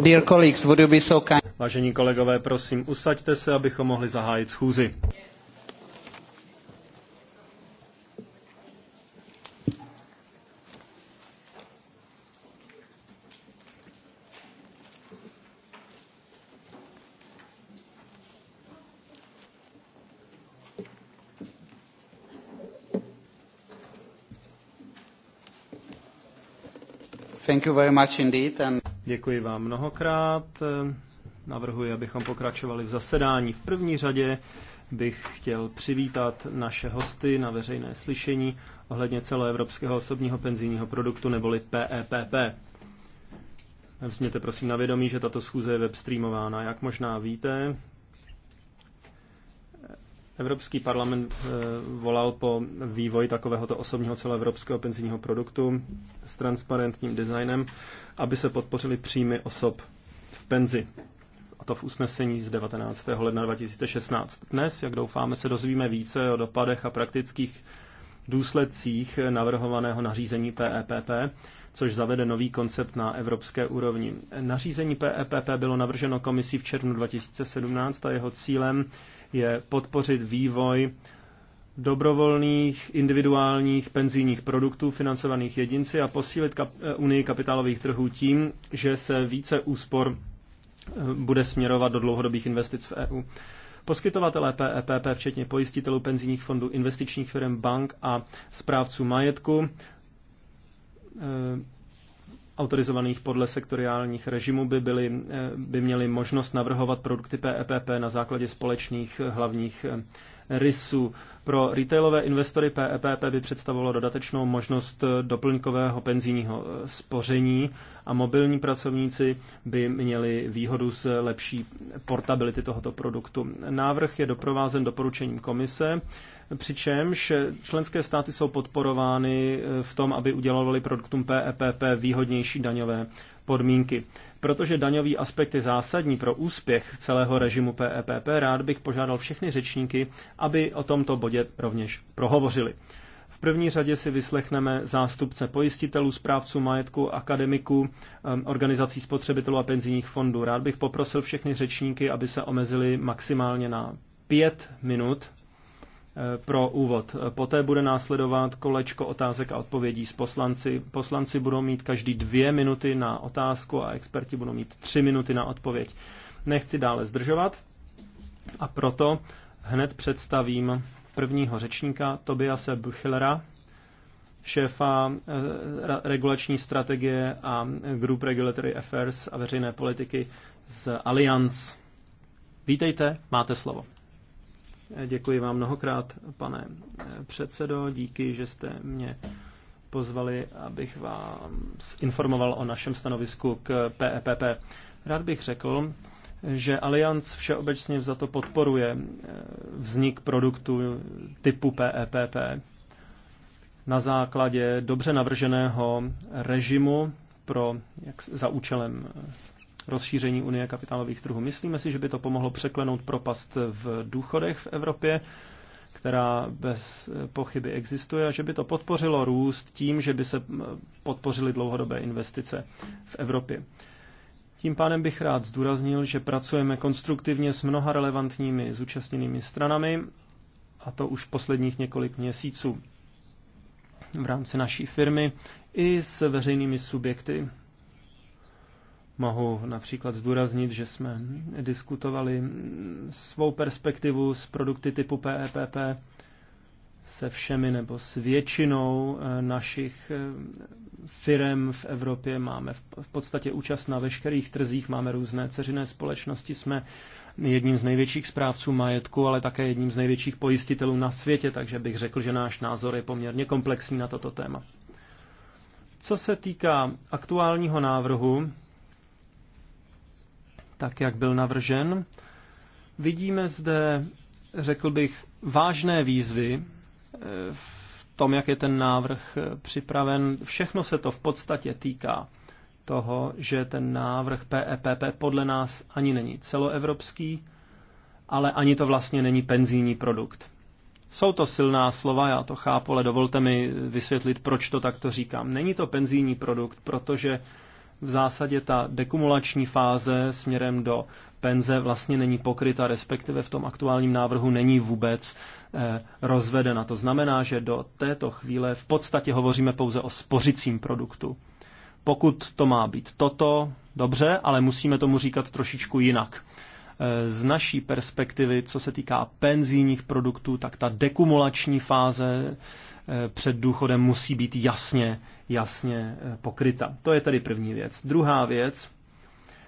Dear colleagues, would you be so kind? Vážení kolegové, prosím, usaďte se, abychom mohli zahájit schůzi. Thank you very much indeed and Děkuji vám mnohokrát. Navrhuji, abychom pokračovali v zasedání. V první řadě bych chtěl přivítat naše hosty na veřejné slyšení ohledně celoevropského osobního penzijního produktu neboli PEPP. Vzměte prosím na vědomí, že tato schůze je webstreamována. Jak možná víte, Evropský parlament eh, volal po vývoji takovéhoto osobního celoevropského penzijního produktu s transparentním designem, aby se podpořili příjmy osob v penzi. A to v usnesení z 19. ledna 2016. Dnes, jak doufáme, se dozvíme více o dopadech a praktických důsledcích navrhovaného nařízení PEPP, e což zavede nový koncept na evropské úrovni. Nařízení PEPP e bylo navrženo komisí v červnu 2017 a jeho cílem je podpořit vývoj dobrovolných individuálních penzijních produktů financovaných jedinci a posílit kap- eh, unii kapitálových trhů tím, že se více úspor eh, bude směrovat do dlouhodobých investic v EU. Poskytovatelé PEPP, e včetně pojistitelů penzijních fondů, investičních firm, bank a správců majetku, eh, autorizovaných podle sektoriálních režimů by, byly, eh, by měly možnost navrhovat produkty PEPP e na základě společných eh, hlavních eh, rysů. Pro retailové investory PEPP e by představovalo dodatečnou možnost doplňkového penzijního spoření a mobilní pracovníci by měli výhodu z lepší portability tohoto produktu. Návrh je doprovázen doporučením komise, přičemž členské státy jsou podporovány eh, v tom, aby udělovali produktům PEPP e výhodnější daňové podmínky. Protože daňový aspekt je zásadní pro úspěch celého režimu PEPP, e rád bych požádal všechny řečníky, aby o tomto bodě rovněž prohovořili. V první řadě si vyslechneme zástupce pojistitelů, správců majetku, akademiků, eh, organizací spotřebitelů a penzijních fondů. Rád bych poprosil všechny řečníky, aby se omezili maximálně na pět minut Eh, pro úvod. Poté bude následovat kolečko otázek a odpovědí s poslanci. Poslanci budou mít každý dvě minuty na otázku a experti budou mít tři minuty na odpověď. Nechci dále zdržovat a proto hned představím prvního řečníka Tobiase Buchillera, šéfa eh, regulační strategie a Group Regulatory Affairs a veřejné politiky z Allianz. Vítejte, máte slovo. Děkuji vám mnohokrát, pane eh, předsedo, díky, že jste mě pozvali, abych vám informoval o našem stanovisku k PEPP. E Rád bych řekl, že Allianz všeobecně za to podporuje eh, vznik produktu typu PEPP e na základě dobře navrženého režimu pro, jak, za účelem eh, rozšíření Unie kapitálových trhů. Myslíme si, že by to pomohlo překlenout propast v důchodech v Evropě, která bez pochyby existuje, a že by to podpořilo růst tím, že by se podpořily dlouhodobé investice v Evropě. Tím pádem bych rád zdůraznil, že pracujeme konstruktivně s mnoha relevantními zúčastněnými stranami, a to už posledních několik měsíců v rámci naší firmy i s veřejnými subjekty Mohu například zdůraznit, že jsme diskutovali svou perspektivu s produkty typu PEPP e se všemi nebo s většinou eh, našich eh, firem v Evropě. Máme v podstatě účast na veškerých trzích, máme různé ceřiné společnosti, jsme jedním z největších správců majetku, ale také jedním z největších pojistitelů na světě, takže bych řekl, že náš názor je poměrně komplexní na toto téma. Co se týká aktuálního návrhu, tak jak byl navržen. Vidíme zde, řekl bych, vážné výzvy eh, v tom, jak je ten návrh eh, připraven. Všechno se to v podstatě týká toho, že ten návrh PEPP e podle nás ani není celoevropský, ale ani to vlastně není penzijní produkt. Jsou to silná slova, já to chápu, ale dovolte mi vysvětlit, proč to takto říkám. Není to penzijní produkt, protože v zásadě ta dekumulační fáze směrem do penze vlastně není pokryta, respektive v tom aktuálním návrhu není vůbec eh, rozvedena. To znamená, že do této chvíle v podstatě hovoříme pouze o spořicím produktu. Pokud to má být toto, dobře, ale musíme tomu říkat trošičku jinak. Eh, z naší perspektivy, co se týká penzijních produktů, tak ta dekumulační fáze eh, před důchodem musí být jasně jasně eh, pokryta. To je tedy první věc. Druhá věc,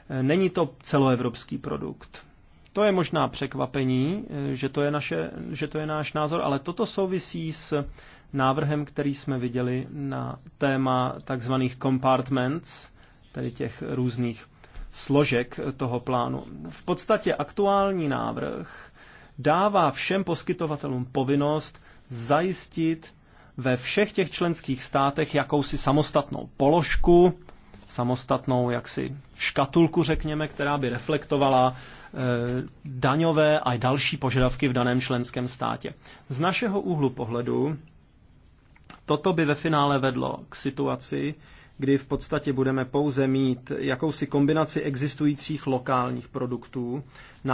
eh, není to celoevropský produkt. To je možná překvapení, eh, že to je, naše, že to je náš názor, ale toto souvisí s návrhem, který jsme viděli na téma takzvaných compartments, tedy těch různých složek toho plánu. V podstatě aktuální návrh dává všem poskytovatelům povinnost zajistit ve všech těch členských státech jakousi samostatnou položku, samostatnou jaksi škatulku, řekněme, která by reflektovala e, daňové a další požadavky v daném členském státě. Z našeho úhlu pohledu toto by ve finále vedlo k situaci, kdy v podstatě budeme pouze mít jakousi kombinaci existujících lokálních produktů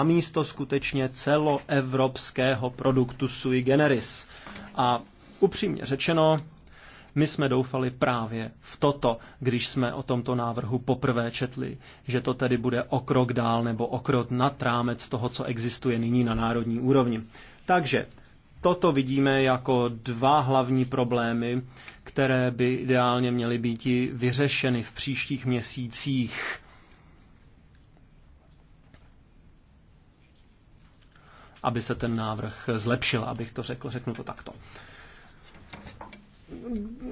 místo skutečně celoevropského produktu sui generis. A Upřímně řečeno, my jsme doufali právě v toto, když jsme o tomto návrhu poprvé četli, že to tedy bude o krok dál nebo o krok nad rámec toho, co existuje nyní na národní úrovni. Takže toto vidíme jako dva hlavní problémy, které by ideálně měly být vyřešeny v příštích měsících. aby se ten návrh zlepšil, abych to řekl, řeknu to takto.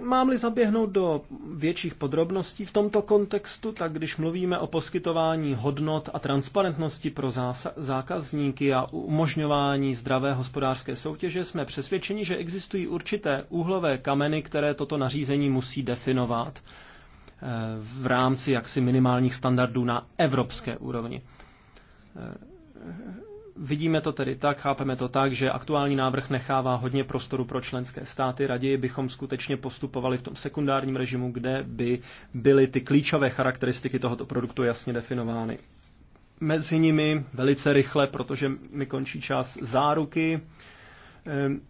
Mám-li zaběhnout do větších podrobností v tomto kontextu, tak když mluvíme o poskytování hodnot a transparentnosti pro zákazníky a umožňování zdravé hospodářské soutěže, jsme přesvědčeni, že existují určité úhlové kameny, které toto nařízení musí definovat eh, v rámci jaksi minimálních standardů na evropské úrovni. Eh, Vidíme to tedy tak, chápeme to tak, že aktuální návrh nechává hodně prostoru pro členské státy. Raději bychom skutečně postupovali v tom sekundárním režimu, kde by byly ty klíčové charakteristiky tohoto produktu jasně definovány. Mezi nimi velice rychle, protože mi končí čas záruky. Ehm,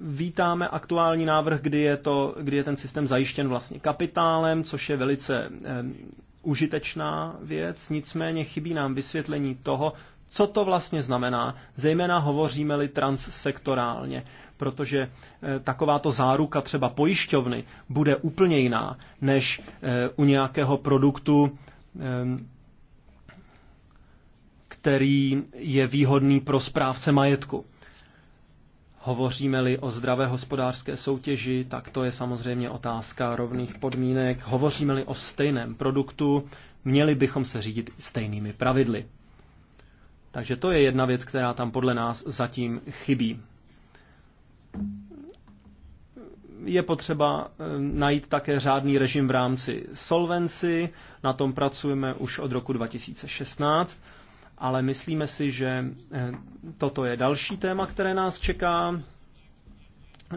vítáme aktuální návrh, kdy je, to, kdy je ten systém zajištěn vlastně kapitálem, což je velice ehm, užitečná věc, nicméně chybí nám vysvětlení toho, co to vlastně znamená, zejména hovoříme-li transsektorálně, protože eh, takováto záruka třeba pojišťovny bude úplně jiná než eh, u nějakého produktu, ehm, který je výhodný pro správce majetku. Hovoříme-li o zdravé hospodářské soutěži, tak to je samozřejmě otázka rovných podmínek. Hovoříme-li o stejném produktu, měli bychom se řídit stejnými pravidly. Takže to je jedna věc, která tam podle nás zatím chybí. Je potřeba eh, najít také řádný režim v rámci solvency, na tom pracujeme už od roku 2016 ale myslíme si, že eh, toto je další téma, které nás čeká.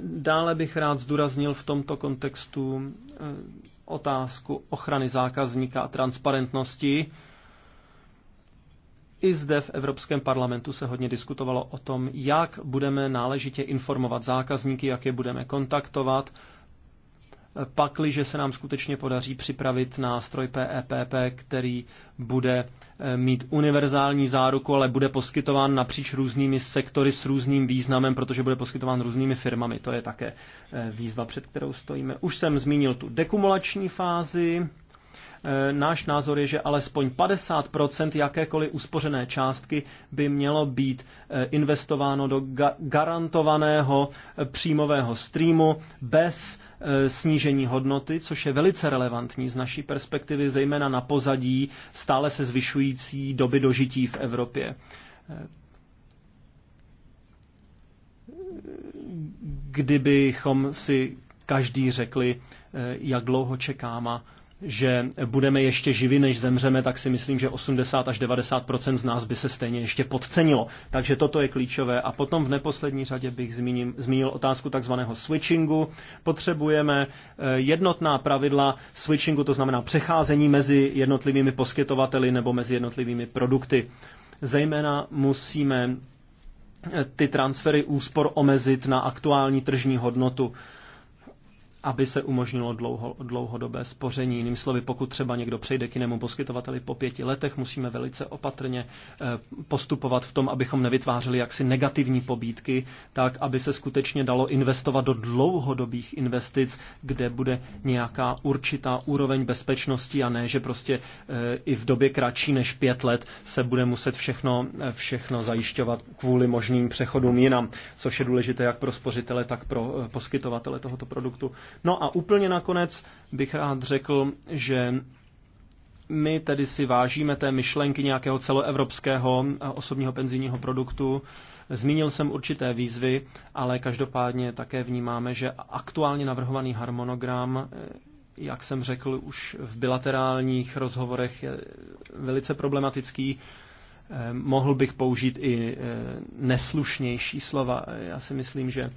Dále bych rád zdůraznil v tomto kontextu eh, otázku ochrany zákazníka a transparentnosti. I zde v Evropském parlamentu se hodně diskutovalo o tom, jak budeme náležitě informovat zákazníky, jak je budeme kontaktovat pakliže se nám skutečně podaří připravit nástroj PEPP, e který bude eh, mít univerzální záruku, ale bude poskytován napříč různými sektory s různým významem, protože bude poskytován různými firmami. To je také eh, výzva, před kterou stojíme. Už jsem zmínil tu dekumulační fázi. Eh, náš názor je, že alespoň 50% jakékoliv uspořené částky by mělo být investováno do ga- garantovaného příjmového streamu bez Eh, snížení hodnoty, což je velice relevantní z naší perspektivy, zejména na pozadí stále se zvyšující doby dožití v Evropě eh, kdybychom si každý řekli, eh, jak dlouho čekáme, že budeme ještě živi, než zemřeme, tak si myslím, že 80 až 90 z nás by se stejně ještě podcenilo. Takže toto je klíčové. A potom v neposlední řadě bych zmínil, zmínil otázku takzvaného switchingu. Potřebujeme eh, jednotná pravidla switchingu, to znamená přecházení mezi jednotlivými poskytovateli nebo mezi jednotlivými produkty. Zejména musíme eh, ty transfery úspor omezit na aktuální tržní hodnotu aby se umožnilo dlouho, dlouhodobé spoření. jiným slovy, pokud třeba někdo přejde k jinému poskytovateli po pěti letech, musíme velice opatrně eh, postupovat v tom, abychom nevytvářeli jaksi negativní pobídky, tak aby se skutečně dalo investovat do dlouhodobých investic, kde bude nějaká určitá úroveň bezpečnosti a ne, že prostě eh, i v době kratší než pět let se bude muset všechno, eh, všechno zajišťovat kvůli možným přechodům jinam, což je důležité jak pro spořitele, tak pro poskytovatele tohoto produktu. No a úplně nakonec bych rád řekl, že my tedy si vážíme té myšlenky nějakého celoevropského osobního penzijního produktu. Zmínil jsem určité výzvy, ale každopádně také vnímáme, že aktuálně navrhovaný harmonogram, eh, jak jsem řekl už v bilaterálních rozhovorech, je velice problematický. Eh, mohl bych použít i eh, neslušnější slova. Já si myslím, že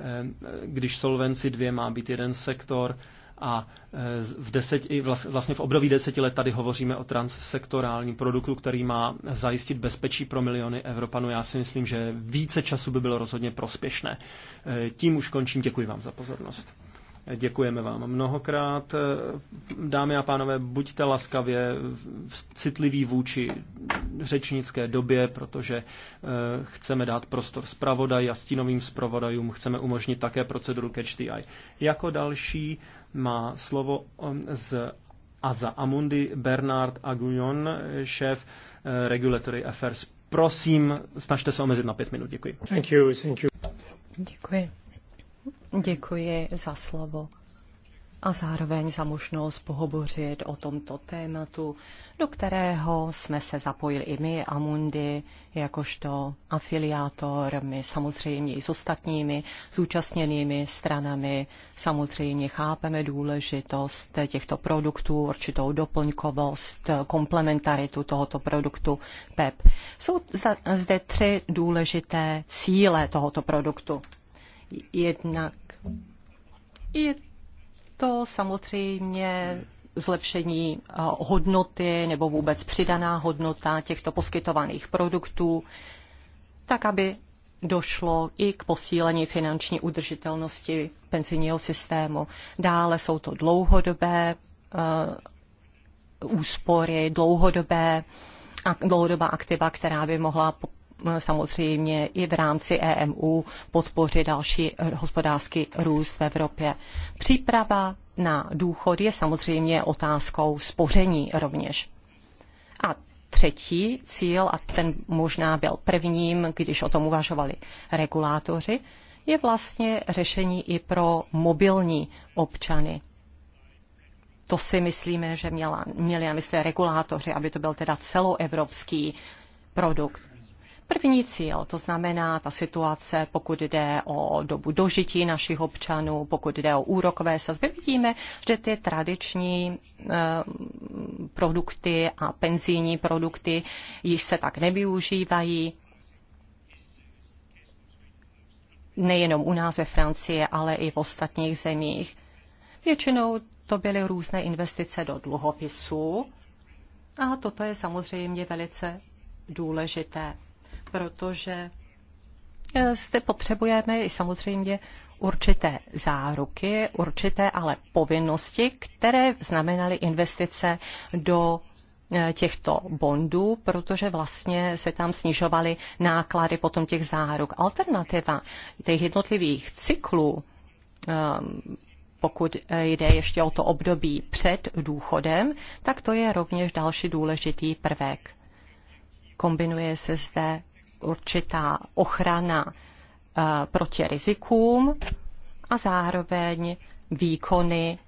Eh, když Solvency 2 má být jeden sektor a eh, v deset, vlastně v období deseti let tady hovoříme o transsektorálním produktu, který má zajistit bezpečí pro miliony Evropanů. Já si myslím, že více času by bylo rozhodně prospěšné. Eh, tím už končím. Děkuji vám za pozornost. Děkujeme vám mnohokrát. Dámy a pánové, buďte laskavě citliví vůči řečnické době, protože eh, chceme dát prostor zpravodaj a stínovým zpravodajům, chceme umožnit také proceduru Catch the Eye. Jako další má slovo eh, z Aza Amundi Bernard Agunion, šéf eh, Regulatory Affairs. Prosím, snažte se omezit na pět minut. Děkuji. Thank you, thank you. Děkuji. Děkuji za slovo a zároveň za možnost pohovořit o tomto tématu, do kterého jsme se zapojili i my, Amundi, jakožto afiliátor, my samozřejmě i s ostatními zúčastněnými stranami. Samozřejmě chápeme důležitost těchto produktů, určitou doplňkovost, komplementaritu tohoto produktu PEP. Jsou zde tři důležité cíle tohoto produktu. Jednak je to samozřejmě zlepšení eh, hodnoty nebo vůbec přidaná hodnota těchto poskytovaných produktů, tak aby došlo i k posílení finanční udržitelnosti penzijního systému. Dále jsou to dlouhodobé uh, úspory, dlouhodobé a dlouhodobá aktiva, která by mohla samozřejmě i v rámci EMU podpořit další eh, hospodářský růst v Evropě. Příprava na důchod je samozřejmě otázkou spoření rovněž. A třetí cíl, a ten možná byl prvním, když o tom uvažovali regulátoři, je vlastně řešení i pro mobilní občany. To si myslíme, že měla, měli na mysli regulátoři, aby to byl teda celoevropský produkt. První cíl, to znamená ta situace, pokud jde o dobu dožití našich občanů, pokud jde o úrokové sazby, vidíme, že ty tradiční eh, produkty a penzijní produkty již se tak nevyužívají. Nejenom u nás ve Francii, ale i v ostatních zemích. Většinou to byly různé investice do dluhopisů a toto je samozřejmě velice důležité protože eh, zde potřebujeme i samozřejmě určité záruky, určité ale povinnosti, které znamenaly investice do eh, těchto bondů, protože vlastně se tam snižovaly náklady potom těch záruk. Alternativa těch jednotlivých cyklů, ehm, pokud eh, jde ještě o to období před důchodem, tak to je rovněž další důležitý prvek. Kombinuje se zde určitá ochrana eh, proti rizikům a zároveň výkony,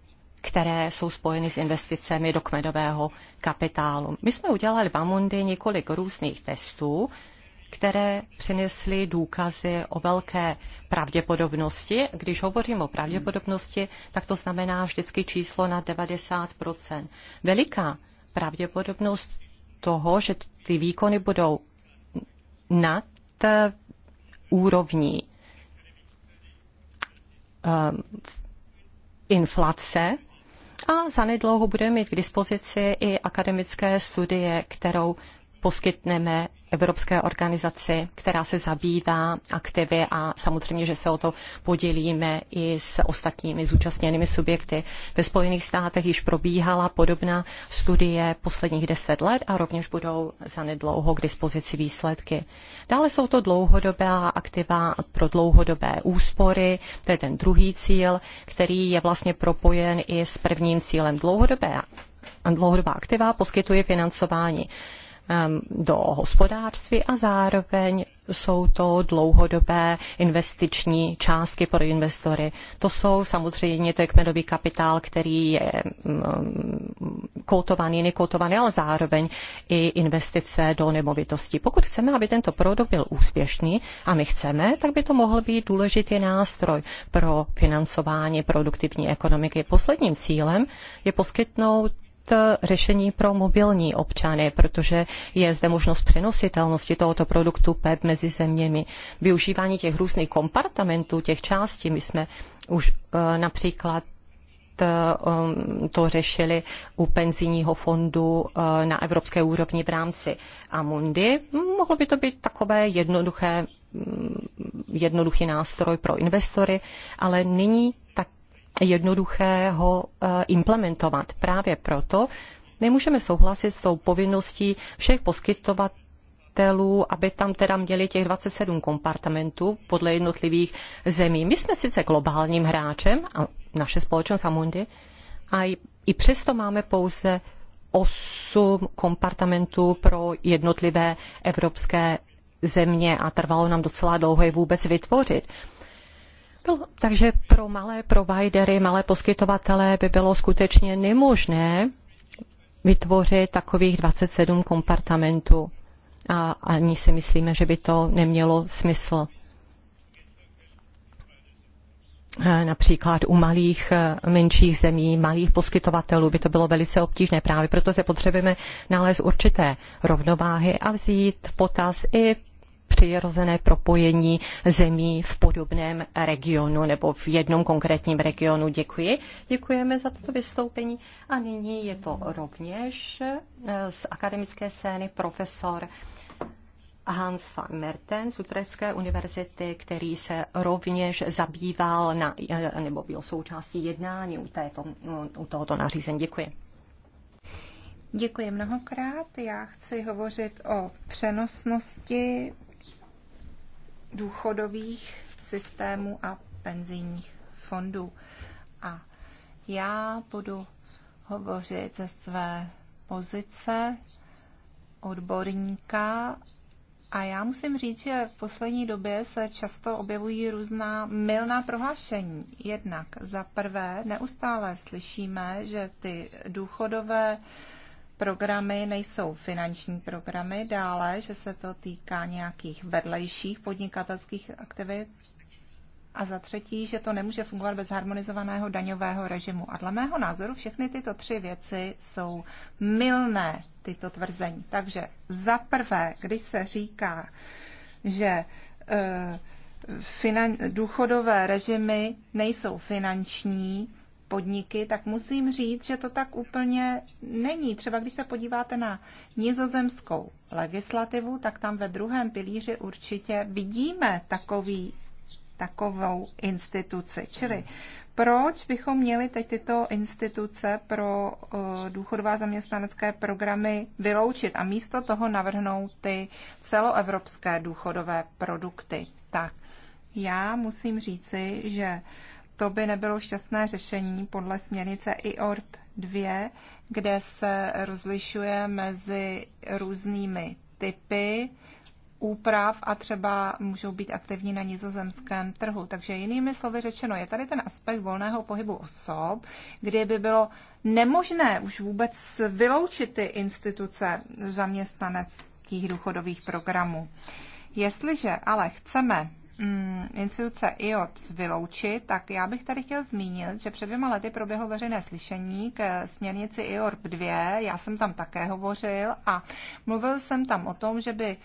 které jsou spojeny s investicemi do kmenového kapitálu. My jsme udělali v Amundi několik různých testů, které přinesly důkazy o velké pravděpodobnosti. Když hovořím o pravděpodobnosti, tak to znamená vždycky číslo na 90 Veliká pravděpodobnost toho, že ty výkony budou nad eh, úrovní ehm, inflace a zanedlouho budeme mít k dispozici i akademické studie, kterou poskytneme evropské organizaci, která se zabývá aktivy a samozřejmě, že se o to podělíme i s ostatními zúčastněnými subjekty. Ve Spojených státech již probíhala podobná studie posledních deset let a rovněž budou zanedlouho k dispozici výsledky. Dále jsou to dlouhodobá aktiva pro dlouhodobé úspory, to je ten druhý cíl, který je vlastně propojen i s prvním cílem dlouhodobé dlouhodobá aktiva poskytuje financování do hospodářství a zároveň jsou to dlouhodobé investiční částky pro investory. To jsou samozřejmě, to je kmenový kapitál, který je kotovaný, nekotovaný, ale zároveň i investice do nemovitostí. Pokud chceme, aby tento produkt byl úspěšný a my chceme, tak by to mohl být důležitý nástroj pro financování produktivní ekonomiky. Posledním cílem je poskytnout Eh, řešení pro mobilní občany, protože je zde možnost přenositelnosti tohoto produktu PEP mezi zeměmi. Využívání těch různých kompartamentů, těch částí, my jsme už eh, například eh, um, to řešili u penzijního fondu na evropské úrovni v rámci Amundi. Mohlo by to být takové jednoduché, mm, jednoduchý nástroj pro investory, ale nyní jednoduché ho eh, implementovat. Právě proto nemůžeme souhlasit s tou povinností všech poskytovatelů, aby tam teda měli těch 27 kompartamentů podle jednotlivých zemí. My jsme sice globálním hráčem a naše společnost Amundi a i přesto máme pouze 8 kompartamentů pro jednotlivé evropské země a trvalo nám docela dlouho je vůbec vytvořit. No, takže pro malé providery, malé poskytovatele by bylo skutečně nemožné vytvořit takových 27 kompartamentů. A ani si myslíme, že by to nemělo smysl. Například u malých, e, menších zemí, malých poskytovatelů by to bylo velice obtížné. Právě proto se potřebujeme nalézt určité rovnováhy a vzít v potaz i přirozené propojení zemí v podobném regionu nebo v jednom konkrétním regionu. Děkuji. Děkujeme za toto vystoupení. A nyní je to rovněž eh, z akademické scény profesor Hans van Merten z Utrechtské univerzity, který se rovněž zabýval na, eh, nebo byl součástí jednání u, této, u tohoto nařízení. Děkuji. Děkuji mnohokrát. Já chci hovořit o přenosnosti důchodových systémů a penzijních fondů. A já budu hovořit ze své pozice odborníka a já musím říct, že v poslední době se často objevují různá mylná prohlášení. Jednak za prvé neustále slyšíme, že ty důchodové programy nejsou finanční programy, dále, že se to týká nějakých vedlejších podnikatelských aktivit a za třetí, že to nemůže fungovat bez harmonizovaného daňového režimu. A dle mého názoru všechny tyto tři věci jsou mylné, tyto tvrzení. Takže za prvé, když se říká, že e, finan- důchodové režimy nejsou finanční, podniky, tak musím říct, že to tak úplně není. Třeba když se podíváte na nizozemskou legislativu, tak tam ve druhém pilíři určitě vidíme takový, takovou instituci. Čili proč bychom měli teď tyto instituce pro eh, důchodová zaměstnanecké programy vyloučit a místo toho navrhnout ty celoevropské důchodové produkty? Tak já musím říci, že to by nebylo šťastné řešení podle směrnice IORP 2, kde se rozlišuje mezi různými typy úprav a třeba můžou být aktivní na nizozemském trhu. Takže jinými slovy řečeno, je tady ten aspekt volného pohybu osob, kdy by bylo nemožné už vůbec vyloučit ty instituce zaměstnaneckých důchodových programů. Jestliže ale chceme Mm, instituce IOPS vyloučit, tak já bych tady chtěl zmínit, že před dvěma lety proběhlo veřejné slyšení k směrnici IORP 2, já jsem tam také hovořil a mluvil jsem tam o tom, že by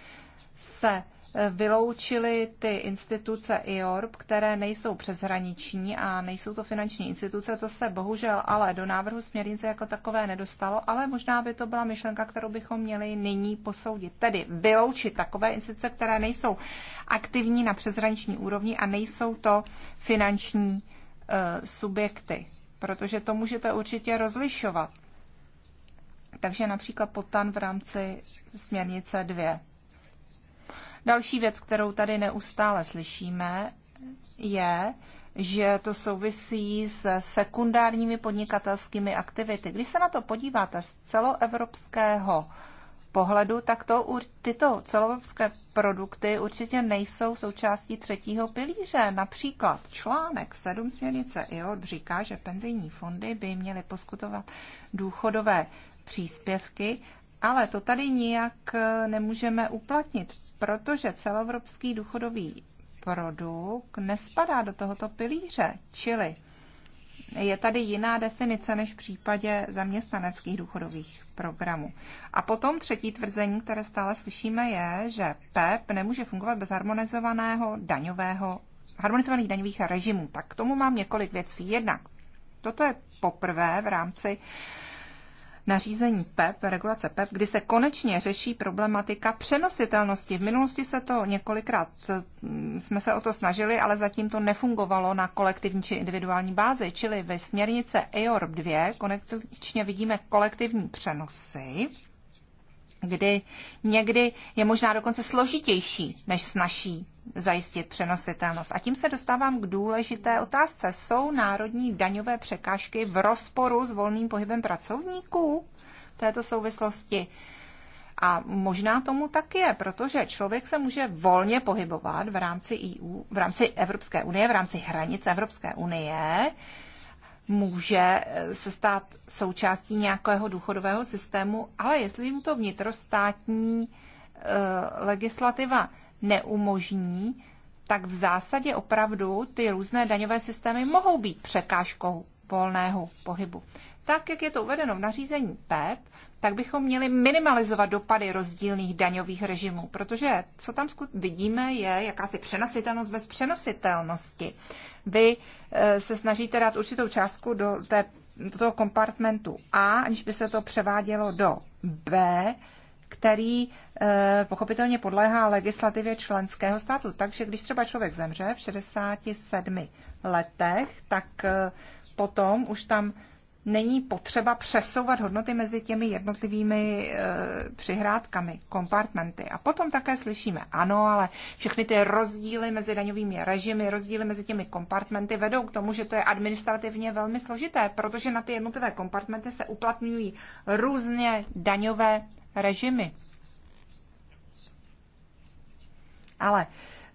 se eh, vyloučily ty instituce IORP, které nejsou přeshraniční a nejsou to finanční instituce. To se bohužel ale do návrhu směrnice jako takové nedostalo, ale možná by to byla myšlenka, kterou bychom měli nyní posoudit. Tedy vyloučit takové instituce, které nejsou aktivní na přeshraniční úrovni a nejsou to finanční e, subjekty, protože to můžete určitě rozlišovat. Takže například potan v rámci směrnice 2. Další věc, kterou tady neustále slyšíme, je, že to souvisí s sekundárními podnikatelskými aktivity. Když se na to podíváte z celoevropského pohledu, tak to, tyto celoevropské produkty určitě nejsou součástí třetího pilíře. Například článek 7 směrnice IOD říká, že penzijní fondy by měly poskutovat důchodové příspěvky ale to tady nijak eh, nemůžeme uplatnit, protože celoevropský důchodový produkt nespadá do tohoto pilíře, čili je tady jiná definice než v případě zaměstnaneckých důchodových programů. A potom třetí tvrzení, které stále slyšíme, je, že PEP e nemůže fungovat bez harmonizovaného daňového, harmonizovaných daňových režimů. Tak k tomu mám několik věcí. Jednak, toto je poprvé v rámci nařízení PEP, regulace PEP, kdy se konečně řeší problematika přenositelnosti. V minulosti se to několikrát, mm, jsme se o to snažili, ale zatím to nefungovalo na kolektivní či individuální bázi, čili ve směrnice EORP 2 konečně vidíme kolektivní přenosy kdy někdy je možná dokonce složitější než snaží zajistit přenositelnost. A tím se dostávám k důležité otázce. Jsou národní daňové překážky v rozporu s volným pohybem pracovníků v této souvislosti? A možná tomu tak je, protože člověk se může volně pohybovat v rámci EU, v rámci Evropské unie, v rámci hranic Evropské unie, může eh, se stát součástí nějakého důchodového systému, ale jestli mu to vnitrostátní eh, legislativa neumožní, tak v zásadě opravdu ty různé daňové systémy mohou být překážkou volného pohybu. Tak, jak je to uvedeno v nařízení PEP, tak bychom měli minimalizovat dopady rozdílných daňových režimů, protože co tam vidíme je jakási přenositelnost bez přenositelnosti vy eh, se snažíte dát určitou částku do, té, do toho kompartmentu A, aniž by se to převádělo do B, který eh, pochopitelně podléhá legislativě členského státu. Takže když třeba člověk zemře v 67 letech, tak eh, potom už tam není potřeba přesouvat hodnoty mezi těmi jednotlivými e, přihrádkami, kompartmenty. A potom také slyšíme, ano, ale všechny ty rozdíly mezi daňovými režimy, rozdíly mezi těmi kompartmenty vedou k tomu, že to je administrativně velmi složité, protože na ty jednotlivé kompartmenty se uplatňují různě daňové režimy. Ale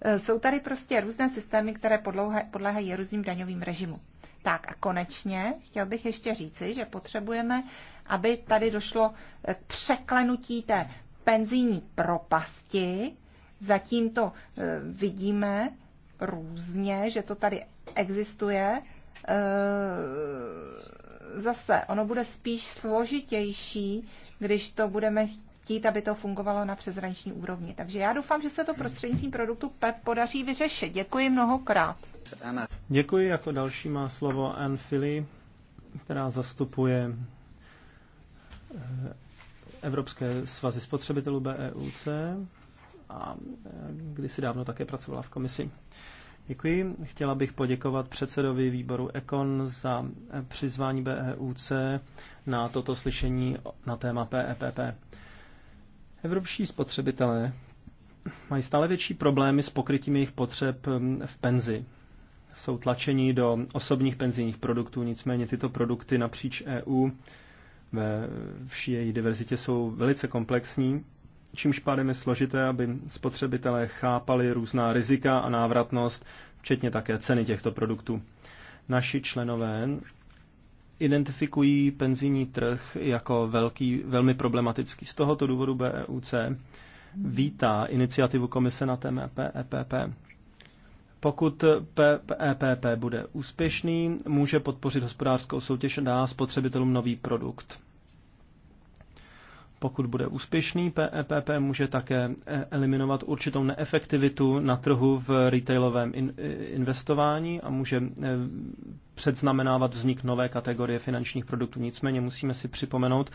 e, jsou tady prostě různé systémy, které podléhají různým daňovým režimům. Tak a konečně chtěl bych ještě říci, že potřebujeme, aby tady došlo k překlenutí té penzijní propasti. Zatím to eh, vidíme různě, že to tady existuje. Eh, zase ono bude spíš složitější, když to budeme chtít, aby to fungovalo na přezraniční úrovni. Takže já doufám, že se to prostřednictvím produktu PEP podaří vyřešit. Děkuji mnohokrát. Děkuji. Jako další má slovo Anne Philly, která zastupuje eh, Evropské svazy spotřebitelů BEUC a eh, kdysi dávno také pracovala v komisi. Děkuji. Chtěla bych poděkovat předsedovi výboru Econ za eh, přizvání BEUC na toto slyšení na téma PEPP. E Evropští spotřebitelé mají stále větší problémy s pokrytím jejich potřeb v penzi. Jsou tlačeni do osobních penzijních produktů, nicméně tyto produkty napříč EU ve vší její diverzitě jsou velice komplexní, čímž pádem je složité, aby spotřebitelé chápali různá rizika a návratnost, včetně také ceny těchto produktů. Naši členové identifikují penzijní trh jako velký, velmi problematický. Z tohoto důvodu BEUC vítá iniciativu komise na téma EPP. E Pokud EPP e bude úspěšný, může podpořit hospodářskou soutěž a dá spotřebitelům nový produkt. Pokud bude úspěšný, PEPP e může také e, eliminovat určitou neefektivitu na trhu v retailovém in- e, investování a může předznamenávat vznik nové kategorie finančních produktů. Nicméně musíme si připomenout,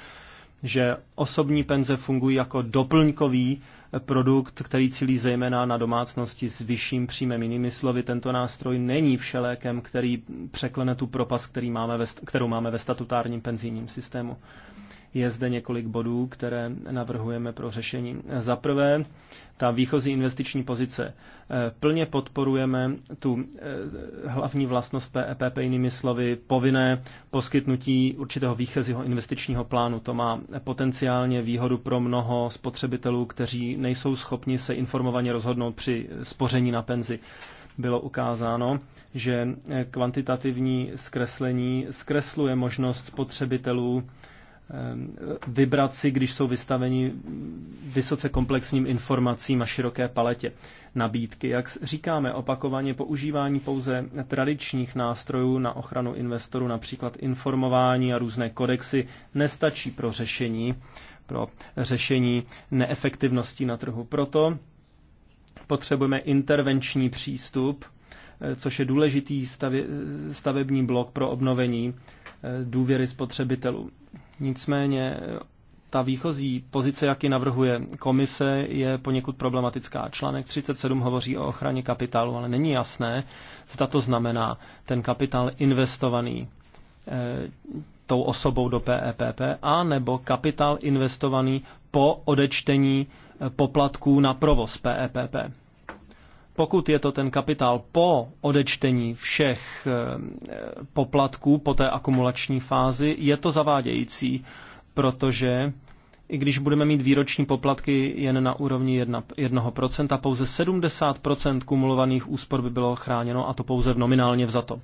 že osobní penze fungují jako doplňkový produkt, který cílí zejména na domácnosti s vyšším příjmem. Jinými slovy, tento nástroj není všelékem, který překlene tu propast, který máme ve, kterou máme ve statutárním penzijním systému. Je zde několik bodů, které navrhujeme pro řešení. Za prvé, ta výchozí investiční pozice. Eh, plně podporujeme tu eh, hlavní vlastnost PEPP, e jinými slovy, povinné poskytnutí určitého výchozího investičního plánu. To má potenciálně výhodu pro mnoho spotřebitelů, kteří nejsou schopni se informovaně rozhodnout při spoření na penzi bylo ukázáno, že eh, kvantitativní zkreslení zkresluje možnost spotřebitelů Ehm, vybrat si, když jsou vystaveni vysoce komplexním informacím a široké paletě nabídky. Jak říkáme opakovaně, používání pouze tradičních nástrojů na ochranu investorů, například informování a různé kodexy, nestačí pro řešení, pro řešení neefektivností na trhu. Proto potřebujeme intervenční přístup, eh, což je důležitý stavě, stavební blok pro obnovení eh, důvěry spotřebitelů. Nicméně ta výchozí pozice, jak ji navrhuje komise, je poněkud problematická. Článek 37 hovoří o ochraně kapitálu, ale není jasné, zda to znamená ten kapitál investovaný e, tou osobou do PEPP, a nebo kapitál investovaný po odečtení eh, poplatků na provoz PEPP. E pokud je to ten kapitál po odečtení všech eh, poplatků, po té akumulační fázi, je to zavádějící, protože i když budeme mít výroční poplatky jen na úrovni 1, a pouze 70% kumulovaných úspor by bylo chráněno a to pouze v nominálně vzato.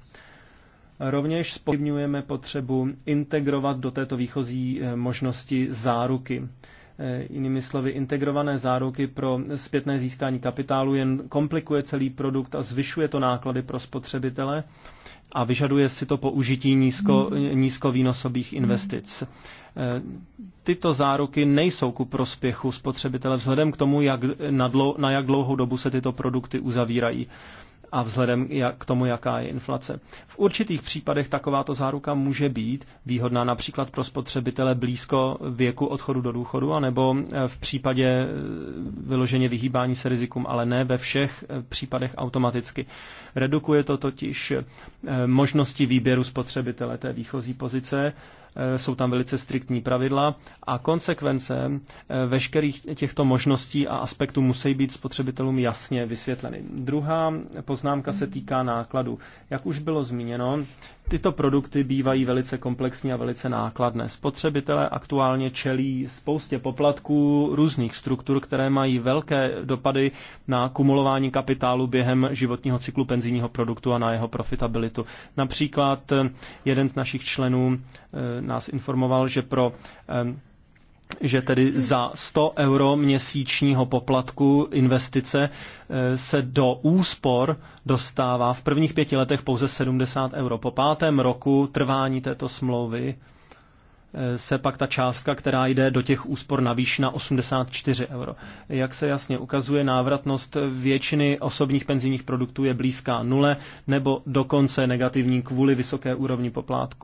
Rovněž spodňujeme potřebu integrovat do této výchozí eh, možnosti záruky. Eh, jinými slovy, integrované záruky pro zpětné získání kapitálu jen komplikuje celý produkt a zvyšuje to náklady pro spotřebitele a vyžaduje si to použití nízko, nízkovýnosových investic. Eh, tyto záruky nejsou ku prospěchu spotřebitele vzhledem k tomu, jak na, dlou, na jak dlouhou dobu se tyto produkty uzavírají a vzhledem k tomu, jaká je inflace. V určitých případech takováto záruka může být výhodná například pro spotřebitele blízko věku odchodu do důchodu, anebo eh, v případě eh, vyloženě vyhýbání se rizikům, ale ne ve všech eh, případech automaticky. Redukuje to totiž možnosti výběru spotřebitele té výchozí pozice Eh, jsou tam velice striktní pravidla a konsekvence eh, veškerých těchto možností a aspektů musí být spotřebitelům jasně vysvětleny. Druhá poznámka se týká nákladu. Jak už bylo zmíněno, Tyto produkty bývají velice komplexní a velice nákladné. Spotřebitelé aktuálně čelí spoustě poplatků různých struktur, které mají velké dopady na kumulování kapitálu během životního cyklu penzijního produktu a na jeho profitabilitu. Například eh, jeden z našich členů eh, nás informoval, že pro eh, že tedy za 100 euro měsíčního poplatku investice eh, se do úspor dostává v prvních pěti letech pouze 70 euro. Po pátém roku trvání této smlouvy eh, se pak ta částka, která jde do těch úspor, navýší na 84 euro. Jak se jasně ukazuje, návratnost většiny osobních penzijních produktů je blízká nule nebo dokonce negativní kvůli vysoké úrovni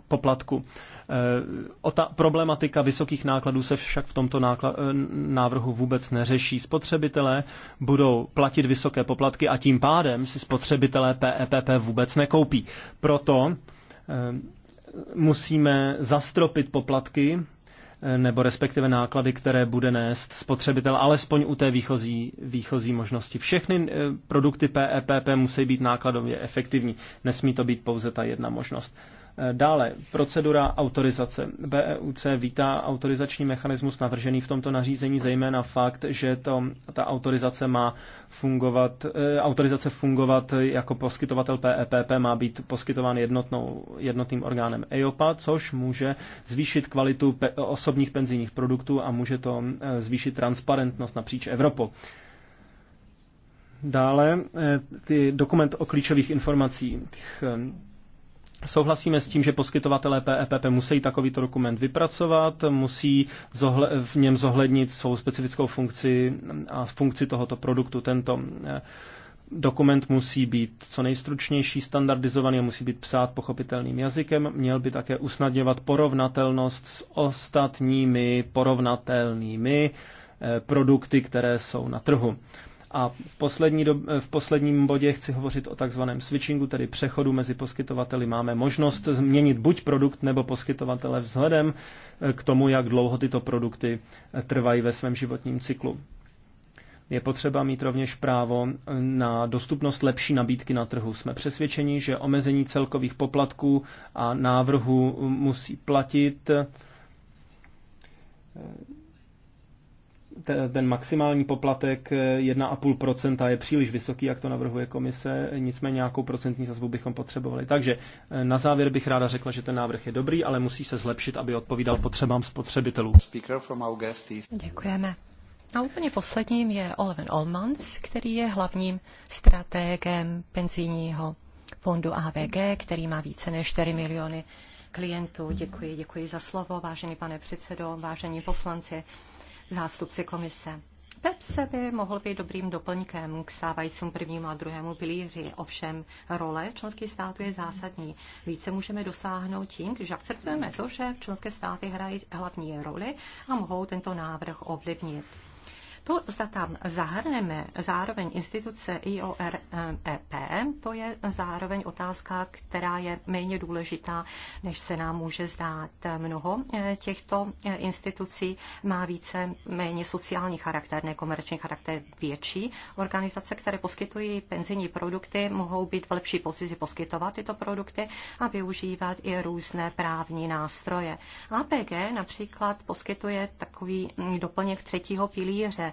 poplatku. Eh, ta problematika vysokých nákladů se však v tomto eh, návrhu vůbec neřeší. Spotřebitelé budou platit vysoké poplatky a tím pádem si spotřebitelé PEPP e vůbec nekoupí. Proto eh, musíme zastropit poplatky nebo respektive náklady, které bude nést spotřebitel, alespoň u té výchozí, výchozí možnosti. Všechny produkty PEPP e musí být nákladově efektivní. Nesmí to být pouze ta jedna možnost. Eh, dále, procedura autorizace. BEUC vítá autorizační mechanismus navržený v tomto nařízení, zejména fakt, že to, ta autorizace má fungovat, eh, autorizace fungovat jako poskytovatel PEPP e má být poskytován jednotnou, jednotným orgánem EIOPA, což může zvýšit kvalitu pe, osobních penzijních produktů a může to eh, zvýšit transparentnost napříč Evropou. Dále, ty dokument o klíčových informací, Souhlasíme s tím, že poskytovatelé PEPP e musí takovýto dokument vypracovat, musí v něm zohlednit svou specifickou funkci a funkci tohoto produktu. Tento eh, dokument musí být co nejstručnější, standardizovaný a musí být psát pochopitelným jazykem. Měl by také usnadňovat porovnatelnost s ostatními porovnatelnými eh, produkty, které jsou na trhu. A v, poslední do, v posledním bodě chci hovořit o takzvaném switchingu, tedy přechodu mezi poskytovateli. Máme možnost změnit buď produkt nebo poskytovatele vzhledem eh, k tomu, jak dlouho tyto produkty eh, trvají ve svém životním cyklu. Je potřeba mít rovněž právo eh, na dostupnost lepší nabídky na trhu. Jsme přesvědčeni, že omezení celkových poplatků a návrhu musí platit ten maximální poplatek 1,5% eh, je příliš vysoký, jak to navrhuje komise, nicméně nějakou procentní sazbu bychom potřebovali. Takže eh, na závěr bych ráda řekla, že ten návrh je dobrý, ale musí se zlepšit, aby odpovídal potřebám spotřebitelů. Děkujeme. A úplně posledním je Oliven Olmans, který je hlavním strategem penzijního fondu AVG, který má více než 4 miliony klientů. Děkuji, děkuji za slovo, vážený pane předsedo, vážení poslanci zástupci komise. Pepse by mohl být dobrým doplňkem k stávajícímu prvnímu a druhému pilíři. Ovšem role členských států je zásadní. Více můžeme dosáhnout tím, když akceptujeme to, že členské státy hrají hlavní roli a mohou tento návrh ovlivnit. To, zda tam zahrneme zároveň instituce IOREP, to je zároveň otázka, která je méně důležitá, než se nám může zdát. Mnoho e, těchto e, institucí má více méně sociální charakter, nekomerční charakter větší. Organizace, které poskytují penzijní produkty, mohou být v lepší pozici poskytovat tyto produkty a využívat i různé právní nástroje. APG například poskytuje takový doplněk třetího pilíře,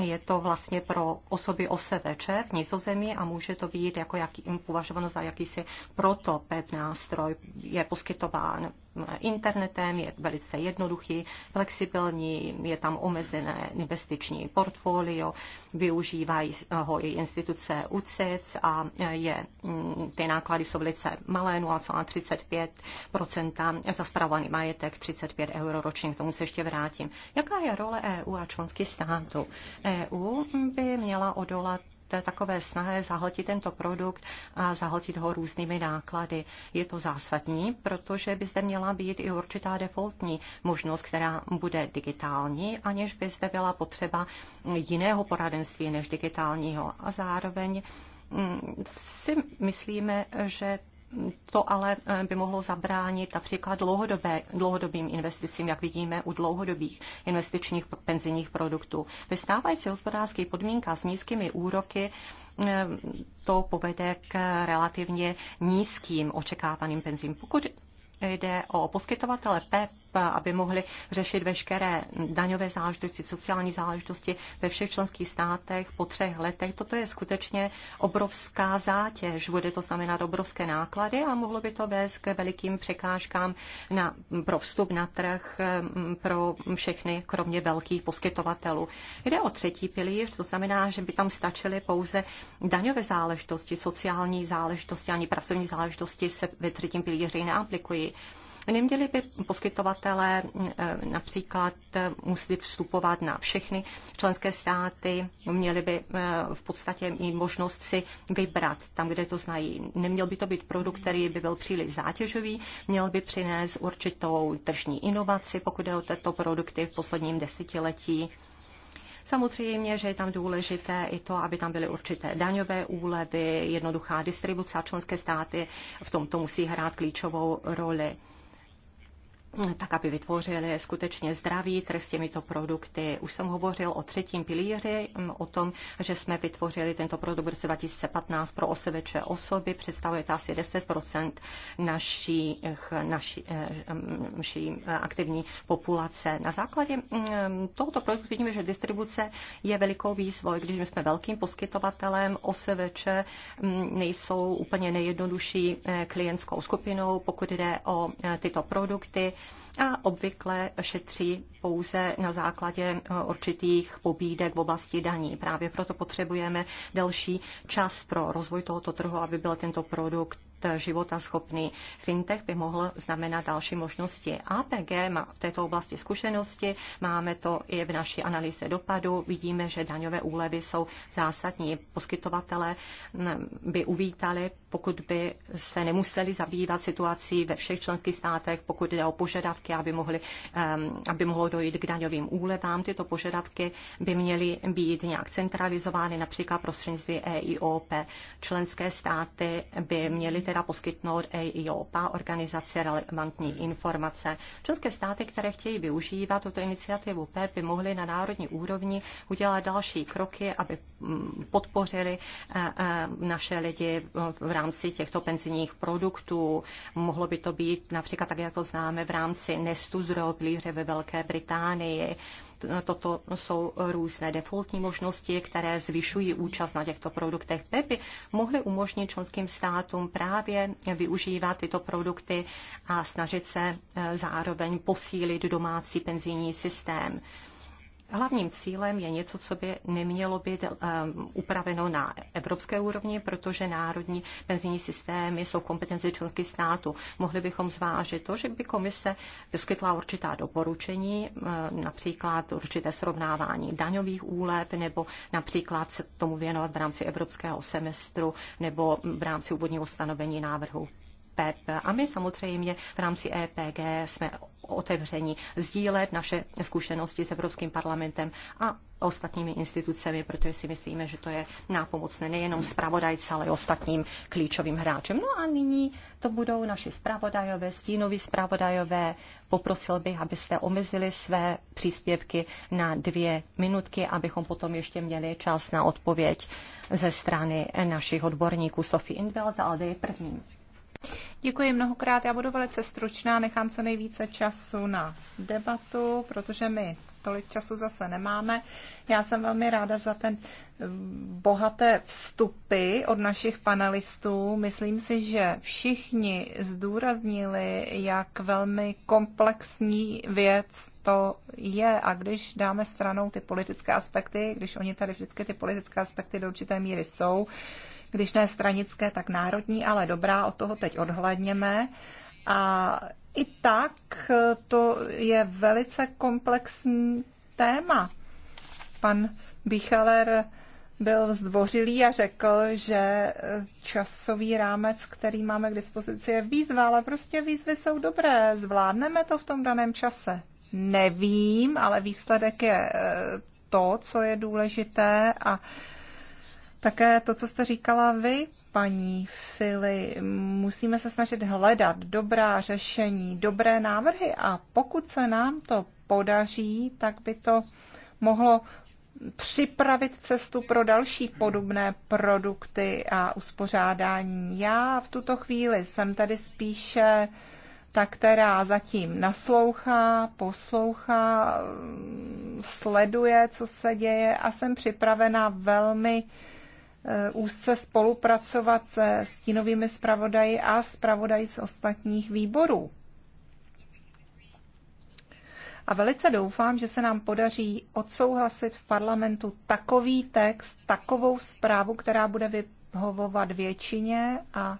Je to vlastně pro osoby OSVČ v Nizozemí a může to být jako jaký, považováno za jakýsi pevný nástroj. Je poskytován internetem, je velice jednoduchý, flexibilní, je tam omezené investiční portfolio, využívají ho i instituce UCIC e a je, mm, ty náklady jsou velice malé, 0,35 za spravovaný majetek, 35 euro ročně, k tomu se ještě vrátím. Jaká je role EU a členských států? EU by měla odolat takové snahy zahltit tento produkt a zahltit ho různými náklady. Je to zásadní, protože by zde měla být i určitá defaultní možnost, která bude digitální, aniž by zde byla potřeba jiného poradenství než digitálního. A zároveň mm, si myslíme, že to ale eh, by mohlo zabránit například dlouhodobé, dlouhodobým investicím, jak vidíme u dlouhodobých investičních penzijních produktů. Ve stávající hospodářské podmínka s nízkými úroky eh, to povede k relativně nízkým očekávaným penzím. Pokud jde o poskytovatele aby mohli řešit veškeré daňové záležitosti, sociální záležitosti ve všech členských státech po třech letech. Toto je skutečně obrovská zátěž. Bude to znamenat obrovské náklady a mohlo by to vést k velikým překážkám na, pro vstup na trh mm, pro všechny, kromě velkých poskytovatelů. Jde o třetí pilíř, to znamená, že by tam stačily pouze daňové záležitosti, sociální záležitosti ani pracovní záležitosti se ve třetím pilíři neaplikují. Neměli by poskytovatelé eh, například eh, muset vstupovat na všechny členské státy, měli by eh, v podstatě mít možnost si vybrat tam, kde to znají. Neměl by to být produkt, který by byl příliš zátěžový, měl by přinést určitou tržní inovaci, pokud je o této produkty v posledním desetiletí. Samozřejmě, že je tam důležité i to, aby tam byly určité daňové úlevy, jednoduchá distribuce a členské státy v tomto musí hrát klíčovou roli tak aby vytvořili skutečně zdraví trh s těmito produkty. Už jsem hovořil o třetím pilíři, mm, o tom, že jsme vytvořili tento produkt v roce 2015 pro oseveče osoby. Představuje to asi 10 eh, mm, naší, naší, eh, naší aktivní populace. Na základě mm, tohoto produktu vidíme, že distribuce je velikou výzvou. Když my jsme velkým poskytovatelem, oseveče nejsou úplně nejjednodušší eh, klientskou skupinou, pokud jde o tyto produkty a obvykle šetří pouze na základě eh, určitých pobídek v oblasti daní. Právě proto potřebujeme delší čas pro rozvoj tohoto trhu, aby byl tento produkt života schopný. Fintech by mohl znamenat další možnosti. APG má v této oblasti zkušenosti, máme to i v naší analýze dopadu. Vidíme, že daňové úlevy jsou zásadní. Poskytovatele mm, by uvítali pokud by se nemuseli zabývat situací ve všech členských státech, pokud jde o požadavky, aby, mohli, ehm, aby mohlo dojít k daňovým úlevám. Tyto požadavky by měly být nějak centralizovány, například prostřednictvím EIOP. Členské státy by měly teda poskytnout EIOP organizace relevantní informace. Členské státy, které chtějí využívat tuto iniciativu PEP, e by mohly na národní úrovni udělat další kroky, aby mm, podpořili e, e, naše lidi v rámci těchto penzijních produktů. Mohlo by to být například tak, jak to známe v rámci nestu zdrojov pilíře ve Velké Británii. Toto jsou různé defaultní možnosti, které zvyšují účast na těchto produktech. Te by mohly umožnit členským státům právě využívat tyto produkty a snažit se eh, zároveň posílit domácí penzijní systém hlavním cílem je něco, co by nemělo být um, upraveno na evropské úrovni, protože národní penzijní systémy jsou kompetenci členských států. Mohli bychom zvážit to, že by komise poskytla určitá doporučení, eh, například určité srovnávání daňových úlev, nebo například se tomu věnovat v rámci evropského semestru, nebo v rámci úvodního stanovení návrhu PEP. E a my samozřejmě v rámci EPG jsme otevření sdílet naše zkušenosti s Evropským parlamentem a ostatními institucemi, protože si myslíme, že to je nápomocné nejenom zpravodajce, ale i ostatním klíčovým hráčem. No a nyní to budou naši zpravodajové, stínoví zpravodajové. Poprosil bych, abyste omezili své příspěvky na dvě minutky, abychom potom ještě měli čas na odpověď ze strany našich odborníků Sofie Invel ale je prvním. Děkuji mnohokrát. Já budu velice stručná, nechám co nejvíce času na debatu, protože my tolik času zase nemáme. Já jsem velmi ráda za ten eh, bohaté vstupy od našich panelistů. Myslím si, že všichni zdůraznili, jak velmi komplexní věc to je. A když dáme stranou ty politické aspekty, když oni tady vždycky ty politické aspekty do určité míry jsou, když ne stranické, tak národní, ale dobrá, od toho teď odhledněme. A i tak to je velice komplexní téma. Pan Bicheler byl zdvořilý a řekl, že časový rámec, který máme k dispozici, je výzva, ale prostě výzvy jsou dobré, zvládneme to v tom daném čase. Nevím, ale výsledek je eh, to, co je důležité a také to, co jste říkala vy, paní Fili, musíme se snažit hledat dobrá řešení, dobré návrhy a pokud se nám to podaří, tak by to mohlo připravit cestu pro další podobné produkty a uspořádání. Já v tuto chvíli jsem tady spíše ta, která zatím naslouchá, poslouchá, sleduje, co se děje a jsem připravena velmi Eh, úzce spolupracovat se stínovými zpravodaji a zpravodaji z ostatních výborů. A velice doufám, že se nám podaří odsouhlasit v parlamentu takový text, takovou zprávu, která bude vyhovovat většině a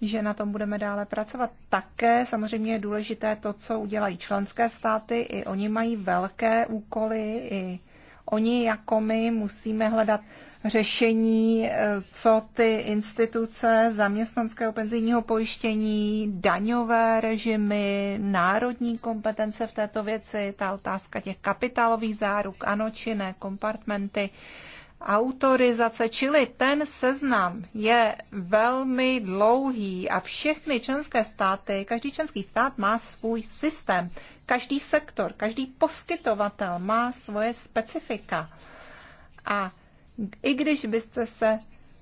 že na tom budeme dále pracovat. Také samozřejmě je důležité to, co udělají členské státy. I oni mají velké úkoly, i Oni jako my musíme hledat řešení, eh, co ty instituce zaměstnanského penzijního pojištění, daňové režimy, národní kompetence v této věci, ta otázka těch kapitálových záruk, ano či ne, kompartmenty, autorizace, čili ten seznam je velmi dlouhý a všechny členské státy, každý členský stát má svůj systém. Každý sektor, každý poskytovatel má svoje specifika. A i když byste se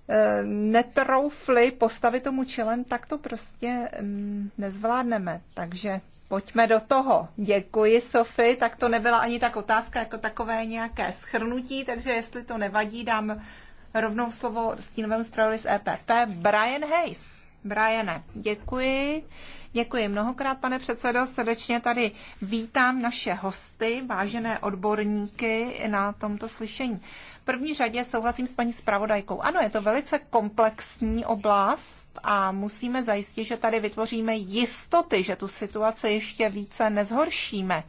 e, netroufli postavit tomu čelem, tak to prostě mm, nezvládneme. Takže pojďme do toho. Děkuji, Sofy. Tak to nebyla ani tak otázka, jako takové nějaké schrnutí, takže jestli to nevadí, dám rovnou slovo stínovému strojovi z EPP. Brian Hayes. Briane, děkuji. Děkuji mnohokrát, pane předsedo. Srdečně tady vítám naše hosty, vážené odborníky na tomto slyšení. V první řadě souhlasím s paní zpravodajkou. Ano, je to velice komplexní oblast a musíme zajistit, že tady vytvoříme jistoty, že tu situaci ještě více nezhoršíme.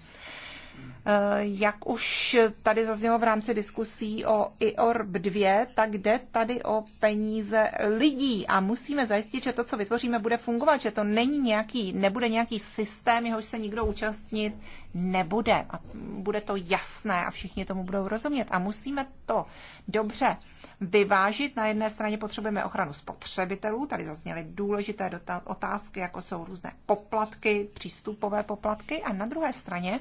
Jak už tady zaznělo v rámci diskusí o IORB 2, tak jde tady o peníze lidí a musíme zajistit, že to, co vytvoříme, bude fungovat, že to není nějaký, nebude nějaký systém, jehož se nikdo účastnit nebude. A bude to jasné a všichni tomu budou rozumět. A musíme to dobře vyvážit. Na jedné straně potřebujeme ochranu spotřebitelů, tady zazněly důležité otázky, jako jsou různé poplatky, přístupové poplatky, a na druhé straně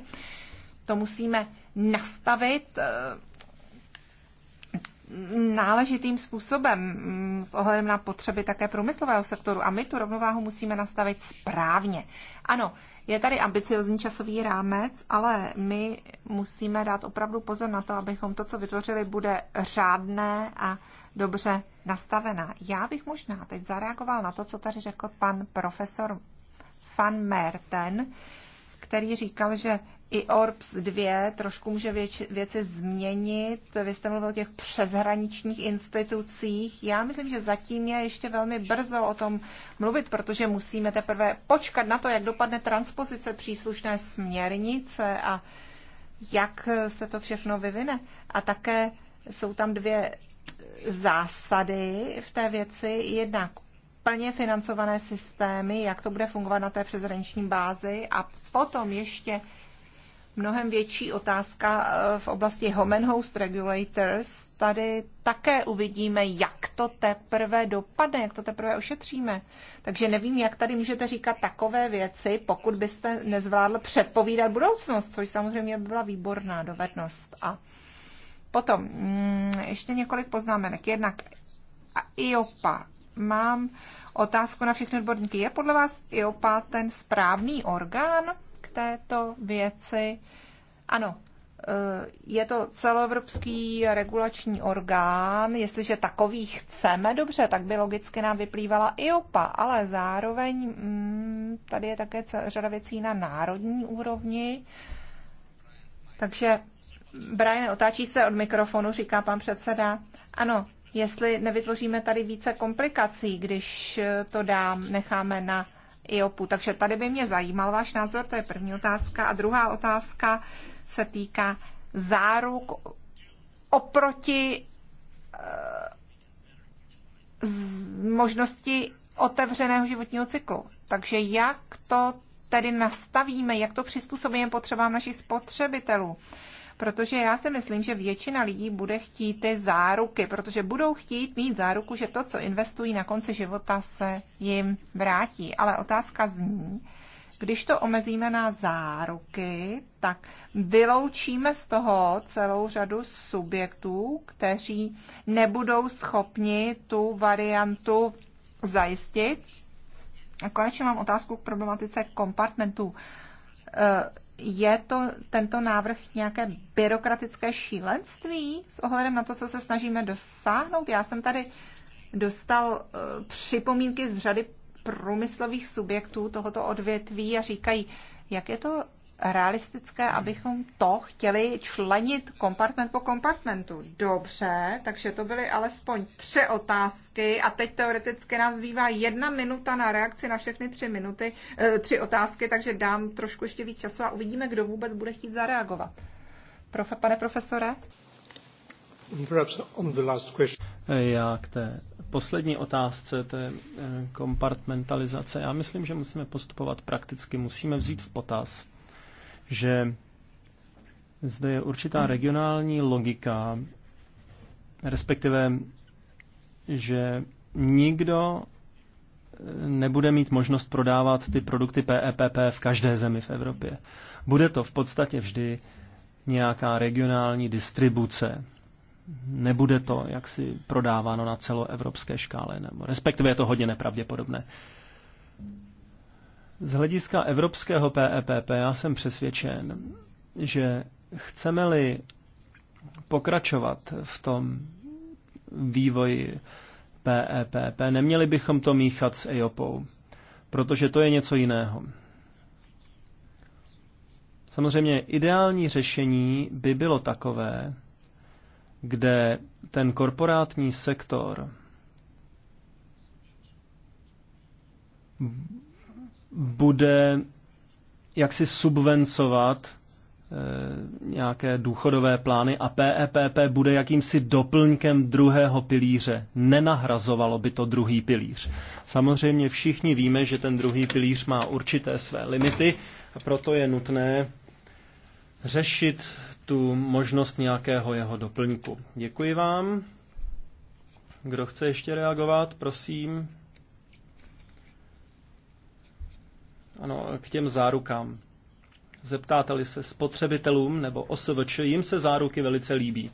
to musíme nastavit eh, náležitým způsobem mm, s ohledem na potřeby také průmyslového sektoru. A my tu rovnováhu musíme nastavit správně. Ano, je tady ambiciozní časový rámec, ale my musíme dát opravdu pozor na to, abychom to, co vytvořili, bude řádné a dobře nastavená. Já bych možná teď zareagoval na to, co tady řekl pan profesor Van Merten, který říkal, že i ORPS 2 trošku může věc, věci změnit. Vy jste mluvil o těch přeshraničních institucích. Já myslím, že zatím je ještě velmi brzo o tom mluvit, protože musíme teprve počkat na to, jak dopadne transpozice příslušné směrnice a jak se to všechno vyvine. A také jsou tam dvě zásady v té věci. Jednak plně financované systémy, jak to bude fungovat na té přeshraniční bázi a potom ještě mnohem větší otázka eh, v oblasti Home and Host Regulators. Tady také uvidíme, jak to teprve dopadne, jak to teprve ošetříme. Takže nevím, jak tady můžete říkat takové věci, pokud byste nezvládl předpovídat budoucnost, což samozřejmě by byla výborná dovednost. A potom mm, ještě několik poznámenek. Jednak IOPA. Mám otázku na všechny odborníky. Je podle vás IOPA ten správný orgán? této věci. Ano, eh, je to celoevropský regulační orgán. Jestliže takový chceme, dobře, tak by logicky nám vyplývala i opa, ale zároveň mm, tady je také řada věcí na národní úrovni. Takže Brian otáčí se od mikrofonu, říká pan předseda. Ano, jestli nevytvoříme tady více komplikací, když eh, to dám, necháme na IOPu. Takže tady by mě zajímal váš názor, to je první otázka. A druhá otázka se týká záruk oproti eh, možnosti otevřeného životního cyklu. Takže jak to tedy nastavíme, jak to přizpůsobíme potřebám našich spotřebitelů protože já si myslím, že většina lidí bude chtít ty záruky, protože budou chtít mít záruku, že to, co investují na konci života, se jim vrátí. Ale otázka zní, když to omezíme na záruky, tak vyloučíme z toho celou řadu subjektů, kteří nebudou schopni tu variantu zajistit. A konečně mám otázku k problematice kompartmentů. Eh, je to tento návrh nějaké byrokratické šílenství s ohledem na to, co se snažíme dosáhnout? Já jsem tady dostal eh, připomínky z řady průmyslových subjektů tohoto odvětví a říkají, jak je to realistické, abychom to chtěli členit kompartment po kompartmentu. Dobře, takže to byly alespoň tři otázky a teď teoreticky nás zbývá jedna minuta na reakci na všechny tři minuty, eh, tři otázky, takže dám trošku ještě víc času a uvidíme, kdo vůbec bude chtít zareagovat. Profe, pane profesore? Já k té poslední otázce té eh, kompartmentalizace. Já myslím, že musíme postupovat prakticky. Musíme vzít v potaz že zde je určitá regionální logika, respektive, že nikdo eh, nebude mít možnost prodávat ty produkty PEPP e v každé zemi v Evropě. Bude to v podstatě vždy nějaká regionální distribuce. Nebude to jaksi prodáváno na celoevropské škále, nebo respektive je to hodně nepravděpodobné. Z hlediska evropského PEPP e já jsem přesvědčen, že chceme-li pokračovat v tom vývoji PEPP, e neměli bychom to míchat s EOPou, protože to je něco jiného. Samozřejmě ideální řešení by bylo takové, kde ten korporátní sektor bude jaksi subvencovat eh, nějaké důchodové plány a PEPP e bude jakýmsi doplňkem druhého pilíře. Nenahrazovalo by to druhý pilíř. Samozřejmě všichni víme, že ten druhý pilíř má určité své limity a proto je nutné řešit tu možnost nějakého jeho doplňku. Děkuji vám. Kdo chce ještě reagovat, prosím. Ano, k těm zárukám. Zeptáte-li se spotřebitelům nebo OSVČ, jim se záruky velice líbí.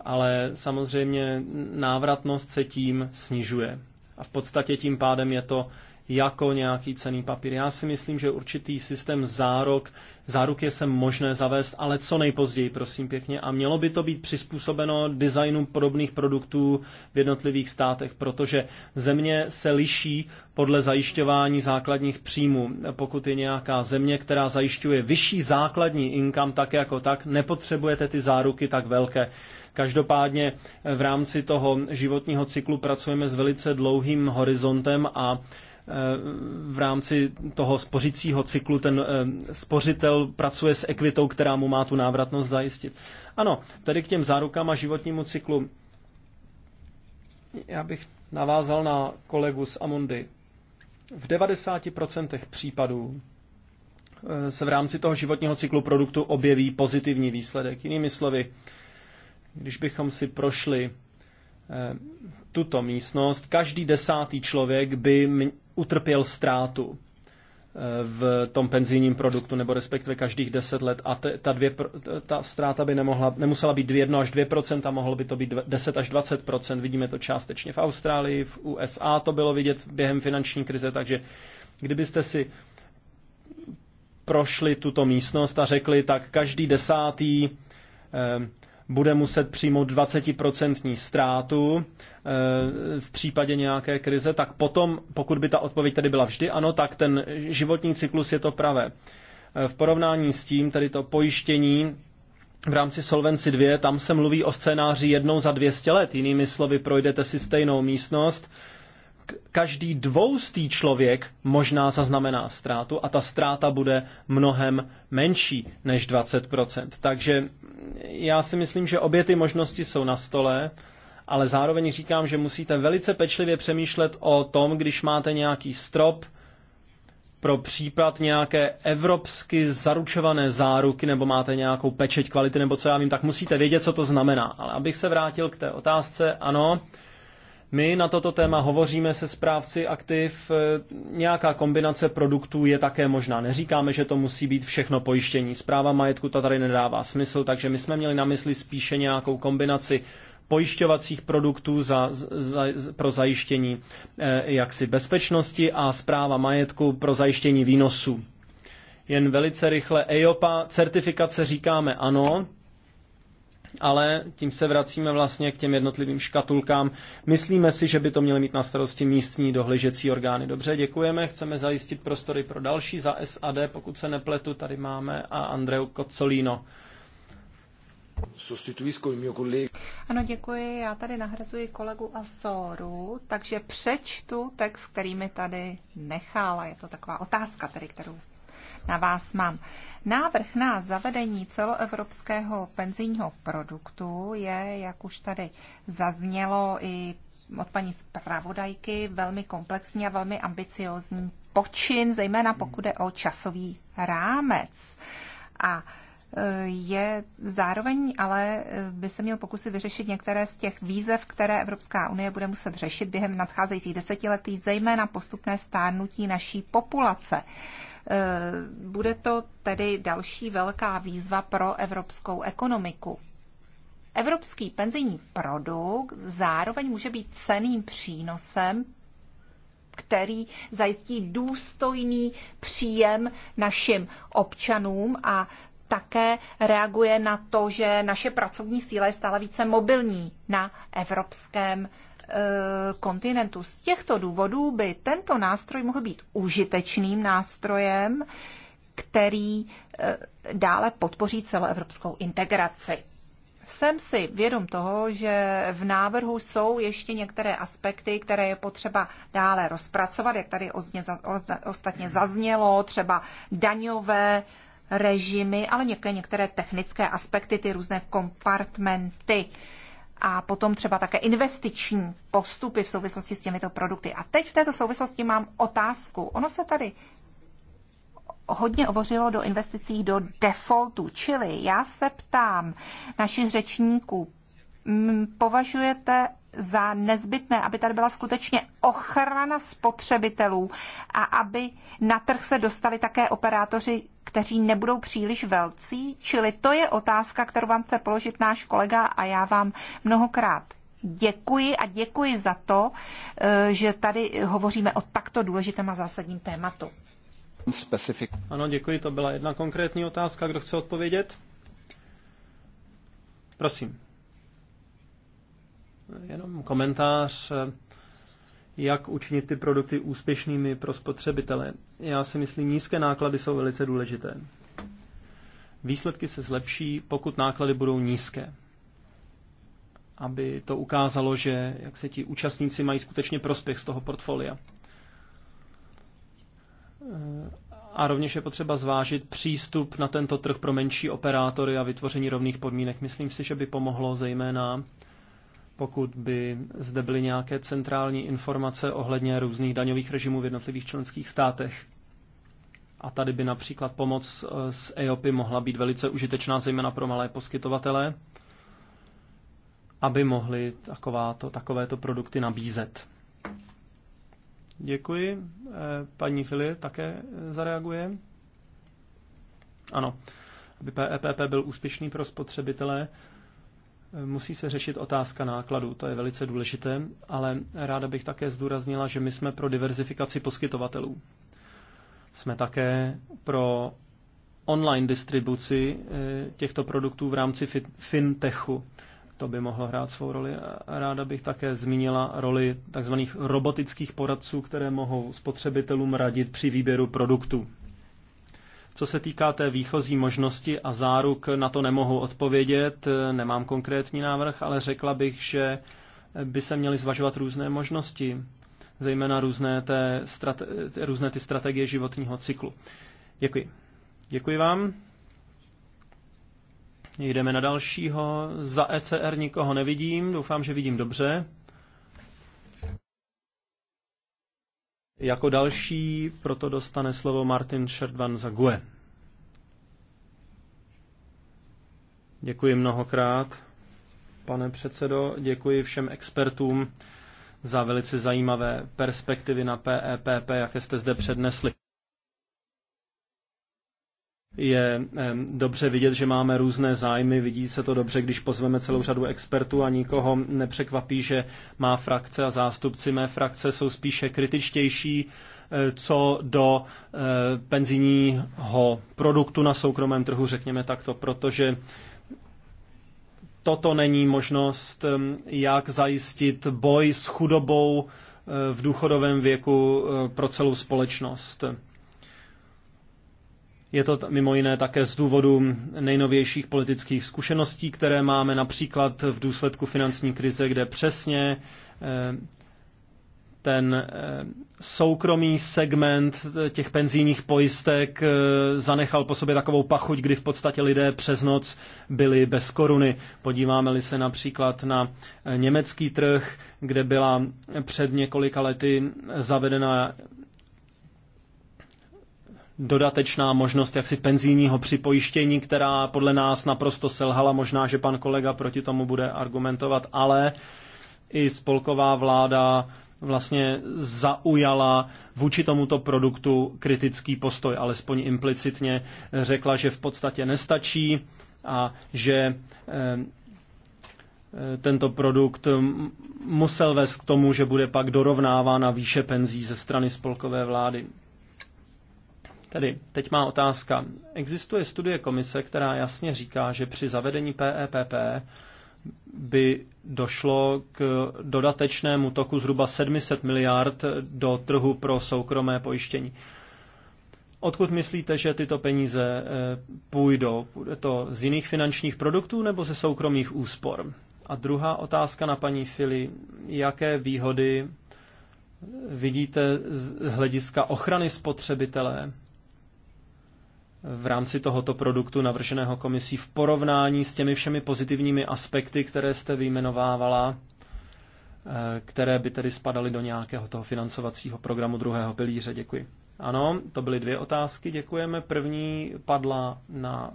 Ale samozřejmě návratnost se tím snižuje. A v podstatě tím pádem je to jako nějaký cený papír. Já si myslím, že určitý systém zárok, záruk je se možné zavést, ale co nejpozději, prosím pěkně. A mělo by to být přizpůsobeno designu podobných produktů v jednotlivých státech, protože země se liší podle zajišťování základních příjmů. Pokud je nějaká země, která zajišťuje vyšší základní income, tak jako tak, nepotřebujete ty záruky tak velké. Každopádně v rámci toho životního cyklu pracujeme s velice dlouhým horizontem a v rámci toho spořicího cyklu ten eh, spořitel pracuje s ekvitou, která mu má tu návratnost zajistit. Ano, tady k těm zárukám a životnímu cyklu. Já bych navázal na kolegu z Amundy. V 90% případů eh, se v rámci toho životního cyklu produktu objeví pozitivní výsledek. Jinými slovy, když bychom si prošli eh, tuto místnost, každý desátý člověk by utrpěl ztrátu eh, v tom penzijním produktu, nebo respektive každých 10 let. A te, ta, dvě, ta ztráta by nemohla, nemusela být 1 až 2 mohlo by to být 10 až 20 Vidíme to částečně v Austrálii, v USA to bylo vidět během finanční krize, takže kdybyste si prošli tuto místnost a řekli, tak každý desátý eh, bude muset přijmout 20% ztrátu eh, v případě nějaké krize, tak potom, pokud by ta odpověď tedy byla vždy ano, tak ten životní cyklus je to pravé. Eh, v porovnání s tím, tedy to pojištění v rámci Solvency 2, tam se mluví o scénáři jednou za 200 let. Jinými slovy, projdete si stejnou místnost, každý dvoustý člověk možná zaznamená ztrátu a ta ztráta bude mnohem menší než 20%. Takže já si myslím, že obě ty možnosti jsou na stole, ale zároveň říkám, že musíte velice pečlivě přemýšlet o tom, když máte nějaký strop, pro případ nějaké evropsky zaručované záruky nebo máte nějakou pečeť kvality nebo co já vím, tak musíte vědět, co to znamená. Ale abych se vrátil k té otázce, ano, my na toto téma hovoříme se správci aktiv, e, nějaká kombinace produktů je také možná. Neříkáme, že to musí být všechno pojištění. Zpráva majetku ta tady nedává smysl, takže my jsme měli na mysli spíše nějakou kombinaci pojišťovacích produktů za, za, pro zajištění eh, jaksi bezpečnosti a zpráva majetku pro zajištění výnosů. Jen velice rychle EIOPA, certifikace říkáme ano, ale tím se vracíme vlastně k těm jednotlivým škatulkám. Myslíme si, že by to měly mít na starosti místní dohlížecí orgány. Dobře, děkujeme, chceme zajistit prostory pro další za SAD, pokud se nepletu, tady máme a Andreu Kocolino. Ano, děkuji. Já tady nahrazuji kolegu Asoru, takže přečtu text, který mi tady nechala. Je to taková otázka, tedy, kterou na vás mám. Návrh na zavedení celoevropského penzijního produktu je, jak už tady zaznělo i od paní zpravodajky, velmi komplexní a velmi ambiciozní počin, zejména pokud je o časový rámec. A e, je zároveň, ale e, by se měl pokusit vyřešit některé z těch výzev, které Evropská unie bude muset řešit během nadcházejících desetiletí, zejména postupné stárnutí naší populace. Eh, bude to tedy další velká výzva pro evropskou ekonomiku. Evropský penzijní produkt zároveň může být ceným přínosem který zajistí důstojný příjem našim občanům a také reaguje na to, že naše pracovní síla je stále více mobilní na evropském Eh, kontinentu. Z těchto důvodů by tento nástroj mohl být užitečným nástrojem, který eh, dále podpoří celoevropskou integraci. Jsem si vědom toho, že v návrhu jsou ještě některé aspekty, které je potřeba dále rozpracovat, jak tady ostatně zaznělo, třeba daňové režimy, ale některé, některé technické aspekty, ty různé kompartmenty a potom třeba také investiční postupy v souvislosti s těmito produkty. A teď v této souvislosti mám otázku. Ono se tady hodně ovořilo do investicích do defaultu, čili já se ptám našich řečníků, považujete za nezbytné, aby tady byla skutečně ochrana spotřebitelů a aby na trh se dostali také operátoři, kteří nebudou příliš velcí? Čili to je otázka, kterou vám chce položit náš kolega a já vám mnohokrát děkuji a děkuji za to, eh, že tady hovoříme o takto důležitém a zásadním tématu. Specific. Ano, děkuji, to byla jedna konkrétní otázka. Kdo chce odpovědět? Prosím. Jenom komentář, jak učinit ty produkty úspěšnými pro spotřebitele. Já si myslím, nízké náklady jsou velice důležité. Výsledky se zlepší, pokud náklady budou nízké. Aby to ukázalo, že jak se ti účastníci mají skutečně prospěch z toho portfolia. A rovněž je potřeba zvážit přístup na tento trh pro menší operátory a vytvoření rovných podmínek. Myslím si, že by pomohlo zejména pokud by zde byly nějaké centrální informace ohledně různých daňových režimů v jednotlivých členských státech. A tady by například pomoc eh, z EOPy mohla být velice užitečná, zejména pro malé poskytovatele, aby mohli takováto, takovéto produkty nabízet. Děkuji. Eh, paní fili, také eh, zareaguje. Ano, aby PEPP e byl úspěšný pro spotřebitele, Musí se řešit otázka nákladů, to je velice důležité, ale ráda bych také zdůraznila, že my jsme pro diverzifikaci poskytovatelů. Jsme také pro online distribuci eh, těchto produktů v rámci fintechu. To by mohlo hrát svou roli. Ráda bych také zmínila roli tzv. robotických poradců, které mohou spotřebitelům radit při výběru produktů. Co se týká té výchozí možnosti a záruk, na to nemohu odpovědět, nemám konkrétní návrh, ale řekla bych, že by se měly zvažovat různé možnosti, zejména různé, té strate, různé ty strategie životního cyklu. Děkuji. Děkuji vám. Jdeme na dalšího. Za ECR nikoho nevidím, doufám, že vidím dobře. Jako další proto dostane slovo Martin Šerdvan Zague. Děkuji mnohokrát, pane předsedo. Děkuji všem expertům za velice zajímavé perspektivy na PEPP, e jaké jste zde přednesli je dobře vidět, že máme různé zájmy, vidí se to dobře, když pozveme celou řadu expertů a nikoho nepřekvapí, že má frakce a zástupci mé frakce jsou spíše kritičtější eh, co do eh, penzijního produktu na soukromém trhu, řekněme takto, protože toto není možnost, jak zajistit boj s chudobou eh, v důchodovém věku pro celou společnost. Je to mimo jiné také z důvodu nejnovějších politických zkušeností, které máme například v důsledku finanční krize, kde přesně eh, ten eh, soukromý segment těch penzijních pojistek eh, zanechal po sobě takovou pachuť, kdy v podstatě lidé přes noc byli bez koruny. Podíváme-li se například na německý trh, kde byla před několika lety zavedena dodatečná možnost jaksi penzijního připojištění, která podle nás naprosto selhala. Možná, že pan kolega proti tomu bude argumentovat, ale i spolková vláda vlastně zaujala vůči tomuto produktu kritický postoj, alespoň implicitně řekla, že v podstatě nestačí a že eh, eh, tento produkt musel vést k tomu, že bude pak dorovnávána na výše penzí ze strany spolkové vlády. Tedy, teď má otázka. Existuje studie komise, která jasně říká, že při zavedení PEPP e by došlo k dodatečnému toku zhruba 700 miliard do trhu pro soukromé pojištění. Odkud myslíte, že tyto peníze eh, půjdou? Půjde to z jiných finančních produktů nebo ze soukromých úspor? A druhá otázka na paní Fili. Jaké výhody vidíte z hlediska ochrany spotřebitele v rámci tohoto produktu navrženého komisí v porovnání s těmi všemi pozitivními aspekty, které jste vyjmenovávala, eh, které by tedy spadaly do nějakého toho financovacího programu druhého pilíře. Děkuji. Ano, to byly dvě otázky, děkujeme. První padla na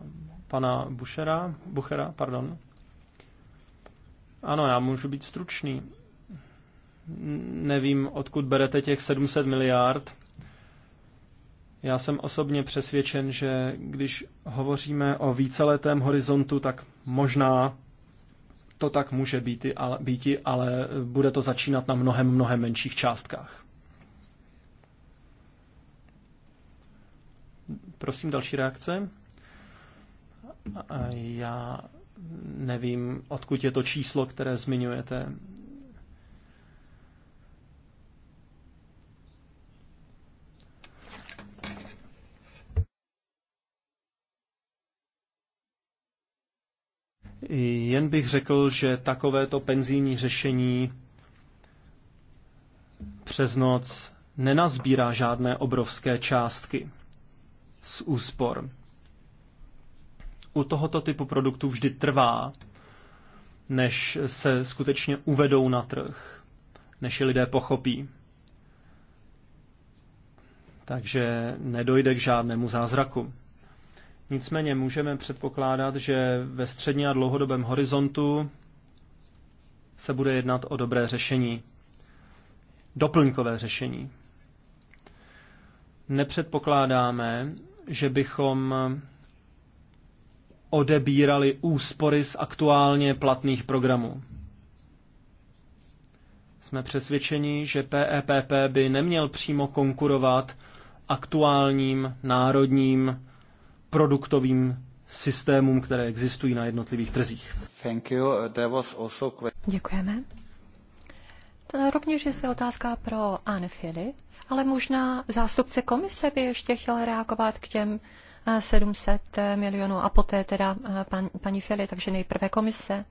pana Bušera, Buchera, pardon. Ano, já můžu být stručný. Nevím, odkud berete těch 700 miliard já jsem osobně přesvědčen, že když hovoříme o víceletém horizontu, tak možná to tak může být, ale, být, ale bude to začínat na mnohem, mnohem menších částkách. Prosím, další reakce. Já nevím, odkud je to číslo, které zmiňujete. Jen bych řekl, že takovéto penzijní řešení přes noc nenazbírá žádné obrovské částky z úspor. U tohoto typu produktů vždy trvá, než se skutečně uvedou na trh, než je lidé pochopí. Takže nedojde k žádnému zázraku. Nicméně můžeme předpokládat, že ve středně a dlouhodobém horizontu se bude jednat o dobré řešení. Doplňkové řešení. Nepředpokládáme, že bychom odebírali úspory z aktuálně platných programů. Jsme přesvědčeni, že PEPP e by neměl přímo konkurovat aktuálním národním produktovým systémům, které existují na jednotlivých trzích. Thank you. Uh, there was also... Děkujeme. Rovněž je zde otázka pro Anne Fili, ale možná zástupce komise by ještě chtěl reagovat k těm 700 eh, eh, milionů a poté teda eh, pan, paní Fili, takže nejprve komise.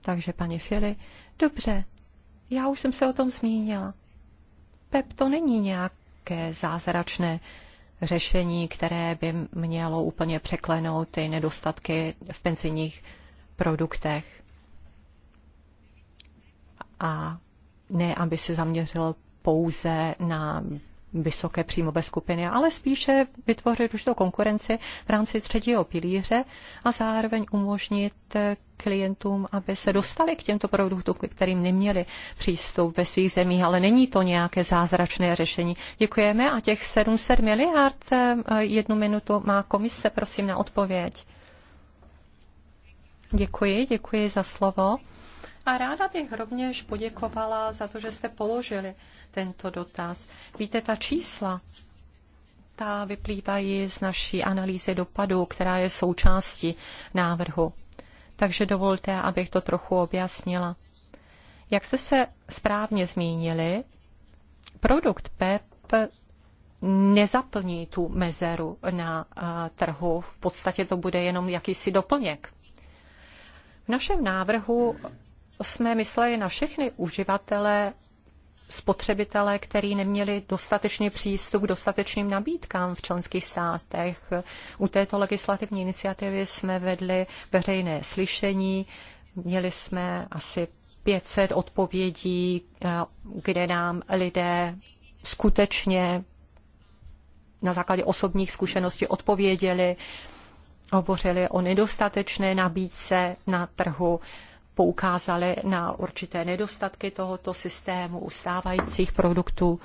Takže paní Fili, dobře, já už jsem se o tom zmínila. PEP to není nějak nějaké zázračné řešení, které by mělo úplně překlenout ty nedostatky v penzijních produktech. A ne, aby se zaměřil pouze na vysoké příjmové skupiny, ale spíše vytvořit už to konkurenci v rámci třetího pilíře a zároveň umožnit klientům, aby se dostali k těmto produktům, kterým neměli přístup ve svých zemích, ale není to nějaké zázračné řešení. Děkujeme a těch 700 miliard eh, jednu minutu má komise, prosím, na odpověď. Děkuji, děkuji za slovo. A ráda bych rovněž poděkovala za to, že jste položili tento dotaz. Víte, ta čísla, ta vyplývají z naší analýzy dopadu, která je součástí návrhu takže dovolte, abych to trochu objasnila. Jak jste se správně zmínili, produkt PEP e nezaplní tu mezeru na trhu. V podstatě to bude jenom jakýsi doplněk. V našem návrhu jsme mysleli na všechny uživatele spotřebitelé, kteří neměli dostatečný přístup k dostatečným nabídkám v členských státech. U této legislativní iniciativy jsme vedli veřejné slyšení, měli jsme asi 500 odpovědí, eh, kde nám lidé skutečně na základě osobních zkušeností odpověděli, hovořili o nedostatečné nabídce na trhu, poukázali na určité nedostatky tohoto systému ustávajících produktů,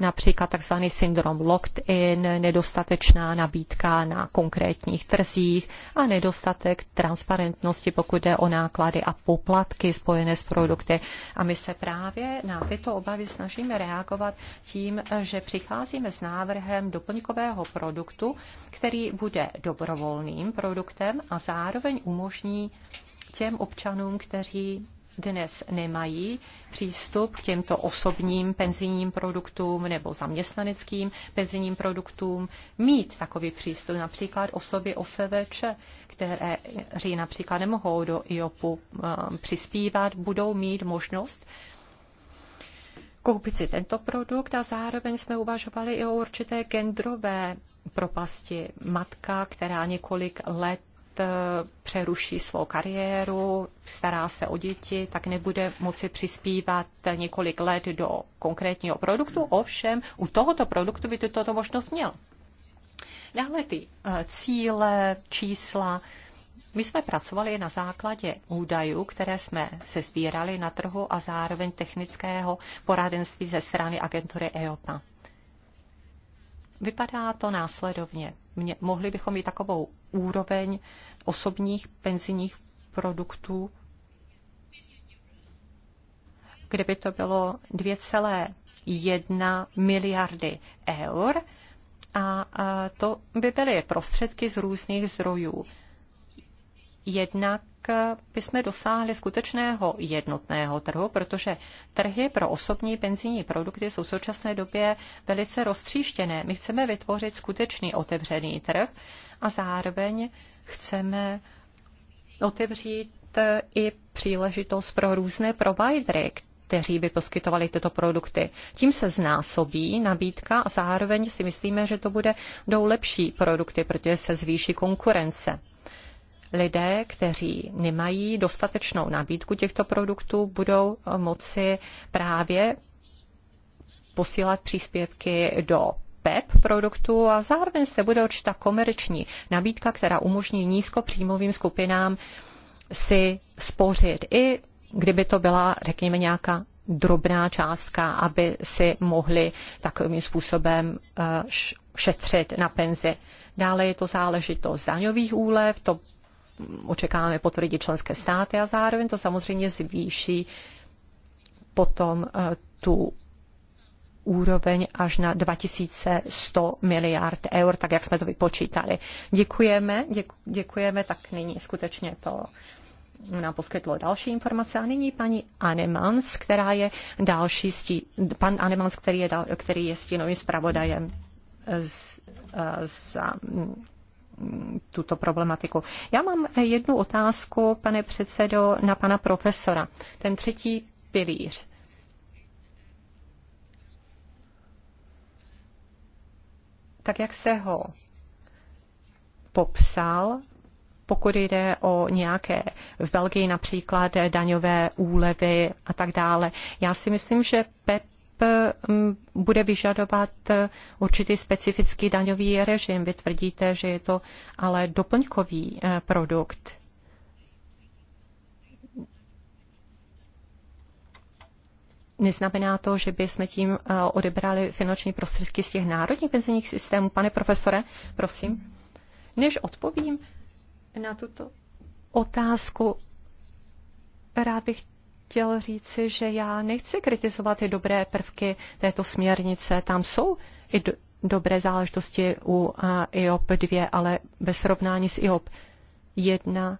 například tzv. syndrom locked-in, nedostatečná nabídka na konkrétních trzích a nedostatek transparentnosti, pokud jde o náklady a poplatky spojené s produkty. A my se právě na tyto obavy snažíme reagovat tím, že přicházíme s návrhem doplňkového produktu, který bude dobrovolným produktem a zároveň umožní těm občanům, kteří dnes nemají přístup k těmto osobním penzijním produktům nebo zaměstnaneckým penzijním produktům, mít takový přístup, například osoby OSVČ, které například nemohou do IOPu eh, přispívat, budou mít možnost koupit si tento produkt a zároveň jsme uvažovali i o určité genderové propasti. Matka, která několik let Eh, přeruší svou kariéru, stará se o děti, tak nebude moci přispívat několik let do konkrétního produktu, ovšem u tohoto produktu by tuto možnost měl. Dále ty eh, cíle, čísla. My jsme pracovali na základě údajů, které jsme se sbírali na trhu a zároveň technického poradenství ze strany agentury EOPA. Vypadá to následovně. Mě, mohli bychom mít takovou úroveň osobních penzijních produktů, kde by to bylo 2,1 miliardy eur a, a to by byly prostředky z různých zdrojů. Jednak Eh, bychom dosáhli skutečného jednotného trhu, protože trhy pro osobní penzijní produkty jsou v současné době velice roztříštěné. My chceme vytvořit skutečný otevřený trh a zároveň chceme otevřít eh, i příležitost pro různé providery, kteří by poskytovali tyto produkty. Tím se znásobí nabídka a zároveň si myslíme, že to bude jdou lepší produkty, protože se zvýší konkurence lidé, kteří nemají dostatečnou nabídku těchto produktů, budou eh, moci právě posílat příspěvky do PEP produktu a zároveň se bude určitá komerční nabídka, která umožní nízkopříjmovým skupinám si spořit. I kdyby to byla, řekněme, nějaká drobná částka, aby si mohli takovým způsobem eh, šetřit na penzi. Dále je to záležitost daňových úlev, to očekáváme potvrdit členské státy a zároveň to samozřejmě zvýší potom eh, tu úroveň až na 2100 miliard eur, tak jak jsme to vypočítali. Děkujeme, děku, děkujeme, tak nyní skutečně to nám poskytlo další informace. A nyní paní Anemans, která je další stí, pan Anemans, který je, dal, který je stínovým zpravodajem eh, z, eh, z, tuto problematiku. Já mám jednu otázku, pane předsedo, na pana profesora. Ten třetí pilíř. Tak jak jste ho popsal, pokud jde o nějaké v Belgii například daňové úlevy a tak dále. Já si myslím, že PEP bude vyžadovat určitý specifický daňový režim. Vy tvrdíte, že je to ale doplňkový e, produkt. Neznamená to, že by jsme tím e, odebrali finanční prostředky z těch národních penzijních systémů. Pane profesore, prosím. Než odpovím na tuto otázku, rád bych chtěl říci, že já nechci kritizovat ty dobré prvky této směrnice. Tam jsou i do, dobré záležitosti u IOP 2, ale ve srovnání s IOP 1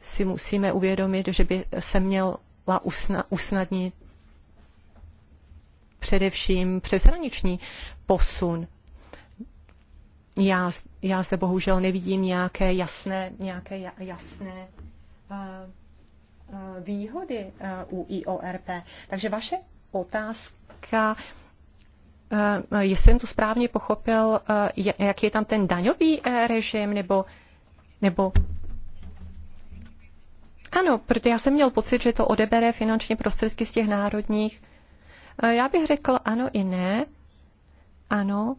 si musíme uvědomit, že by se měla usna, usnadnit především přeshraniční posun. Já, já zde bohužel nevidím nějaké jasné, nějaké jasné uh, Eh, výhody eh, u IORP. Takže vaše otázka, eh, jestli jsem to správně pochopil, jak je tam ten daňový režim, nebo, nebo ano, protože já jsem měl pocit, že to odebere finanční prostředky z těch národních. Já bych řekl ano i ne. Ano,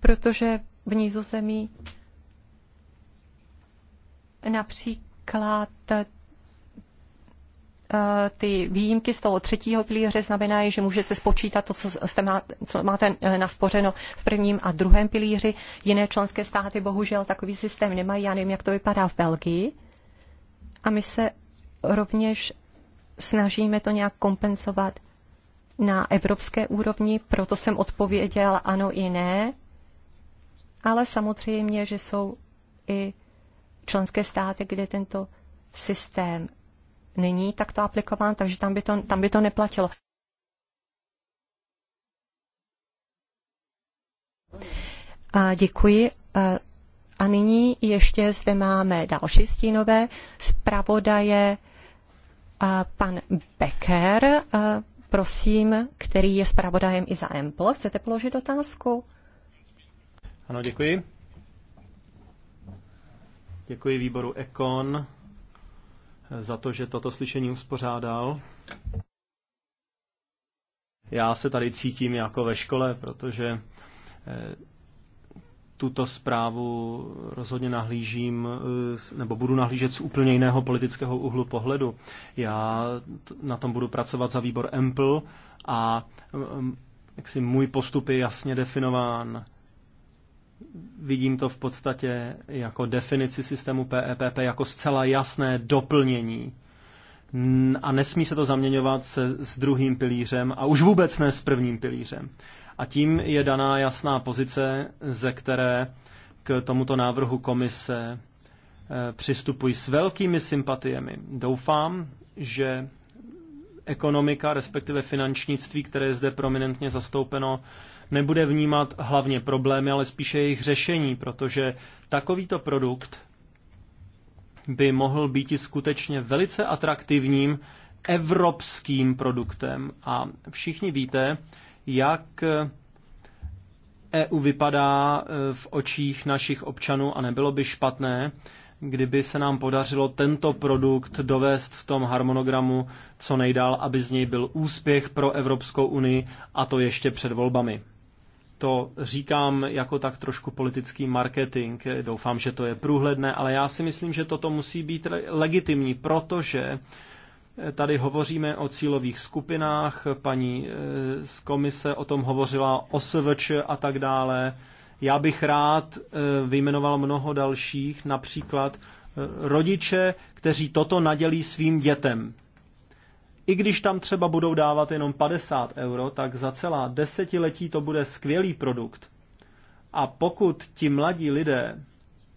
protože v Nízozemí například Například eh, ty výjimky z toho třetího pilíře znamenají, že můžete spočítat to, co, jste má, co máte eh, naspořeno v prvním a druhém pilíři. Jiné členské státy bohužel takový systém nemají. Já nevím, jak to vypadá v Belgii. A my se rovněž snažíme to nějak kompenzovat na evropské úrovni, proto jsem odpověděl ano i ne. Ale samozřejmě, že jsou i členské státy, kde tento systém není takto aplikován, takže tam by to, tam by to neplatilo. A děkuji. A nyní ještě zde máme další stínové zpravodaje, pan Becker, prosím, který je zpravodajem i za Ample. Chcete položit otázku? Ano, děkuji. Děkuji výboru Ekon za to, že toto slyšení uspořádal. Já se tady cítím jako ve škole, protože eh, tuto zprávu rozhodně nahlížím, eh, nebo budu nahlížet z úplně jiného politického úhlu pohledu. Já na tom budu pracovat za výbor EMPL a mm, mm, jak si můj postup je jasně definován. Vidím to v podstatě jako definici systému PEPP e jako zcela jasné doplnění. A nesmí se to zaměňovat se, s druhým pilířem a už vůbec ne s prvním pilířem. A tím je daná jasná pozice, ze které k tomuto návrhu komise eh, přistupuji s velkými sympatiemi. Doufám, že ekonomika, respektive finančnictví, které je zde prominentně zastoupeno, nebude vnímat hlavně problémy, ale spíše jejich řešení, protože takovýto produkt by mohl být i skutečně velice atraktivním evropským produktem. A všichni víte, jak EU vypadá e, v očích našich občanů a nebylo by špatné, kdyby se nám podařilo tento produkt dovést v tom harmonogramu co nejdál, aby z něj byl úspěch pro Evropskou unii a to ještě před volbami. To říkám jako tak trošku politický marketing. Doufám, že to je průhledné, ale já si myslím, že toto musí být legitimní, protože eh, Tady hovoříme o cílových skupinách, paní eh, z komise o tom hovořila, SVČ a tak dále. Já bych rád eh, vyjmenoval mnoho dalších, například rodiče, kteří toto nadělí svým dětem. I když tam třeba budou dávat jenom 50 euro, tak za celá desetiletí to bude skvělý produkt. A pokud ti mladí lidé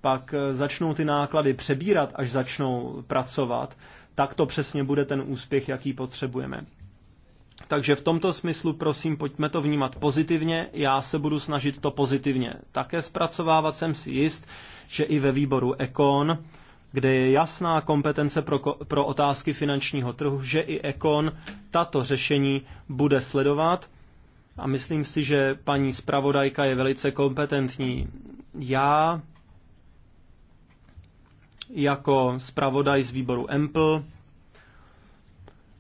pak eh, začnou ty náklady přebírat, až začnou pracovat, tak to přesně bude ten úspěch, jaký potřebujeme. Takže v tomto smyslu, prosím, pojďme to vnímat pozitivně. Já se budu snažit to pozitivně také zpracovávat. Jsem si jist, že i ve výboru Ekon kde je jasná kompetence pro, pro otázky finančního trhu, že i Ekon tato řešení bude sledovat. A myslím si, že paní zpravodajka je velice kompetentní. Já jako zpravodaj z výboru EMPL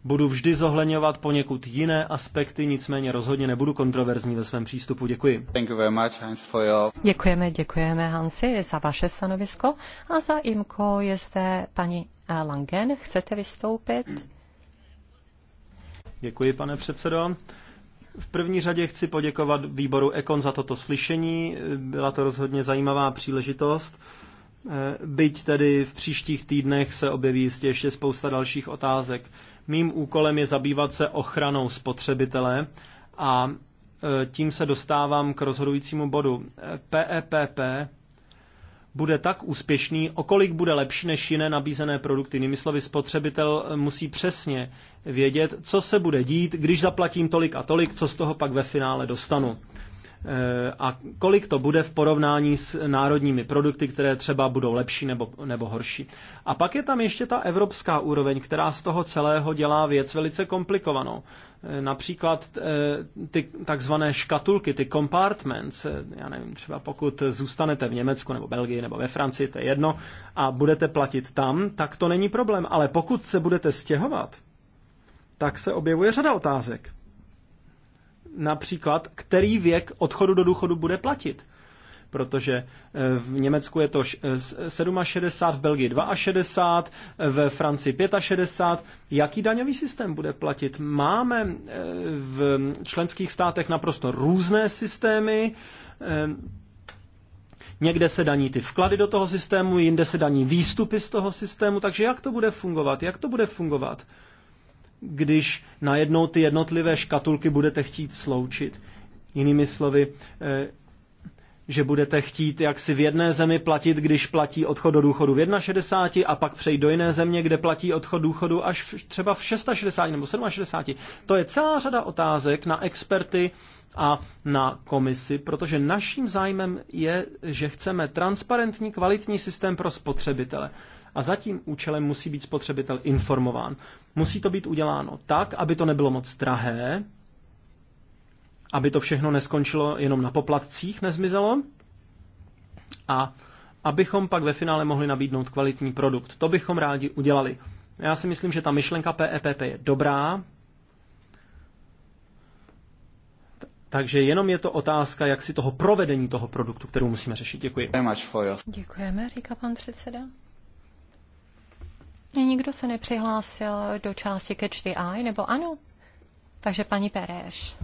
Budu vždy zohledňovat poněkud jiné aspekty, nicméně rozhodně nebudu kontroverzní ve svém přístupu. Děkuji. Thank you very much, Hans, for your... Děkujeme, děkujeme Hansi za vaše stanovisko a za IMKO je zde paní eh, Langen. Chcete vystoupit? Děkuji, pane předsedo. V první řadě chci poděkovat výboru Ekon za toto slyšení. Byla to rozhodně zajímavá příležitost. Eh, byť tedy v příštích týdnech se objeví jistě ještě spousta dalších otázek. Mým úkolem je zabývat se ochranou spotřebitele a e, tím se dostávám k rozhodujícímu bodu. PEPP e bude tak úspěšný, okolik bude lepší než jiné nabízené produkty. Jinými slovy, spotřebitel e, musí přesně vědět, co se bude dít, když zaplatím tolik a tolik, co z toho pak ve finále dostanu. Eh, a kolik to bude v porovnání s národními produkty, které třeba budou lepší nebo, nebo horší. A pak je tam ještě ta evropská úroveň, která z toho celého dělá věc velice komplikovanou. Eh, například eh, ty takzvané škatulky, ty compartments, já nevím, třeba pokud zůstanete v Německu nebo Belgii nebo ve Francii, to je jedno, a budete platit tam, tak to není problém. Ale pokud se budete stěhovat, tak se objevuje řada otázek například, který věk odchodu do důchodu bude platit. Protože eh, v Německu je to 67, eh, v Belgii 62, eh, ve Francii 65. Jaký daňový systém bude platit? Máme v členských státech naprosto různé systémy. Někde se daní ty vklady do toho systému, jinde se daní výstupy z toho systému, takže jak to bude fungovat? Jak to bude fungovat? když najednou ty jednotlivé škatulky budete chtít sloučit. Jinými slovy, eh, že budete chtít jak si v jedné zemi platit, když platí odchod do důchodu v 61 a pak přejít do jiné země, kde platí odchod důchodu až v, třeba v 660 nebo 67. To je celá řada otázek na experty a na komisi, protože naším zájmem je, že chceme transparentní, kvalitní systém pro spotřebitele a za tím účelem musí být spotřebitel informován. Musí to být uděláno tak, aby to nebylo moc drahé, aby to všechno neskončilo jenom na poplatcích, nezmizelo a abychom pak ve finále mohli nabídnout kvalitní produkt. To bychom rádi udělali. Já si myslím, že ta myšlenka PEPP e je dobrá, Takže jenom je to otázka, jak si toho provedení toho produktu, kterou musíme řešit. Děkuji. Děkujeme, říká pan předseda. Nikdo se nepřihlásil do části Catch the Eye, nebo ano? Takže paní Pereš.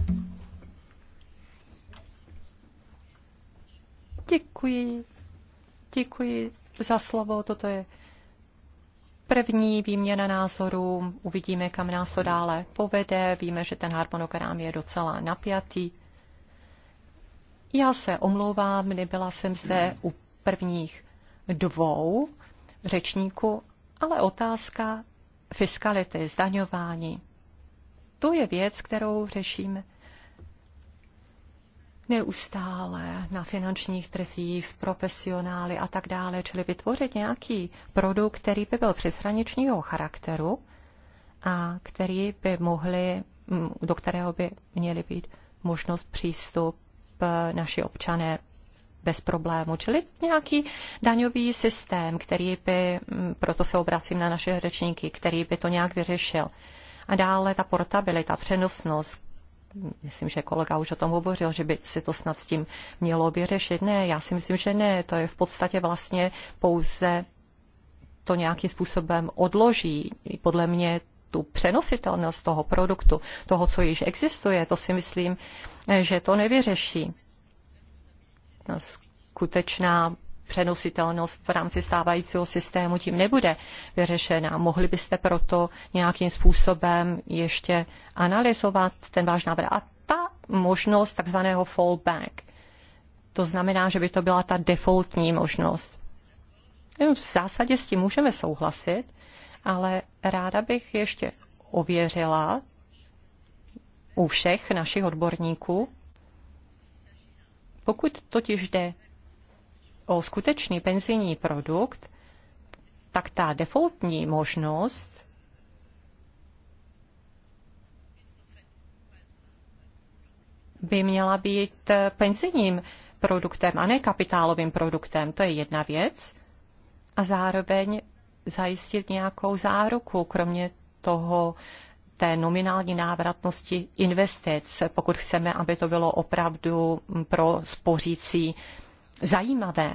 Děkuji. Děkuji za slovo. Toto je první výměna názorů. Uvidíme, kam nás to dále povede. Víme, že ten harmonogram je docela napjatý. Já se omlouvám, nebyla jsem zde u prvních dvou řečníků, ale otázka fiskality, zdaňování, to je věc, kterou řešíme neustále na finančních trzích s profesionály a tak dále, čili vytvořit nějaký produkt, který by byl přeshraničního charakteru a který by mohli, mm, do kterého by měli být možnost přístup eh, naši občané bez problému. Čili nějaký daňový systém, který by, mm, proto se obracím na naše řečníky, který by to nějak vyřešil. A dále ta portabilita, přenosnost, myslím, že kolega už o tom hovořil, že by se to snad s tím mělo vyřešit. Ne, já si myslím, že ne. To je v podstatě vlastně pouze to nějakým způsobem odloží. Podle mě tu přenositelnost toho produktu, toho, co již existuje, to si myslím, že to nevyřeší. No, skutečná přenositelnost v rámci stávajícího systému tím nebude vyřešena. Mohli byste proto nějakým způsobem ještě analyzovat ten váš návrh. A ta možnost takzvaného fallback, to znamená, že by to byla ta defaultní možnost. No, v zásadě s tím můžeme souhlasit, ale ráda bych ještě ověřila u všech našich odborníků, pokud totiž jde o skutečný penzijní produkt, tak ta defaultní možnost by měla být penzijním produktem a ne kapitálovým produktem. To je jedna věc. A zároveň zajistit nějakou záruku, kromě toho té nominální návratnosti investic, pokud chceme, aby to bylo opravdu pro spořící zajímavé.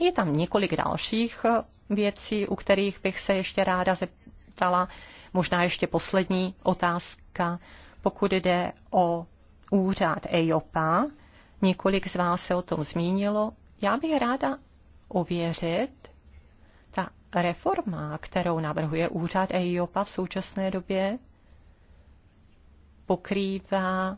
Je tam několik dalších věcí, u kterých bych se ještě ráda zeptala. Možná ještě poslední otázka, pokud jde o úřad EIOPA. Několik z vás se o tom zmínilo. Já bych ráda ověřit, reforma, kterou navrhuje úřad EIOPA v současné době, pokrývá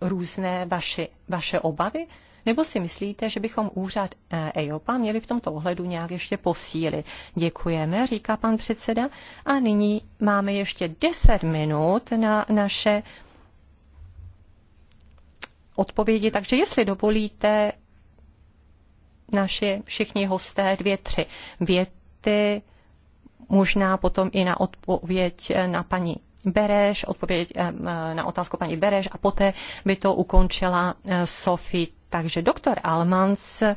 různé vaši, vaše obavy? Nebo si myslíte, že bychom úřad EIOPA měli v tomto ohledu nějak ještě posílit? Děkujeme, říká pan předseda. A nyní máme ještě 10 minut na naše odpovědi, takže jestli dovolíte, naši všichni hosté dvě, tři věty, možná potom i na odpověď na paní Bereš, odpověď eh, na otázku paní Bereš a poté by to ukončila eh, Sofie. Takže doktor Almans eh,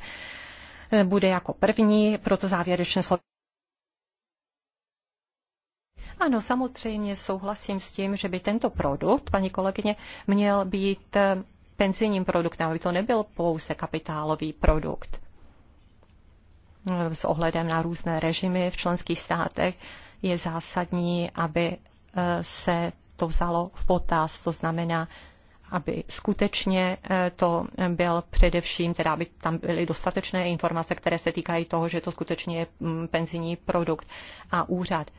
bude jako první, proto závěrečné slovo. Ano, samozřejmě souhlasím s tím, že by tento produkt, paní kolegyně, měl být penzijním produktem, aby to nebyl pouze kapitálový produkt s ohledem na různé režimy v členských státech je zásadní, aby e, se to vzalo v potaz, to znamená, aby skutečně e, to byl především, teda aby tam byly dostatečné informace, které se týkají toho, že to skutečně je penzijní produkt. A úřad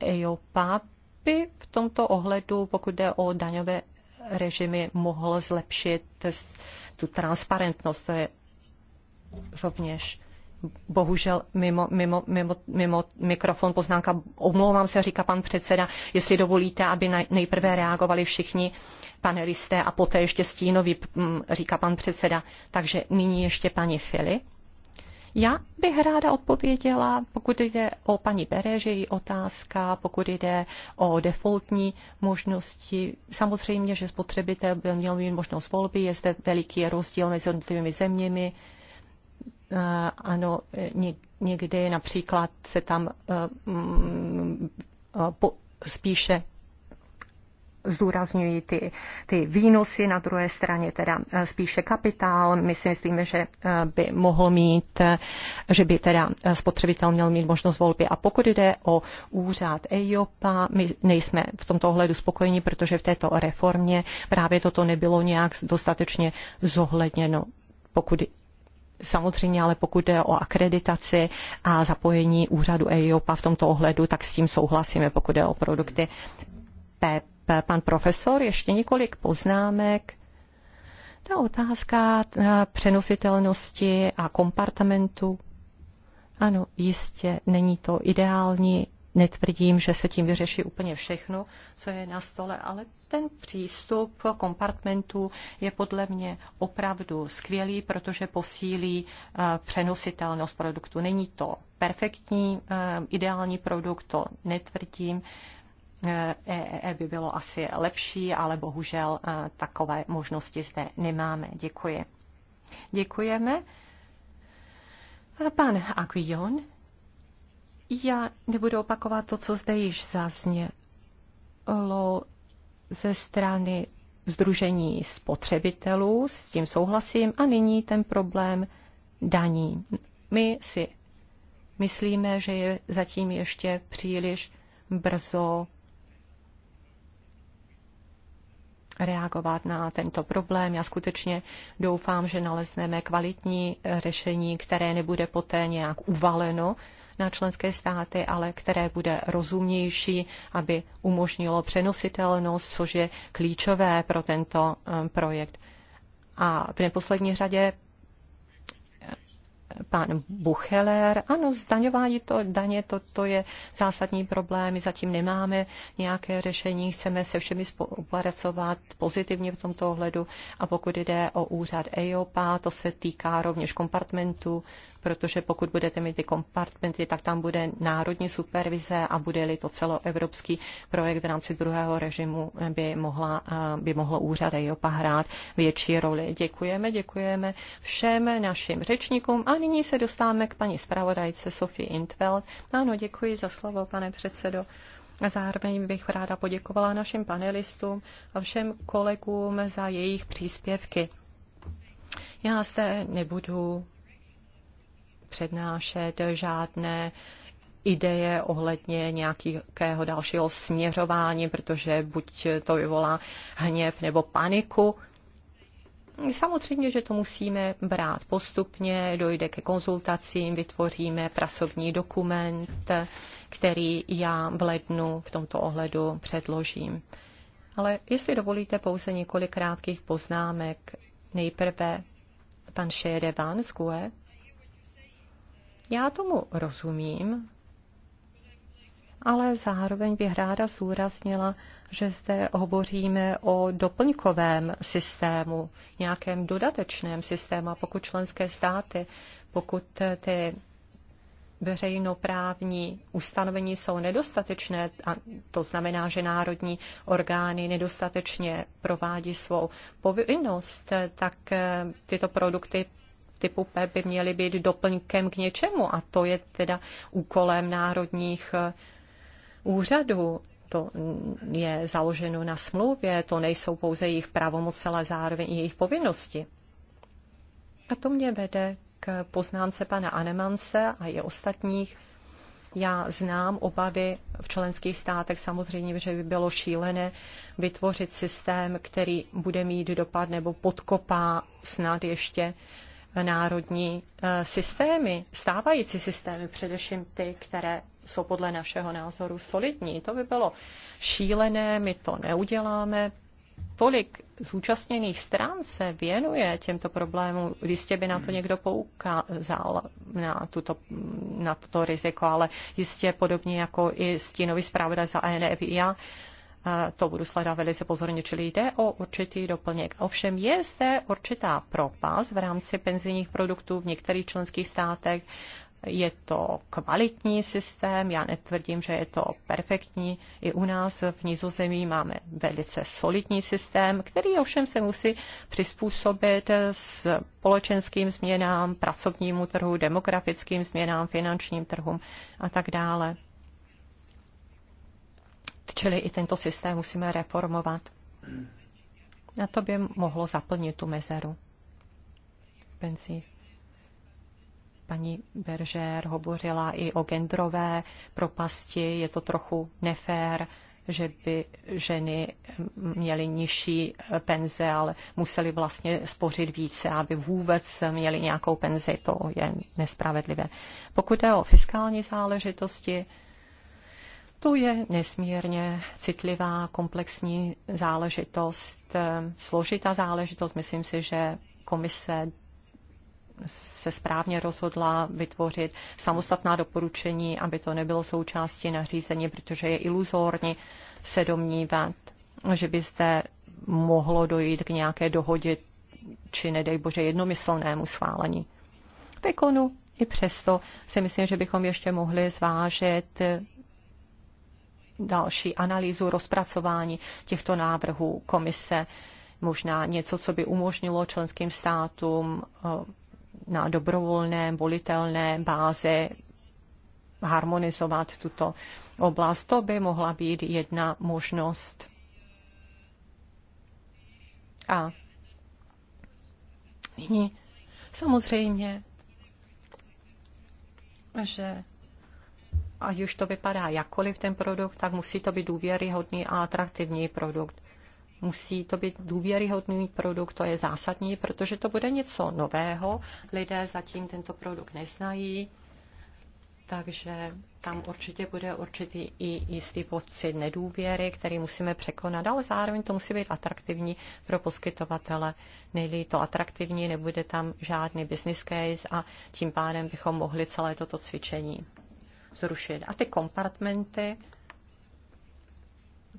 EIOPA by v tomto ohledu, pokud jde o daňové režimy, mohl zlepšit tu transparentnost. To je rovněž bohužel mimo, mimo, mimo, mimo mikrofon poznámka, omlouvám se, říká pan předseda, jestli dovolíte, aby nejprve reagovali všichni panelisté a poté ještě stínoví, mm, říká pan předseda. Takže nyní ještě paní Fili. Já bych ráda odpověděla, pokud jde o paní Bereže, její otázka, pokud jde o defaultní možnosti. Samozřejmě, že spotřebitel by měl mít možnost volby, je zde veliký rozdíl mezi jednotlivými zeměmi. Eh, ano, eh, někdy například se tam eh, mm, spíše zdůrazňují ty, ty výnosy, na druhé straně teda spíše kapitál. My si myslíme, že by mohl mít, že by teda spotřebitel měl mít možnost volby. A pokud jde o úřad EIOPA, my nejsme v tomto ohledu spokojeni, protože v této reformě právě toto nebylo nějak dostatečně zohledněno pokud Samozřejmě, ale pokud jde o akreditaci a zapojení úřadu EIOPA v tomto ohledu, tak s tím souhlasíme, pokud jde o produkty PEP. Pan profesor, ještě několik poznámek. Ta otázka eh, přenositelnosti a kompartamentu. Ano, jistě, není to ideální Netvrdím, že se tím vyřeší úplně všechno, co je na stole, ale ten přístup kompartmentů je podle mě opravdu skvělý, protože posílí eh, přenositelnost produktu. Není to perfektní, eh, ideální produkt, to netvrdím. EEE eh, e by bylo asi lepší, ale bohužel takové možnosti zde nemáme. Děkuji. Děkujeme. Pan Aquion, já nebudu opakovat to, co zde již zaznělo ze strany Združení spotřebitelů, s tím souhlasím, a nyní ten problém daní. My si myslíme, že je zatím ještě příliš brzo reagovat na tento problém. Já skutečně doufám, že nalezneme kvalitní řešení, které nebude poté nějak uvaleno na členské státy, ale které bude rozumnější, aby umožnilo přenositelnost, což je klíčové pro tento eh, projekt. A v neposlední řadě eh, pan Bucheler. Ano, zdaňování to, daně, to, to je zásadní problém. My zatím nemáme nějaké řešení, chceme se všemi spolupracovat pozitivně v tomto ohledu. A pokud jde o úřad EIOPA, to se týká rovněž kompartmentu protože pokud budete mít ty kompartmenty, tak tam bude národní supervize a bude-li to celoevropský projekt v rámci druhého režimu, by, mohla, eh, by mohlo úřad EIOPA hrát větší roli. Děkujeme, děkujeme všem našim řečníkům a nyní se dostáváme k paní zpravodajce Sofie Intveld. Ano, děkuji za slovo, pane předsedo. Zároveň bych ráda poděkovala našim panelistům a všem kolegům za jejich příspěvky. Já zde nebudu přednášet žádné ideje ohledně nějakého dalšího směřování, protože buď to vyvolá hněv nebo paniku. Samozřejmě, že to musíme brát postupně, dojde ke konzultacím, vytvoříme pracovní dokument, který já v lednu v tomto ohledu předložím. Ale jestli dovolíte pouze několik krátkých poznámek, nejprve pan Šedevan z GUE. Já tomu rozumím, ale zároveň bych ráda zúraznila, že zde hovoříme o doplňkovém systému, nějakém dodatečném systému, pokud členské státy, pokud ty veřejnoprávní ustanovení jsou nedostatečné, a to znamená, že národní orgány nedostatečně provádí svou povinnost, tak tyto produkty typu P by měly být doplňkem k něčemu a to je teda úkolem národních eh, úřadů. To je založeno na smlouvě, to nejsou pouze jejich pravomoce, ale zároveň i jejich povinnosti. A to mě vede k poznámce pana Anemance a i ostatních. Já znám obavy v členských státech samozřejmě, že by bylo šílené vytvořit systém, který bude mít dopad nebo podkopá snad ještě národní eh, systémy, stávající systémy, především ty, které jsou podle našeho názoru solidní. To by bylo šílené, my to neuděláme. Tolik zúčastněných stran se věnuje těmto problémům, jistě by na to někdo poukázal, na, tuto, na toto riziko, ale jistě podobně jako i stínový zpravodaj za ENF, já to budu sledovat velice pozorně, čili jde o určitý doplněk. Ovšem je zde určitá propast v rámci penzijních produktů v některých členských státech. Je to kvalitní systém, já netvrdím, že je to perfektní. I u nás v Nizozemí máme velice solidní systém, který ovšem se musí přizpůsobit s společenským změnám, pracovnímu trhu, demografickým změnám, finančním trhům a tak dále čili i tento systém musíme reformovat. A to by mohlo zaplnit tu mezeru. Pensi. Paní Beržer hovořila i o genderové propasti. Je to trochu nefér, že by ženy měly nižší penze, ale museli vlastně spořit více, aby vůbec měly nějakou penzi. To je nespravedlivé. Pokud je o fiskální záležitosti, to je nesmírně citlivá, komplexní záležitost, eh, složitá záležitost. Myslím si, že komise se správně rozhodla vytvořit samostatná doporučení, aby to nebylo součástí nařízení, protože je iluzorní se domnívat, že by zde mohlo dojít k nějaké dohodě či nedej bože jednomyslnému schválení. V ekonu i přesto si myslím, že bychom ještě mohli zvážit další analýzu, rozpracování těchto návrhů komise, možná něco, co by umožnilo členským státům eh, na dobrovolné, volitelné bázi harmonizovat tuto oblast. To by mohla být jedna možnost. A nyní samozřejmě, že ať už to vypadá jakkoliv ten produkt, tak musí to být důvěryhodný a atraktivní produkt. Musí to být důvěryhodný produkt, to je zásadní, protože to bude něco nového. Lidé zatím tento produkt neznají, takže tam určitě bude určitý i jistý pocit nedůvěry, který musíme překonat, ale zároveň to musí být atraktivní pro poskytovatele. Nejlí to atraktivní, nebude tam žádný business case a tím pádem bychom mohli celé toto cvičení zrušit. A ty kompartmenty,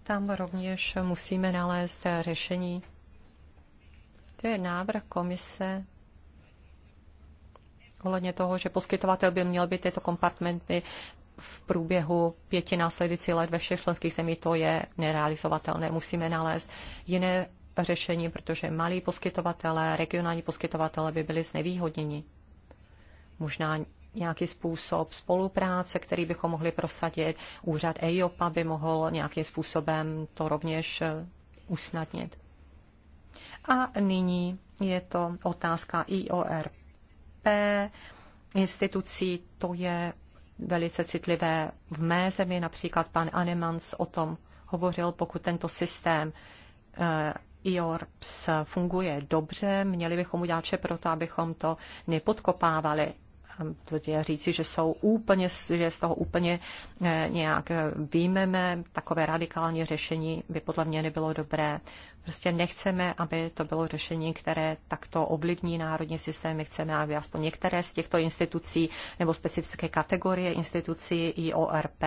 tam rovněž musíme nalézt řešení. To je návrh komise ohledně toho, že poskytovatel by měl být tyto kompartmenty v průběhu pěti následujících let ve všech členských zemí, to je nerealizovatelné. Musíme nalézt jiné řešení, protože malí poskytovatelé, regionální poskytovatelé by byli znevýhodněni. Možná nějaký způsob spolupráce, který bychom mohli prosadit. Úřad EIOPA by mohl nějakým způsobem to rovněž eh, usnadnit. A nyní je to otázka IORP institucí. To je velice citlivé. V mé zemi například pan Anemans o tom hovořil, pokud tento systém eh, IORPS funguje dobře, měli bychom udělat vše pro to, abychom to nepodkopávali tvrdě říci, že jsou úplně, že z toho úplně eh, nějak eh, výjmeme, takové radikální řešení by podle mě nebylo dobré. Prostě nechceme, aby to bylo řešení, které takto ovlivní národní systémy. Chceme, aby aspoň některé z těchto institucí nebo specifické kategorie institucí IORP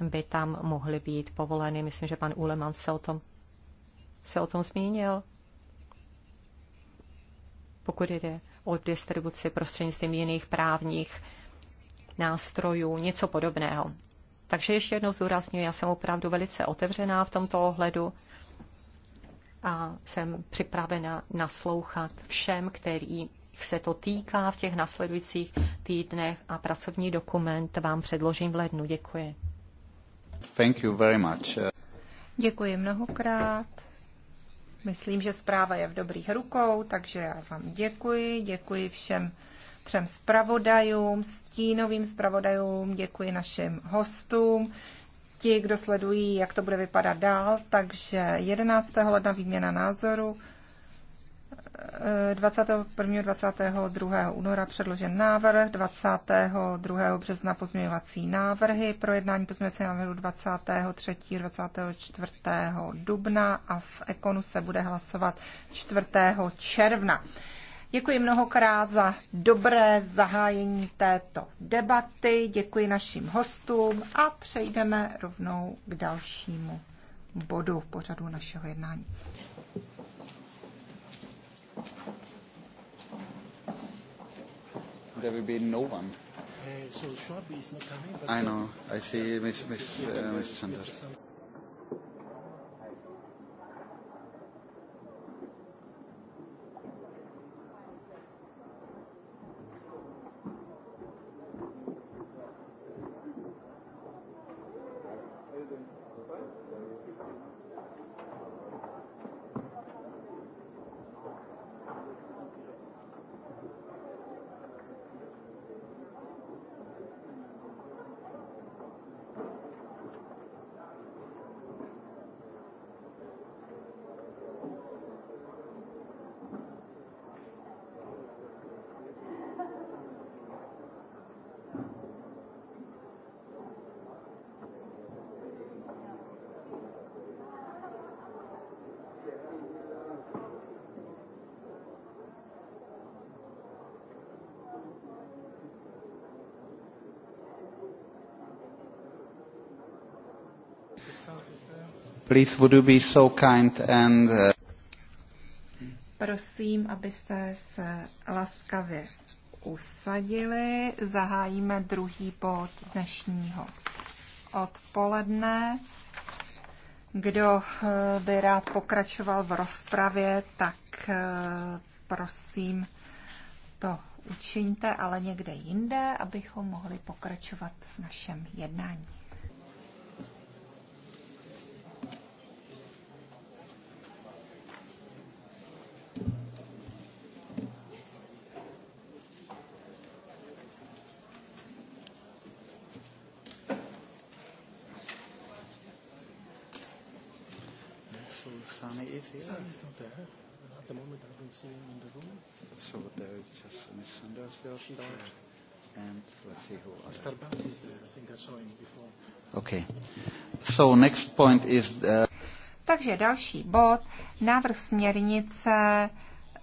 by tam mohly být povoleny. Myslím, že pan Uleman se o tom, se o tom zmínil. Pokud jde o distribuci prostřednictvím jiných právních nástrojů, něco podobného. Takže ještě jednou zdůraznuju, já jsem opravdu velice otevřená v tomto ohledu a jsem připravena naslouchat všem, který se to týká v těch nasledujících týdnech a pracovní dokument vám předložím v lednu. Děkuji. Thank you very much. Děkuji mnohokrát. Myslím, že zpráva je v dobrých rukou, takže já vám děkuji. Děkuji všem třem zpravodajům, stínovým zpravodajům, děkuji našim hostům, ti, kdo sledují, jak to bude vypadat dál. Takže 11. ledna výměna názoru. 21. 22. února předložen návrh, 22. března pozměňovací návrhy, projednání pozměňovacího návrhu 23. 24. dubna a v Ekonu se bude hlasovat 4. června. Děkuji mnohokrát za dobré zahájení této debaty, děkuji našim hostům a přejdeme rovnou k dalšímu bodu pořadu našeho jednání. there will be no one. Uh, so Schwab is not coming. But I know. I see Miss Miss uh, Miss Sanders. Please, would you be so kind and... Uh, prosím, abyste se laskavě usadili. Zahájíme druhý bod dnešního odpoledne. Kdo eh, by rád pokračoval v rozpravě, tak eh, prosím to učiňte, ale někde jinde, abychom mohli pokračovat v našem jednání. So there is just and let's see who is there. I think I saw him before. Okay. So next point is Takže další bod, návrh směrnice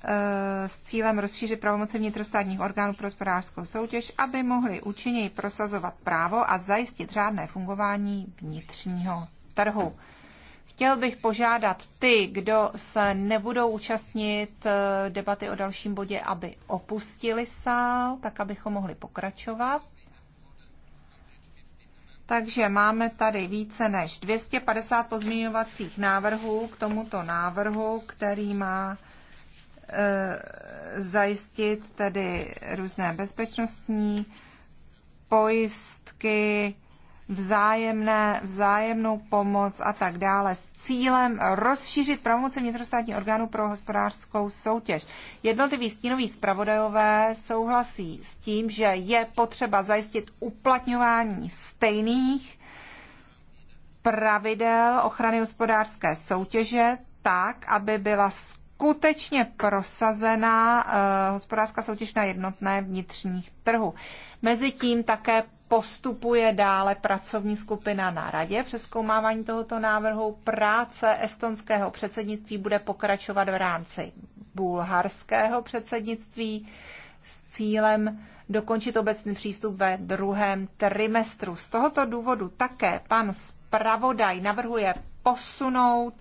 eh, s cílem rozšířit pravomoci vnitrostátních orgánů pro hospodářskou soutěž, aby mohli účinněji prosazovat právo a zajistit řádné fungování vnitřního trhu. Chtěl bych požádat ty, kdo se nebudou účastnit eh, debaty o dalším bodě, aby opustili sál, tak abychom mohli pokračovat. Takže máme tady více než 250 pozměňovacích návrhů k tomuto návrhu, který má e, zajistit tedy různé bezpečnostní pojistky, vzájemné, vzájemnou pomoc a tak dále s cílem rozšířit pravomoce vnitrostátních orgánů pro hospodářskou soutěž. Jednotliví stínoví zpravodajové souhlasí s tím, že je potřeba zajistit uplatňování stejných pravidel ochrany hospodářské soutěže tak, aby byla skutečně prosazená eh, hospodářská soutěž na jednotné vnitřních trhu. Mezitím také postupuje dále pracovní skupina na radě přeskoumávání tohoto návrhu. Práce estonského předsednictví bude pokračovat v rámci bulharského předsednictví s cílem dokončit obecný přístup ve druhém trimestru. Z tohoto důvodu také pan zpravodaj navrhuje posunout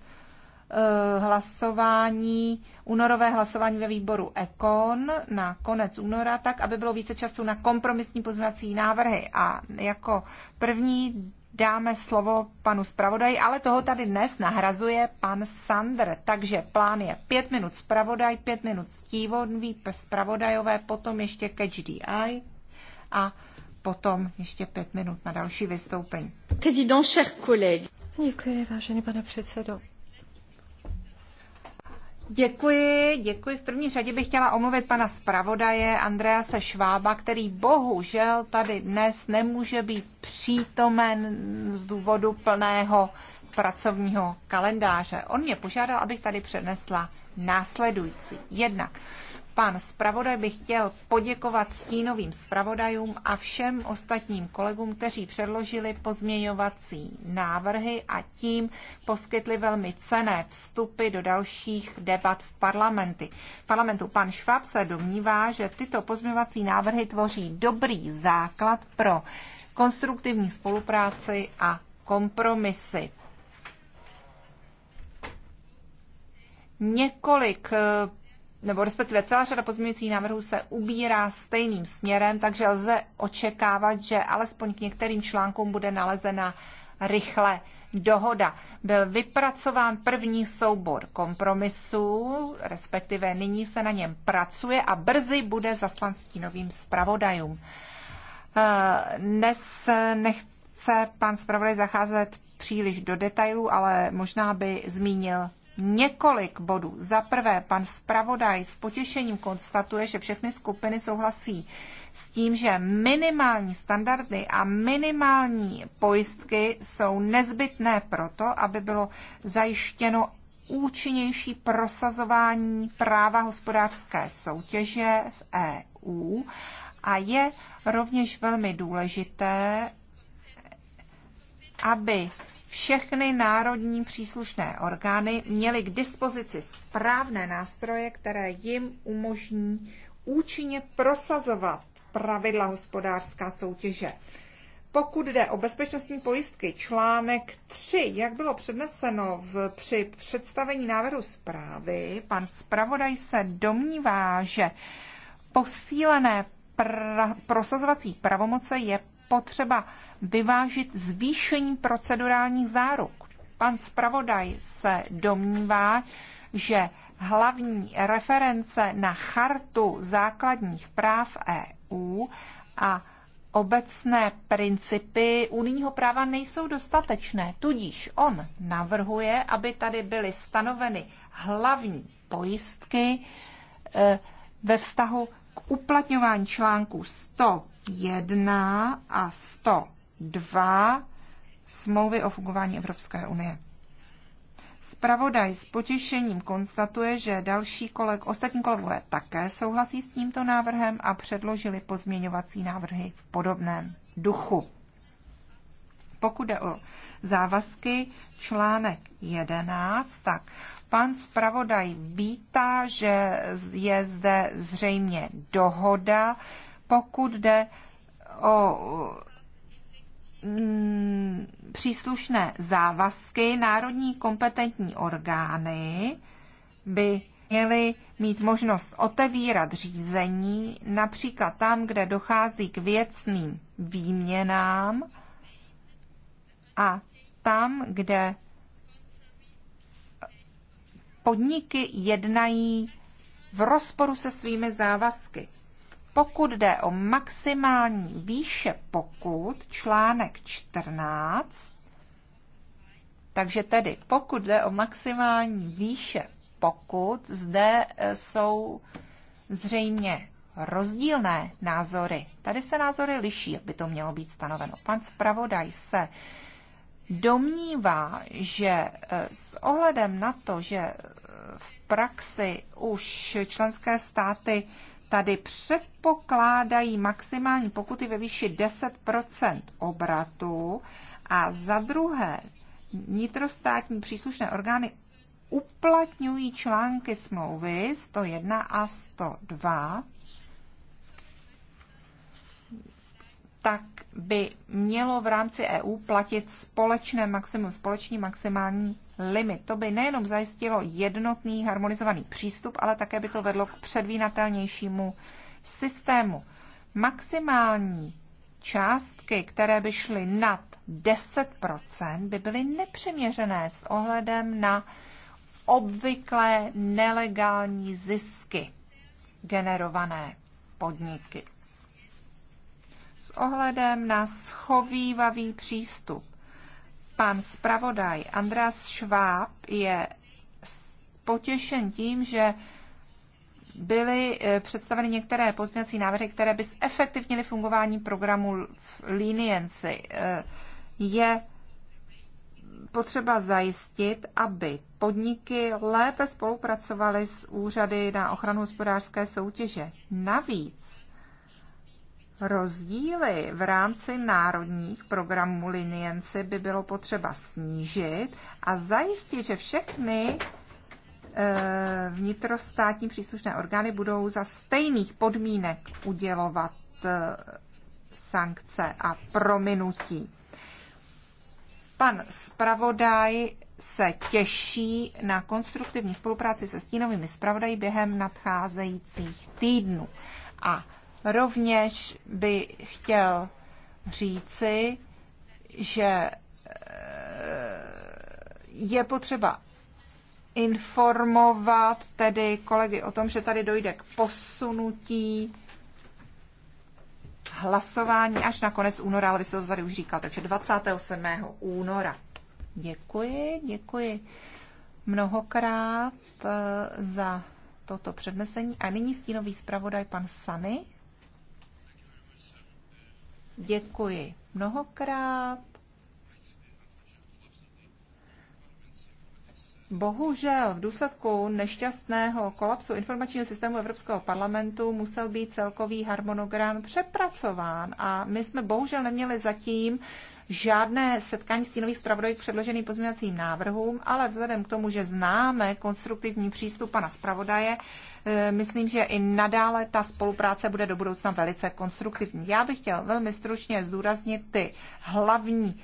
Eh, hlasování, únorové hlasování ve výboru EKON na konec února, tak aby bylo více času na kompromisní pozměňovací návrhy. A jako první dáme slovo panu zpravodaji, ale toho tady dnes nahrazuje pan Sandr. Takže plán je pět minut zpravodaj, pět minut stívodný, zpravodajové, potom ještě catch the eye a potom ještě pět minut na další vystoupení. Děkuji, vážený pane předsedo. Děkuji, děkuji. V první řadě bych chtěla omluvit pana zpravodaje Andrease Švába, který bohužel tady dnes nemůže být přítomen z důvodu plného pracovního kalendáře. On mě požádal, abych tady přednesla následující. Jednak pan zpravodaj bych chtěl poděkovat stínovým zpravodajům a všem ostatním kolegům, kteří předložili pozměňovací návrhy a tím poskytli velmi cené vstupy do dalších debat v parlamenty. parlamentu. Pan Schwab se domnívá, že tyto pozměňovací návrhy tvoří dobrý základ pro konstruktivní spolupráci a kompromisy. Několik eh, nebo respektive celá řada pozměňujících návrhů se ubírá stejným směrem, takže lze očekávat, že alespoň k některým článkům bude nalezena rychle dohoda. Byl vypracován první soubor kompromisů, respektive nyní se na něm pracuje a brzy bude zaslan stínovým zpravodajům. Eh, dnes nechce pan zpravodaj zacházet příliš do detailů, ale možná by zmínil několik bodů. Za prvé, pan zpravodaj s potěšením konstatuje, že všechny skupiny souhlasí s tím, že minimální standardy a minimální pojistky jsou nezbytné proto, aby bylo zajištěno účinnější prosazování práva hospodářské soutěže v EU a je rovněž velmi důležité, aby všechny národní příslušné orgány měly k dispozici správné nástroje, které jim umožní účinně prosazovat pravidla hospodářská soutěže. Pokud jde o bezpečnostní pojistky, článek 3, jak bylo předneseno v, při představení návrhu zprávy, pan zpravodaj se domnívá, že posílené pra, prosazovací pravomoce je potřeba vyvážit zvýšením procedurálních záruk. Pan zpravodaj se domnívá, že hlavní reference na chartu základních práv EU a obecné principy unijního práva nejsou dostatečné. Tudíž on navrhuje, aby tady byly stanoveny hlavní pojistky eh, ve vztahu k uplatňování článků 101 a 100 2 smlouvy o fungování Evropské unie. Spravodaj s potěšením konstatuje, že další koleg, ostatní kolegové také souhlasí s tímto návrhem a předložili pozměňovací návrhy v podobném duchu. Pokud jde o závazky, článek 11, tak pan zpravodaj vítá, že je zde zřejmě dohoda, pokud jde o Mm, příslušné závazky národní kompetentní orgány by měly mít možnost otevírat řízení, například tam, kde dochází k věcným výměnám a tam, kde podniky jednají v rozporu se svými závazky. Pokud jde o maximální výše pokut, článek 14, takže tedy pokud jde o maximální výše pokut, zde e, jsou zřejmě rozdílné názory. Tady se názory liší, jak by to mělo být stanoveno. Pan zpravodaj se domnívá, že e, s ohledem na to, že e, v praxi už členské státy tady předpokládají maximální pokuty ve výši 10 obratu a za druhé vnitrostátní příslušné orgány uplatňují články smlouvy 101 a 102 tak, by mělo v rámci EU platit společné maximum, společný maximální limit. To by nejenom zajistilo jednotný harmonizovaný přístup, ale také by to vedlo k předvínatelnějšímu systému. Maximální částky, které by šly nad 10 by byly nepřiměřené s ohledem na obvyklé nelegální zisky generované podniky s ohledem na schovývavý přístup. Pan zpravodaj Andreas Schwab je potěšen tím, že byly eh, představeny některé pozměňovací návrhy, které by zefektivnily fungování programu v leniency. Eh, je potřeba zajistit, aby podniky lépe spolupracovaly s úřady na ochranu hospodářské soutěže. Navíc Rozdíly v rámci národních programů Linience by bylo potřeba snížit a zajistit, že všechny eh, vnitrostátní příslušné orgány budou za stejných podmínek udělovat eh, sankce a prominutí. Pan zpravodaj se těší na konstruktivní spolupráci se stínovými zpravodaji během nadcházejících týdnů. A Rovněž by chtěl říci, že eh, je potřeba informovat tedy kolegy o tom, že tady dojde k posunutí hlasování až na konec února, ale vy jste to tady už říkal, takže 27. února. Děkuji, děkuji mnohokrát eh, za toto přednesení. A nyní stínový zpravodaj pan Sany. Děkuji mnohokrát. Bohužel v důsledku nešťastného kolapsu informačního systému Evropského parlamentu musel být celkový harmonogram přepracován a my jsme bohužel neměli zatím žádné setkání stínových zpravodajů k předloženým pozměňovacím návrhům, ale vzhledem k tomu, že známe konstruktivní přístup pana zpravodaje, eh, myslím, že i nadále ta spolupráce bude do budoucna velice konstruktivní. Já bych chtěl velmi stručně zdůraznit ty hlavní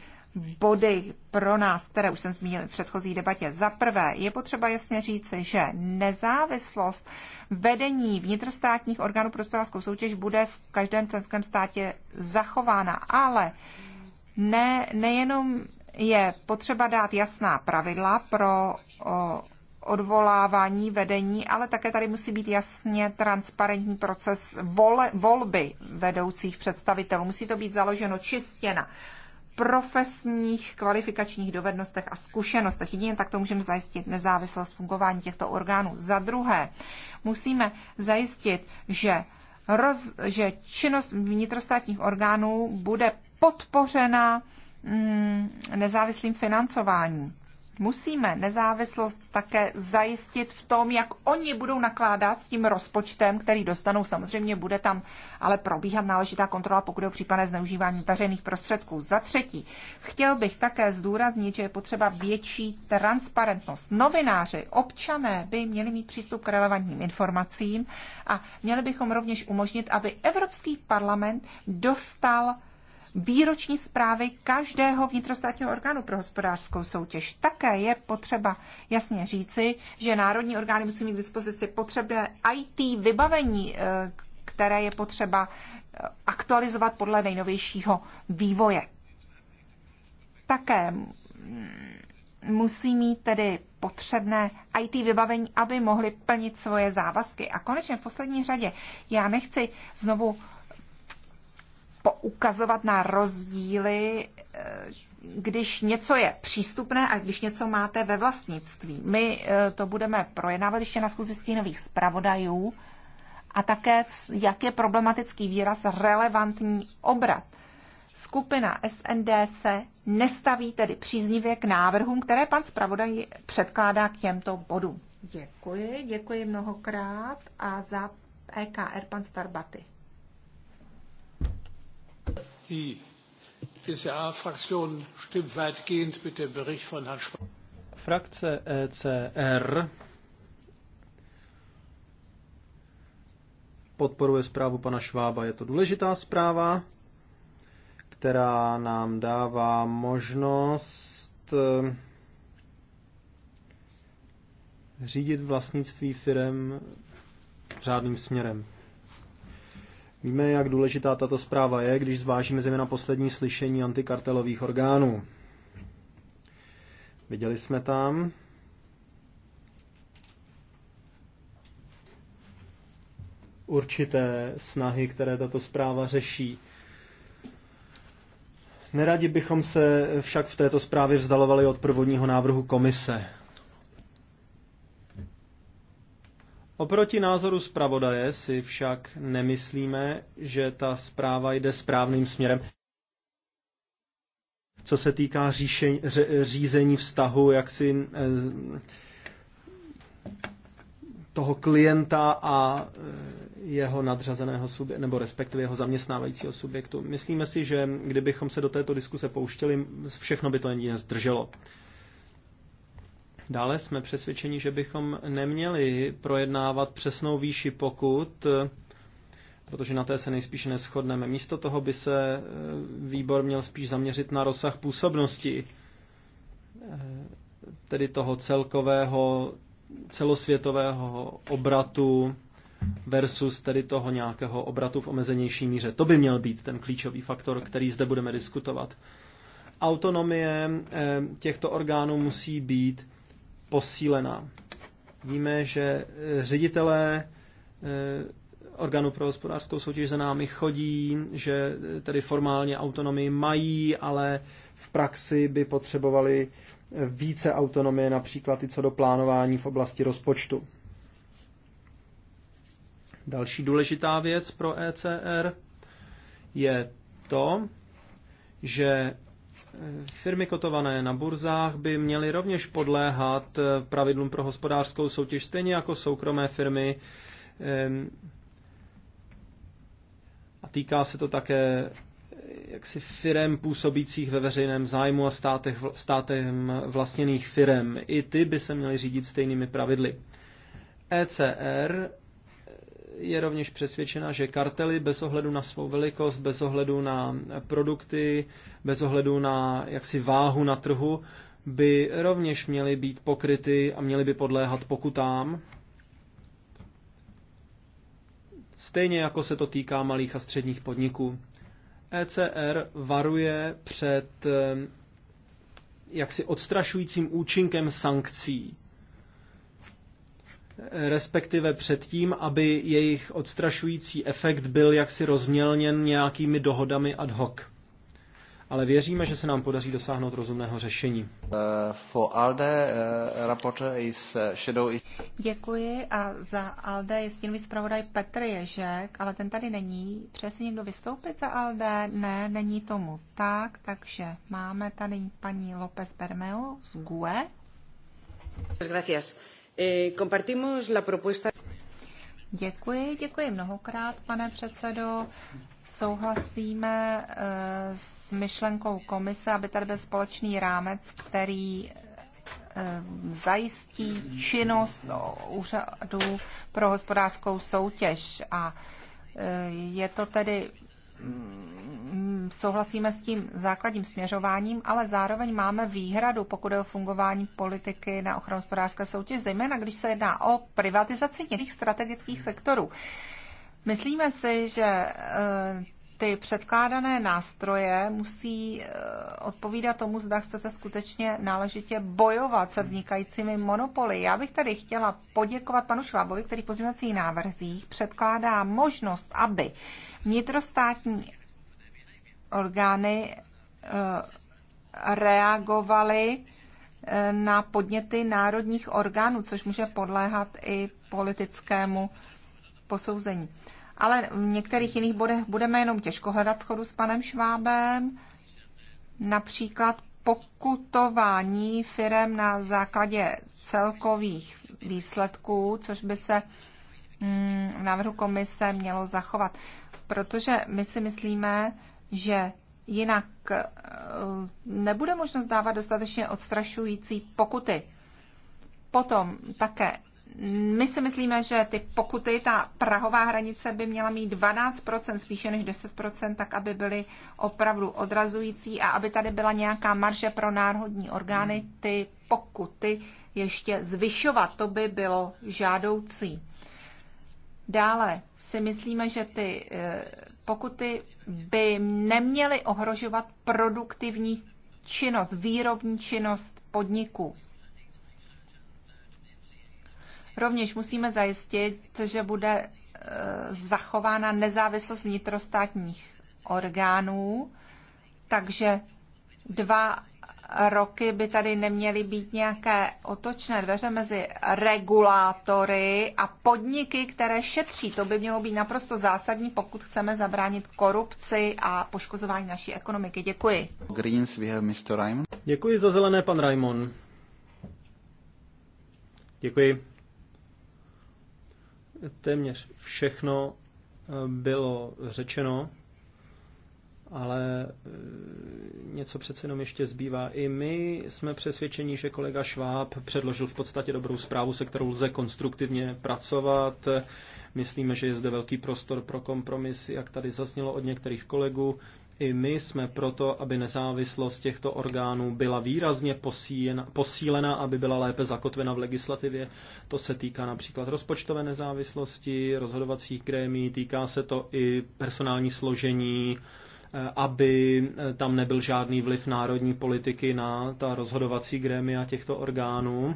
body pro nás, které už jsem zmínil v předchozí debatě. Za prvé je potřeba jasně říci, že nezávislost vedení vnitrostátních orgánů pro hospodářskou soutěž bude v každém členském státě zachována, ale ne, nejenom je potřeba dát jasná pravidla pro o, odvolávání vedení, ale také tady musí být jasně transparentní proces vole, volby vedoucích představitelů. Musí to být založeno čistě na profesních kvalifikačních dovednostech a zkušenostech. Jedině tak to můžeme zajistit nezávislost fungování těchto orgánů. Za druhé, musíme zajistit, že roz, že činnost vnitrostátních orgánů bude podpořena mm, nezávislým financováním. Musíme nezávislost také zajistit v tom, jak oni budou nakládat s tím rozpočtem, který dostanou. Samozřejmě bude tam ale probíhat náležitá kontrola, pokud je o případné zneužívání veřejných prostředků. Za třetí, chtěl bych také zdůraznit, že je potřeba větší transparentnost. Novináři, občané by měli mít přístup k relevantním informacím a měli bychom rovněž umožnit, aby Evropský parlament dostal výroční zprávy každého vnitrostátního orgánu pro hospodářskou soutěž. Také je potřeba jasně říci, že národní orgány musí mít k dispozici potřebné IT vybavení, eh, které je potřeba eh, aktualizovat podle nejnovějšího vývoje. Také mm, musí mít tedy potřebné IT vybavení, aby mohli plnit svoje závazky. A konečně v poslední řadě, já nechci znovu poukazovat na rozdíly, eh, když něco je přístupné a když něco máte ve vlastnictví. My eh, to budeme projednávat ještě na schůzi stínových zpravodajů a také, jak je problematický výraz relevantní obrat. Skupina SND se nestaví tedy příznivě k návrhům, které pan zpravodaj předkládá k těmto bodům. Děkuji, děkuji mnohokrát a za EKR pan Starbaty. Frakce ECR podporuje zprávu pana Švába. Je to důležitá zpráva, která nám dává možnost eh, řídit vlastnictví firem řádným směrem. Víme, jak důležitá tato zpráva je, když zvážíme zejména poslední slyšení antikartelových orgánů. Viděli jsme tam, určité snahy, které tato zpráva řeší. Neradi bychom se však v této zprávě vzdalovali od prvního návrhu komise. Oproti názoru zpravodaje si však nemyslíme, že ta zpráva jde správným směrem. Co se týká ře, řízení vztahu, jak si eh, toho klienta a eh, jeho nadřazeného subjektu, nebo respektive jeho zaměstnávajícího subjektu. Myslíme si, že kdybychom se do této diskuse pouštěli, všechno by to jen zdrželo. Dále jsme přesvědčeni, že bychom neměli projednávat přesnou výši pokut, eh, protože na té se nejspíš neschodneme. Místo toho by se eh, výbor měl spíš zaměřit na rozsah působnosti, eh, tedy toho celkového celosvětového obratu versus tedy toho nějakého obratu v omezenější míře. To by měl být ten klíčový faktor, který zde budeme diskutovat. Autonomie těchto orgánů musí být posílená. Víme, že eh, ředitelé eh, orgánu pro hospodářskou soutěž za námi chodí, že eh, tedy formálně autonomii mají, ale v praxi by potřebovali více autonomie, například i co do plánování v oblasti rozpočtu. Další důležitá věc pro ECR je to, že Firmy kotované na burzách by měly rovněž podléhat eh, pravidlům pro hospodářskou soutěž, stejně jako soukromé firmy. Ehm, a týká se to také eh, jaksi firem působících ve veřejném zájmu a státech, státem vlastněných firem. I ty by se měly řídit stejnými pravidly. ECR je rovněž přesvědčena, že kartely bez ohledu na svou velikost, bez ohledu na produkty, bez ohledu na jaksi váhu na trhu, by rovněž měly být pokryty a měly by podléhat pokutám. Stejně jako se to týká malých a středních podniků. ECR varuje před eh, jaksi odstrašujícím účinkem sankcí, respektive předtím, aby jejich odstrašující efekt byl jaksi rozmělněn nějakými dohodami ad hoc. Ale věříme, že se nám podaří dosáhnout rozumného řešení. For ALDE, uh, is eh, shadow... Děkuji a za ALDE je stínový zpravodaj Petr Ježek, ale ten tady není. Přeje si někdo vystoupit za ALDE? Ne, není tomu tak, takže máme tady paní López Bermeo z GUE. Gracias. Eh, compartimos la propuesta. Děkuji, děkuji mnohokrát, pane předsedo. Souhlasíme eh, s myšlenkou komise, aby tady byl společný rámec, který eh, zajistí činnost úřadu pro hospodářskou soutěž. A je to tedy Mm, souhlasíme s tím základním směřováním, ale zároveň máme výhradu, pokud je o fungování politiky na ochranu hospodářské soutěže, zejména když se jedná o privatizaci některých strategických sektorů. Myslíme si, že eh, ty předkládané nástroje musí eh, odpovídat tomu, zda chcete skutečně náležitě bojovat se vznikajícími monopoly. Já bych tady chtěla poděkovat panu Švábovi, který pozměňovacích návrzích předkládá možnost, aby vnitrostátní orgány eh, reagovaly eh, na podněty národních orgánů, což může podléhat i politickému posouzení ale v některých jiných bodech budeme jenom těžko hledat schodu s panem Švábem, například pokutování firem na základě celkových výsledků, což by se mm, v návrhu komise mělo zachovat. Protože my si myslíme, že jinak eh, nebude možnost dávat dostatečně odstrašující pokuty. Potom také my si myslíme, že ty pokuty, ta prahová hranice by měla mít 12%, spíše než 10%, tak aby byly opravdu odrazující a aby tady byla nějaká marže pro národní orgány hmm. ty pokuty ještě zvyšovat. To by bylo žádoucí. Dále si myslíme, že ty eh, pokuty by neměly ohrožovat produktivní činnost, výrobní činnost podniků. Rovněž musíme zajistit, že bude eh, zachována nezávislost vnitrostátních orgánů, takže dva roky by tady neměly být nějaké otočné dveře mezi regulátory a podniky, které šetří. To by mělo být naprosto zásadní, pokud chceme zabránit korupci a poškozování naší ekonomiky. Děkuji. Greens, we have Mr. Raymond. Děkuji za zelené, pan Raymond. Děkuji téměř všechno eh, bylo řečeno, ale eh, něco přece jenom ještě zbývá. I my jsme přesvědčeni, že kolega Šváb předložil v podstatě dobrou zprávu, se kterou lze konstruktivně pracovat. Myslíme, že je zde velký prostor pro kompromis, jak tady zaznělo od některých kolegů. I my jsme proto, aby nezávislost těchto orgánů byla výrazně posílena, posílena, aby byla lépe zakotvena v legislativě. To se týká například rozpočtové nezávislosti, rozhodovacích grémí, týká se to i personální složení, eh, aby eh, tam nebyl žádný vliv národní politiky na ta rozhodovací grémia těchto orgánů.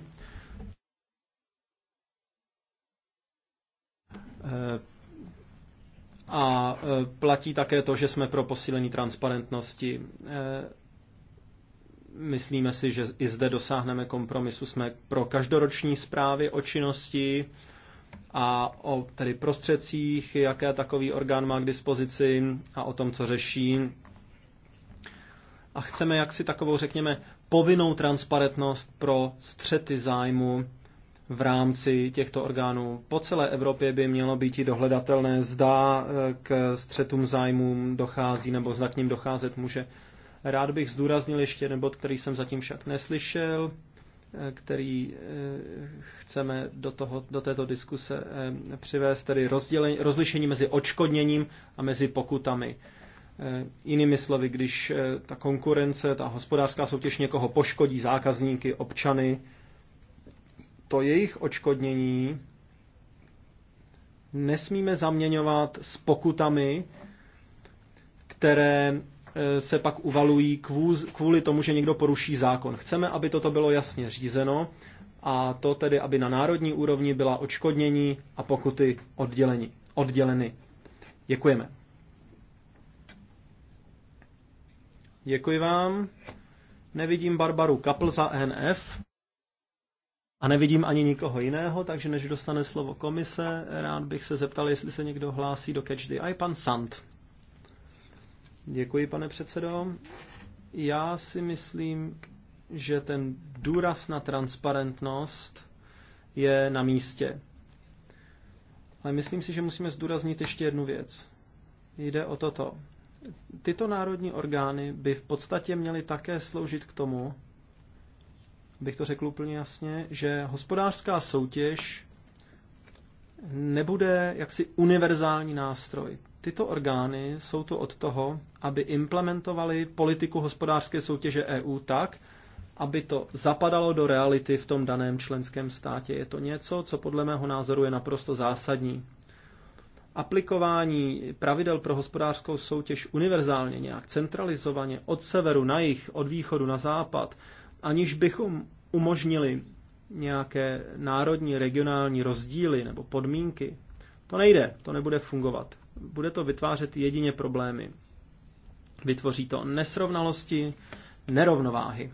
Eh, a e, platí také to, že jsme pro posílení transparentnosti. E, myslíme si, že i zde dosáhneme kompromisu. Jsme pro každoroční zprávy o činnosti a o tedy prostředcích, jaké takový orgán má k dispozici a o tom, co řeší. A chceme jaksi takovou, řekněme, povinnou transparentnost pro střety zájmu v rámci těchto orgánů. Po celé Evropě by mělo být i dohledatelné, zda eh, k střetům zájmům dochází nebo zda k ním docházet může. Rád bych zdůraznil ještě jeden bod, který jsem zatím však neslyšel, eh, který eh, chceme do, toho, do této diskuse přivést, tedy rozdělení, rozlišení mezi odškodněním a mezi pokutami. Jinými slovy, když ta konkurence, ta hospodářská soutěž někoho poškodí, zákazníky, občany, to jejich očkodnění nesmíme zaměňovat s pokutami, které e, se pak uvalují kvůli tomu, že někdo poruší zákon. Chceme, aby toto bylo jasně řízeno a to tedy, aby na národní úrovni byla očkodnění a pokuty odděleni, odděleny. Děkujeme. Děkuji vám. Nevidím Barbaru Kapl za NF. A nevidím ani nikoho jiného, takže než dostane slovo komise, rád bych se zeptal, jestli se někdo hlásí do Catch the Eye. Pan Sant. Děkuji, pane předsedo. Já si myslím, že ten důraz na transparentnost je na místě. Ale myslím si, že musíme zdůraznit ještě jednu věc. Jde o toto. Tyto národní orgány by v podstatě měly také sloužit k tomu, bych to řekl úplně jasně, že hospodářská soutěž nebude jaksi univerzální nástroj. Tyto orgány jsou tu od toho, aby implementovali politiku hospodářské soutěže EU tak, aby to zapadalo do reality v tom daném členském státě. Je to něco, co podle mého názoru je naprosto zásadní. Aplikování pravidel pro hospodářskou soutěž univerzálně, nějak centralizovaně, od severu na jih, od východu na západ, aniž bychom umožnili nějaké národní, regionální rozdíly nebo podmínky, to nejde, to nebude fungovat. Bude to vytvářet jedině problémy. Vytvoří to nesrovnalosti, nerovnováhy.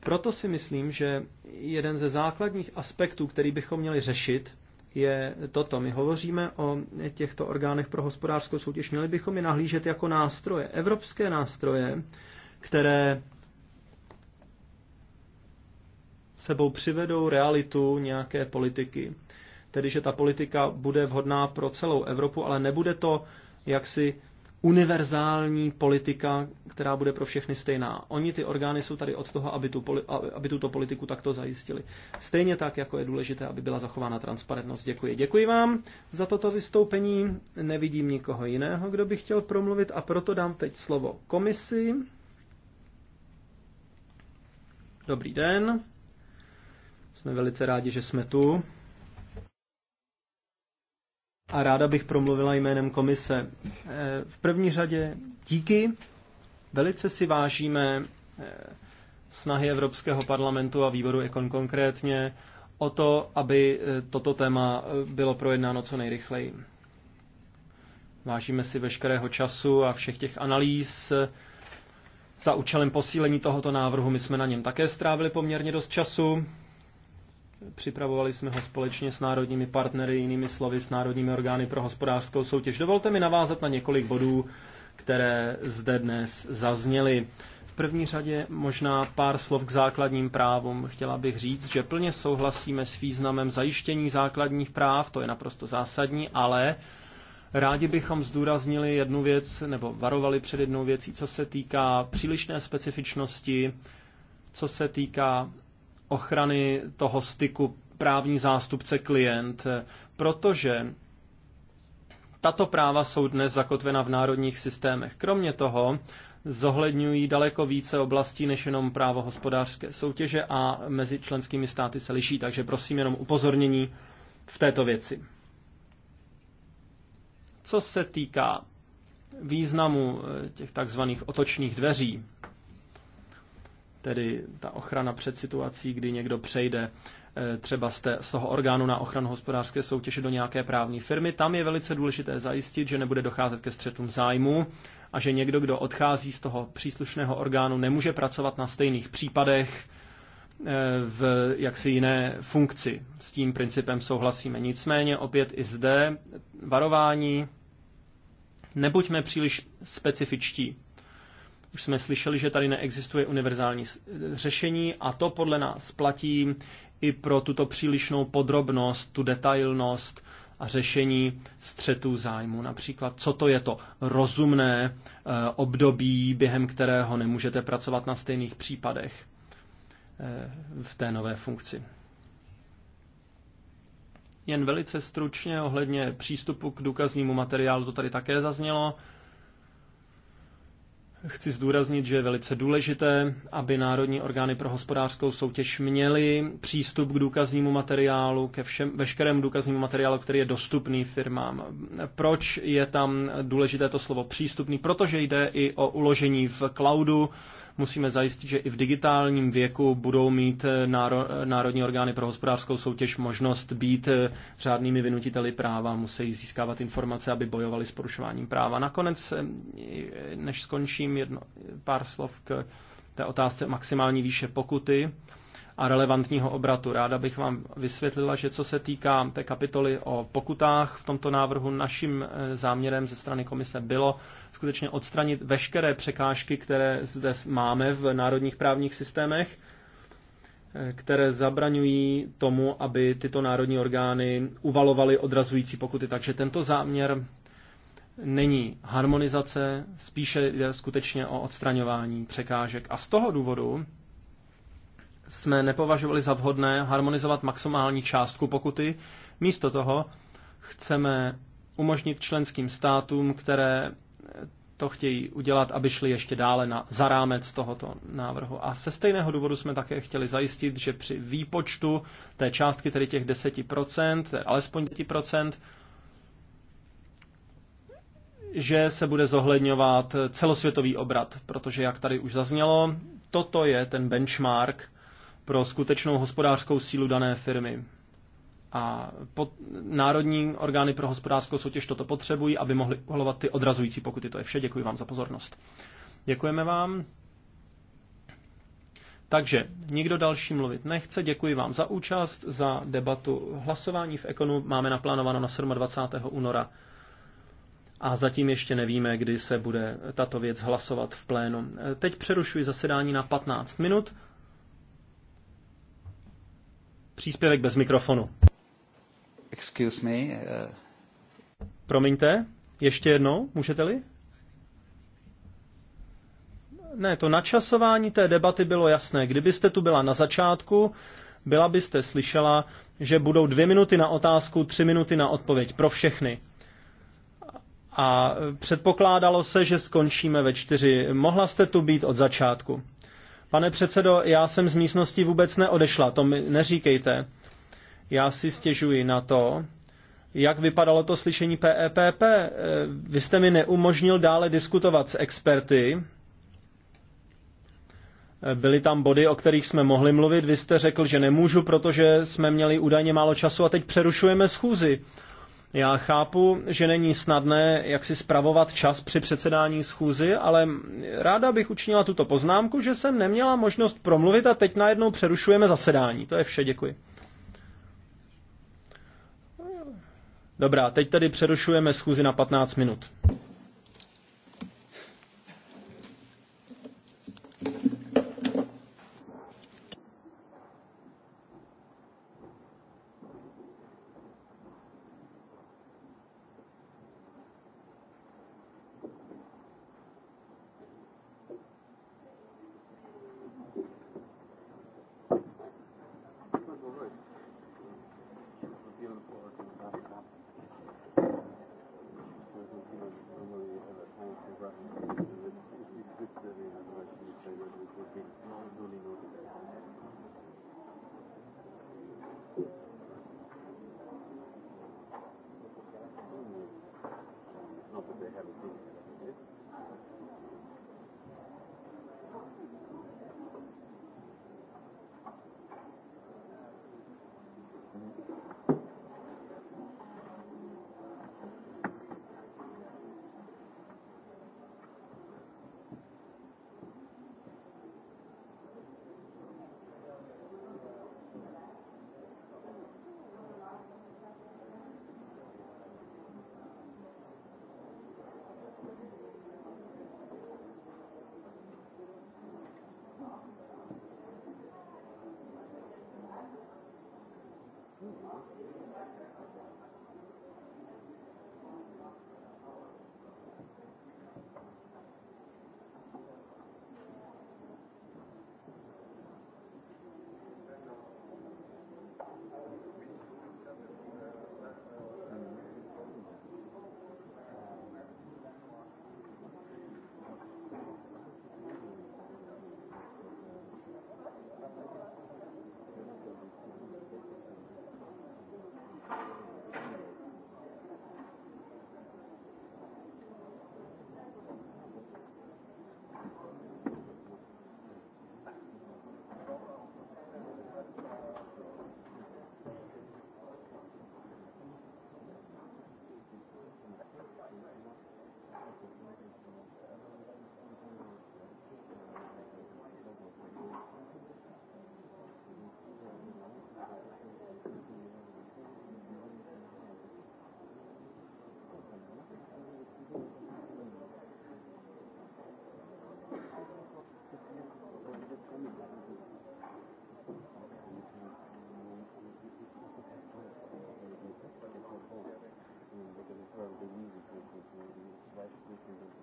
Proto si myslím, že jeden ze základních aspektů, který bychom měli řešit, je toto. My hovoříme o těchto orgánech pro hospodářskou soutěž. Měli bychom je nahlížet jako nástroje, evropské nástroje, které sebou přivedou realitu nějaké politiky. Tedy, že ta politika bude vhodná pro celou Evropu, ale nebude to jaksi univerzální politika, která bude pro všechny stejná. Oni, ty orgány, jsou tady od toho, aby, tu, aby tuto politiku takto zajistili. Stejně tak, jako je důležité, aby byla zachována transparentnost. Děkuji. Děkuji vám za toto vystoupení. Nevidím nikoho jiného, kdo by chtěl promluvit a proto dám teď slovo komisi. Dobrý den. Jsme velice rádi, že jsme tu. A ráda bych promluvila jménem komise. Eh, v první řadě díky. Velice si vážíme eh, snahy Evropského parlamentu a výboru Ekon konkrétně o to, aby eh, toto téma bylo projednáno co nejrychleji. Vážíme si veškerého času a všech těch analýz za účelem posílení tohoto návrhu. My jsme na něm také strávili poměrně dost času. Připravovali jsme ho společně s národními partnery, jinými slovy s národními orgány pro hospodářskou soutěž. Dovolte mi navázat na několik bodů, které zde dnes zazněly. V první řadě možná pár slov k základním právům. Chtěla bych říct, že plně souhlasíme s významem zajištění základních práv, to je naprosto zásadní, ale Rádi bychom zdůraznili jednu věc, nebo varovali před jednou věcí, co se týká přílišné specifičnosti, co se týká ochrany toho styku právní zástupce klient, protože tato práva jsou dnes zakotvena v národních systémech. Kromě toho zohledňují daleko více oblastí než jenom právo hospodářské soutěže a mezi členskými státy se liší, takže prosím jenom upozornění v této věci. Co se týká významu eh, těch takzvaných otočných dveří, tedy ta ochrana před situací, kdy někdo přejde eh, třeba z, té, z toho orgánu na ochranu hospodářské soutěže do nějaké právní firmy. Tam je velice důležité zajistit, že nebude docházet ke střetům zájmu a že někdo, kdo odchází z toho příslušného orgánu, nemůže pracovat na stejných případech eh, v jaksi jiné funkci. S tím principem souhlasíme. Nicméně opět i zde varování, nebuďme příliš specifičtí. Už jsme slyšeli, že tady neexistuje univerzální řešení a to podle nás platí i pro tuto přílišnou podrobnost, tu detailnost a řešení střetů zájmu. Například, co to je to rozumné eh, období, během kterého nemůžete pracovat na stejných případech eh, v té nové funkci. Jen velice stručně ohledně přístupu k důkaznímu materiálu, to tady také zaznělo. Chci zdůraznit, že je velice důležité, aby národní orgány pro hospodářskou soutěž měly přístup k důkaznímu materiálu, ke všem, veškerému důkaznímu materiálu, který je dostupný firmám. Proč je tam důležité to slovo přístupný? Protože jde i o uložení v cloudu, Musíme zajistit, že i v digitálním věku budou mít eh, náro, eh, národní orgány pro hospodářskou soutěž možnost být eh, řádnými vynutiteli práva, musí získávat informace, aby bojovali s porušováním práva. Nakonec, než skončím, jedno, pár slov k té otázce maximální výše pokuty a relevantního obratu. Ráda bych vám vysvětlila, že co se týká té kapitoly o pokutách v tomto návrhu, naším e, záměrem ze strany komise bylo skutečně odstranit veškeré překážky, které zde máme v národních právních systémech, e, které zabraňují tomu, aby tyto národní orgány uvalovaly odrazující pokuty. Takže tento záměr není harmonizace, spíše jde skutečně o odstraňování překážek. A z toho důvodu jsme nepovažovali za vhodné harmonizovat maximální částku pokuty. Místo toho chceme umožnit členským státům, které to chtějí udělat, aby šli ještě dále na, za rámec tohoto návrhu. A se stejného důvodu jsme také chtěli zajistit, že při výpočtu té částky, tedy těch 10%, alespoň 10%, že se bude zohledňovat celosvětový obrat, protože jak tady už zaznělo, toto je ten benchmark, pro skutečnou hospodářskou sílu dané firmy. A pod, národní orgány pro hospodářskou soutěž toto potřebují, aby mohly uhlovat ty odrazující pokuty. To je vše. Děkuji vám za pozornost. Děkujeme vám. Takže nikdo další mluvit nechce. Děkuji vám za účast, za debatu. Hlasování v Ekonu máme naplánováno na 27. února. A zatím ještě nevíme, kdy se bude tato věc hlasovat v plénu. Teď přerušuji zasedání na 15 minut. Příspěvek bez mikrofonu. Excuse me. Uh... Promiňte, ještě jednou, můžete-li? Ne, to načasování té debaty bylo jasné. Kdybyste tu byla na začátku, byla byste slyšela, že budou dvě minuty na otázku, tři minuty na odpověď pro všechny. A předpokládalo se, že skončíme ve čtyři. Mohla jste tu být od začátku. Pane předsedo, já jsem z místnosti vůbec neodešla, to mi neříkejte. Já si stěžuji na to, jak vypadalo to slyšení PEPP. E eh, vy jste mi neumožnil dále diskutovat s experty. Eh, byly tam body, o kterých jsme mohli mluvit. Vy jste řekl, že nemůžu, protože jsme měli údajně málo času a teď přerušujeme schůzi. Já chápu, že není snadné, jak si spravovat čas při předsedání schůzy, ale ráda bych učinila tuto poznámku, že jsem neměla možnost promluvit a teď najednou přerušujeme zasedání. To je vše, děkuji. Dobrá, teď tedy přerušujeme schůzi na 15 minut. Mm-hmm.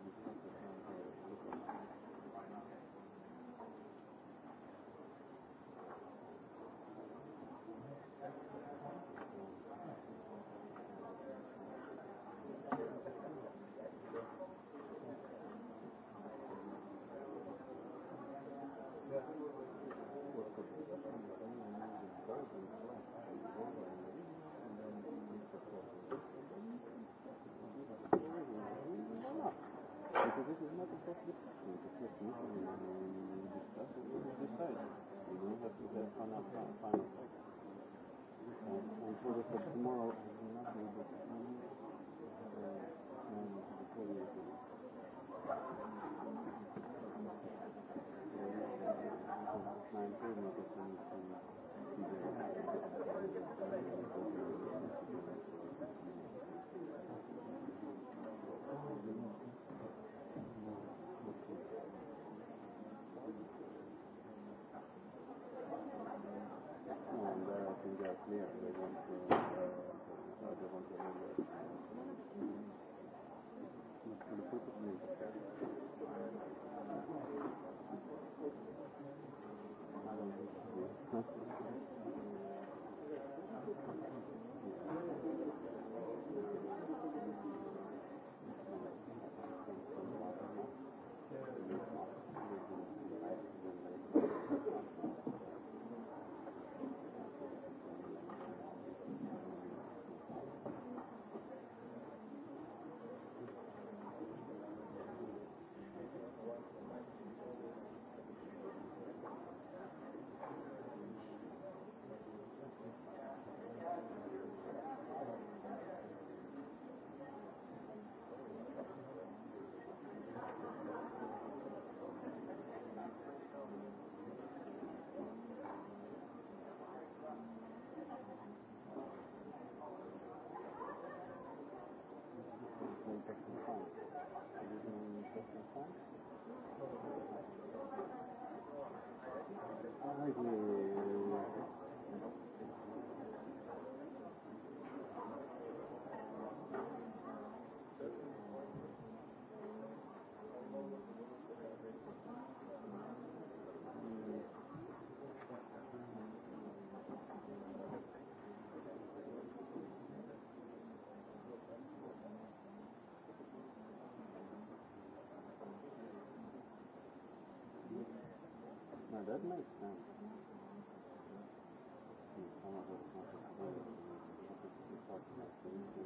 Now that makes sense. Mm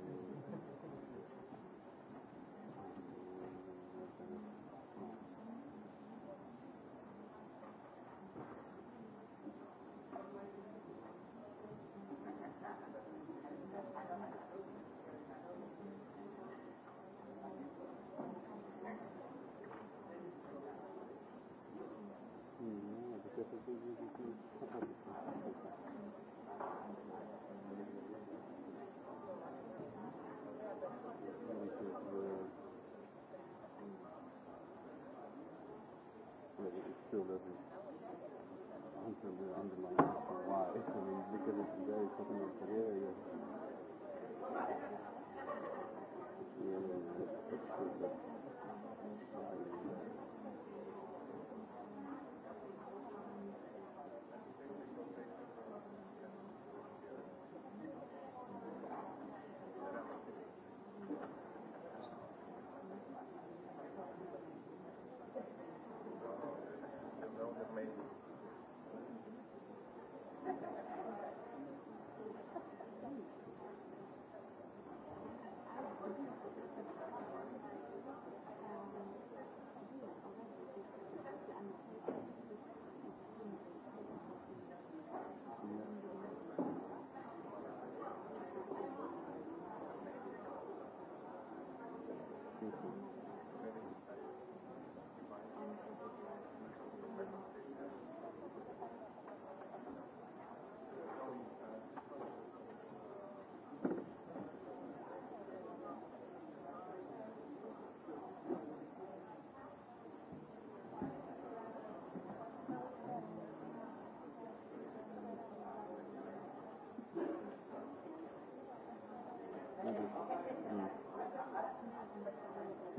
-hmm. still because it's very fucking unforgiving.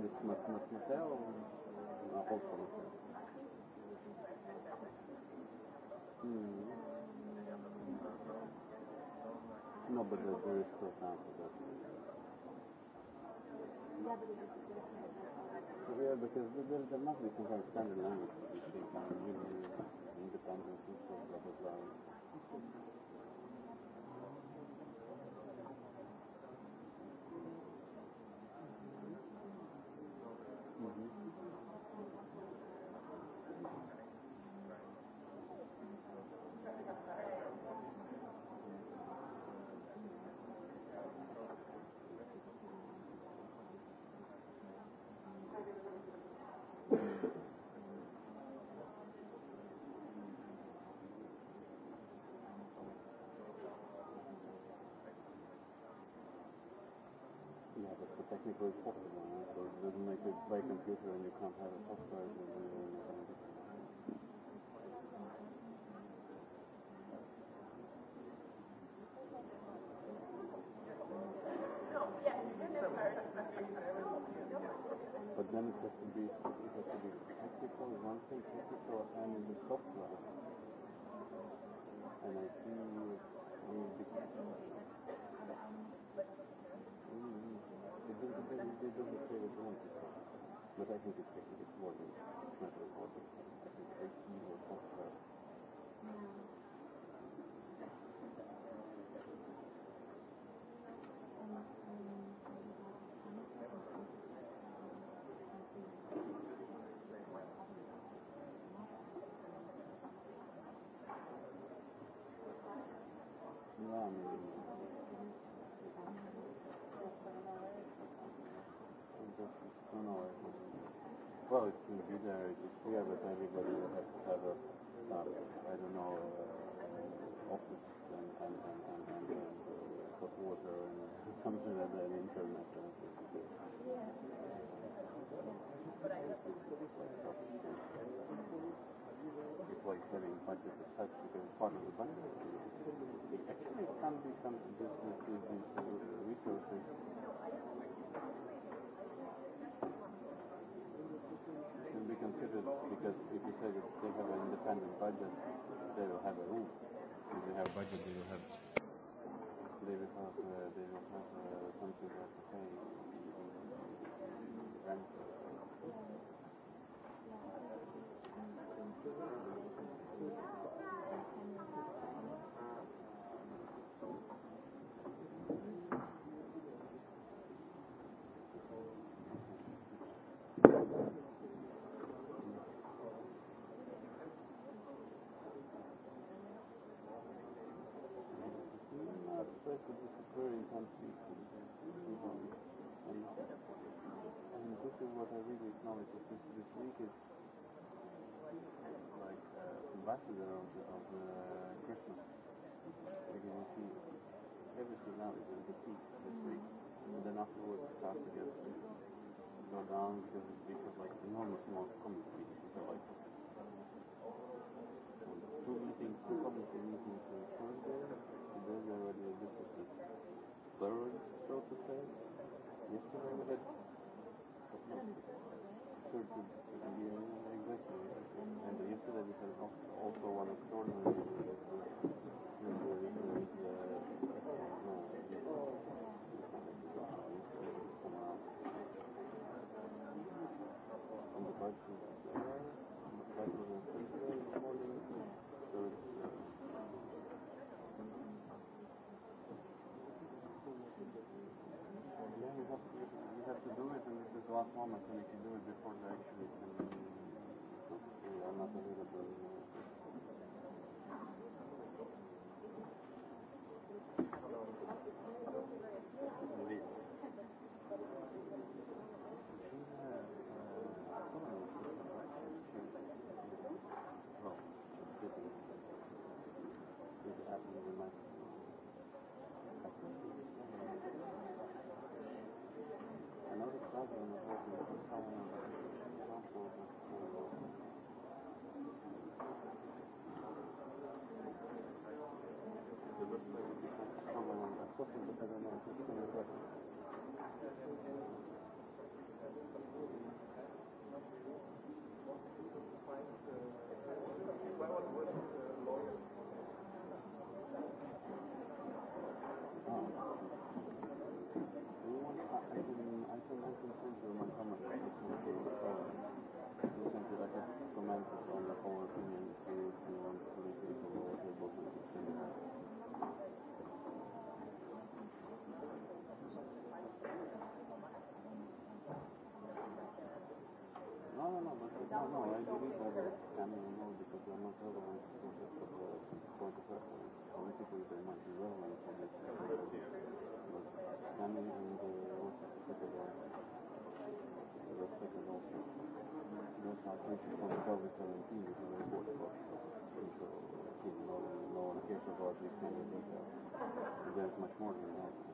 na, na na No, to ještě Yeah, because there, there must be some kind of standard language for these things. I independent, blah, blah, blah. very possible. So it doesn't make it play computer and you can't have a software. And But then it has to be it has to be technical, one thing technical and in the software. And I see I mean, they, they don't say what they want to say. But I think can be some business resources. Should be considered because if you say that they have an independent budget, they will have a rule. If they have a budget, they will have. They will have. Uh, they will have uh, something like okay. last moment when you can do it before the actually can be, I'm not available. No, no, much more than that.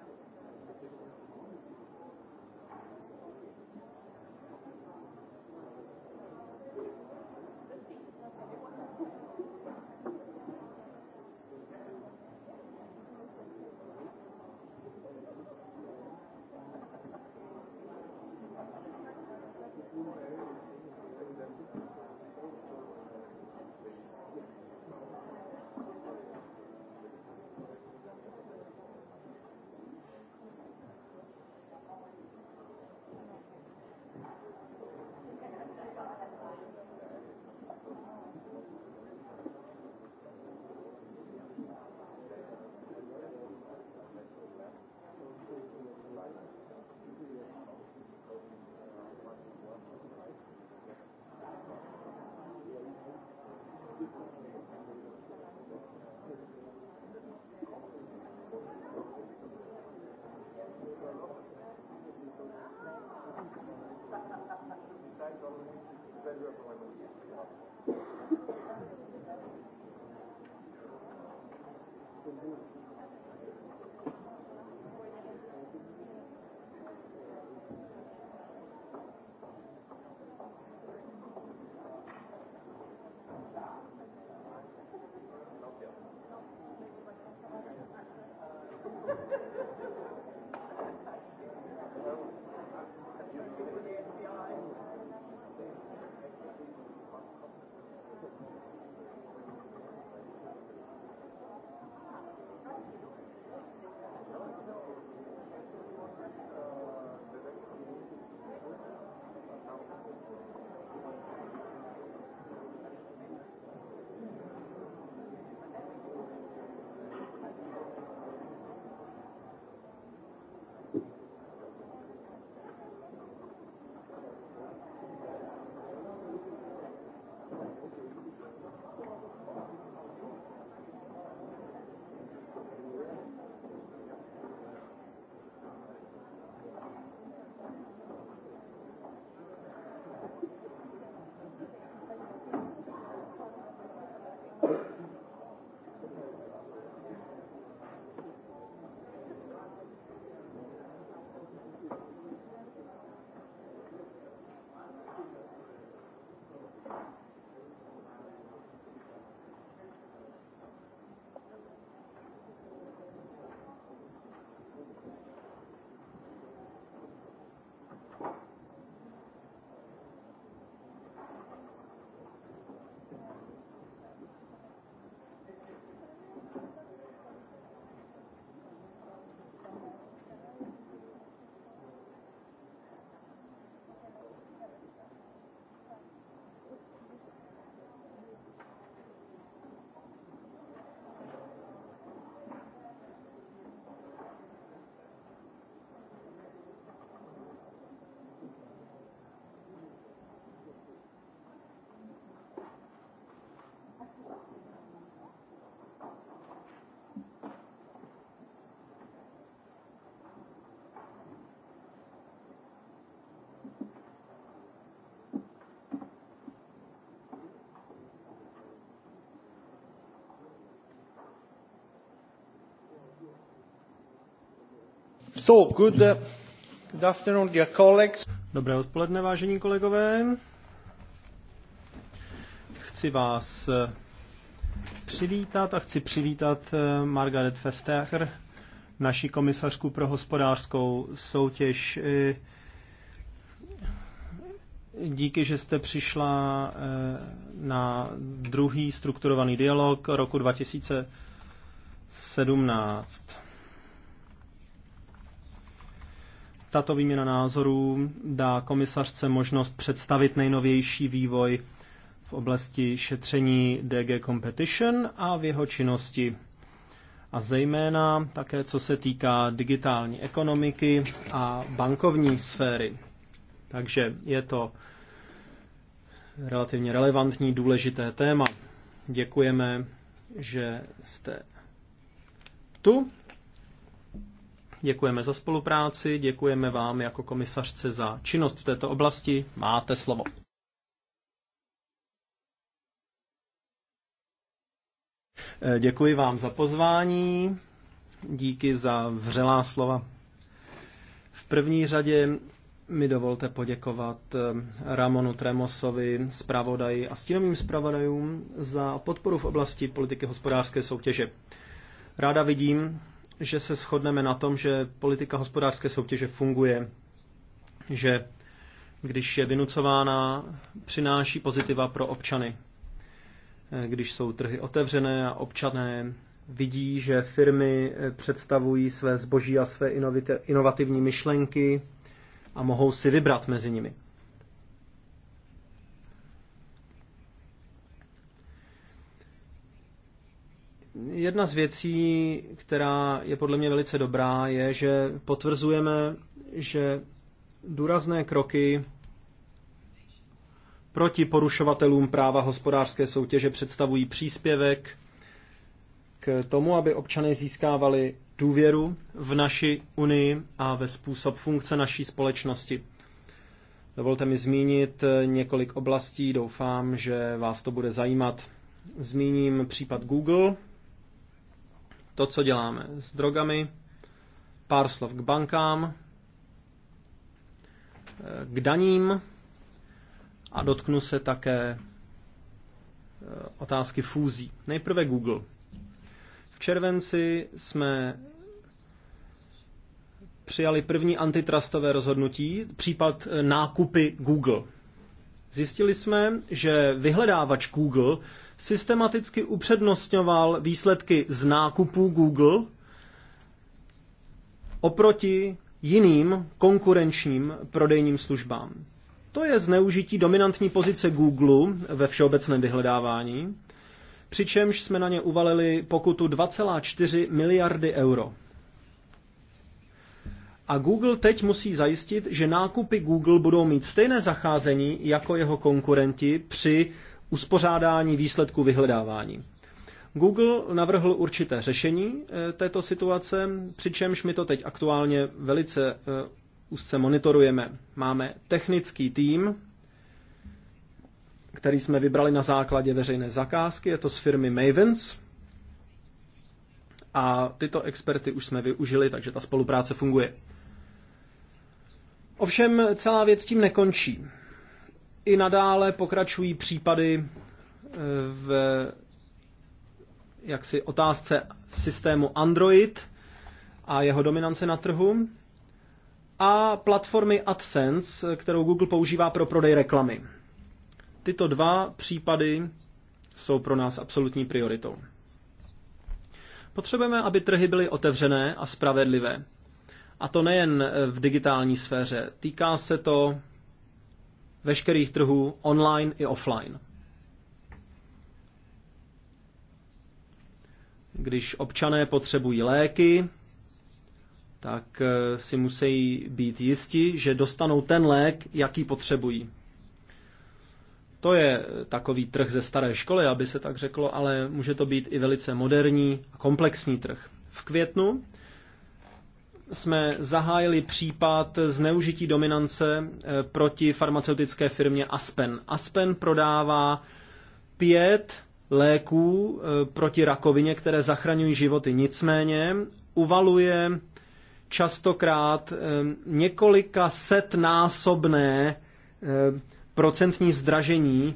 Uh, Dobré odpoledne, vážení kolegové. Chci vás eh, přivítat a chci přivítat eh, Margaret Vestager, naši komisařku pro hospodářskou soutěž. Díky, že jste přišla eh, na druhý strukturovaný dialog roku 2017. Tato výměna názorů dá komisařce možnost představit nejnovější vývoj v oblasti šetření DG Competition a v jeho činnosti. A zejména také co se týká digitální ekonomiky a bankovní sféry. Takže je to relativně relevantní, důležité téma. Děkujeme, že jste tu Děkujeme za spolupráci, děkujeme vám jako komisařce za činnost v této oblasti. Máte slovo. Eh, děkuji vám za pozvání, díky za vřelá slova. V první řadě mi dovolte poděkovat eh, Ramonu Tremosovi, zpravodaji a stínovým zpravodajům za podporu v oblasti politiky hospodářské soutěže. Ráda vidím, že se shodneme na tom, že politika hospodářské soutěže funguje, že když je vynucována, přináší pozitiva pro občany. Když jsou trhy otevřené a občané vidí, že firmy eh, představují své zboží a své inovativní myšlenky a mohou si vybrat mezi nimi. Jedna z věcí, která je podle mě velice dobrá, je, že potvrzujeme, že důrazné kroky proti porušovatelům práva hospodářské soutěže představují příspěvek k tomu, aby občané získávali důvěru v naši unii a ve způsob funkce naší společnosti. Dovolte mi zmínit několik oblastí, doufám, že vás to bude zajímat. Zmíním případ Google, to, co děláme s drogami, pár slov k bankám, eh, k daním a dotknu se také eh, otázky fúzí. Nejprve Google. V červenci jsme přijali první antitrustové rozhodnutí, případ eh, nákupy Google. Zjistili jsme, že vyhledávač Google systematicky upřednostňoval výsledky z nákupů Google oproti jiným konkurenčním prodejním službám. To je zneužití dominantní pozice Google ve všeobecném vyhledávání, přičemž jsme na ně uvalili pokutu 2,4 miliardy euro. A Google teď musí zajistit, že nákupy Google budou mít stejné zacházení jako jeho konkurenti při uspořádání výsledků vyhledávání. Google navrhl určité řešení eh, této situace, přičemž my to teď aktuálně velice eh, úzce monitorujeme. Máme technický tým, který jsme vybrali na základě veřejné zakázky, je to z firmy Mavens. A tyto experty už jsme využili, takže ta spolupráce funguje. Ovšem celá věc tím nekončí. I nadále pokračují případy eh, v jaksi otázce systému Android a jeho dominance na trhu a platformy AdSense, eh, kterou Google používá pro prodej reklamy. Tyto dva případy jsou pro nás absolutní prioritou. Potřebujeme, aby trhy byly otevřené a spravedlivé. A to nejen eh, v digitální sféře. Týká se to veškerých trhů online i offline. Když občané potřebují léky, tak eh, si musí být jisti, že dostanou ten lék, jaký potřebují. To je takový trh ze staré školy, aby se tak řeklo, ale může to být i velice moderní a komplexní trh. V květnu jsme zahájili případ zneužití dominance eh, proti farmaceutické firmě Aspen. Aspen prodává pět léků eh, proti rakovině, které zachraňují životy. Nicméně uvaluje častokrát eh, několika setnásobné procentní zdražení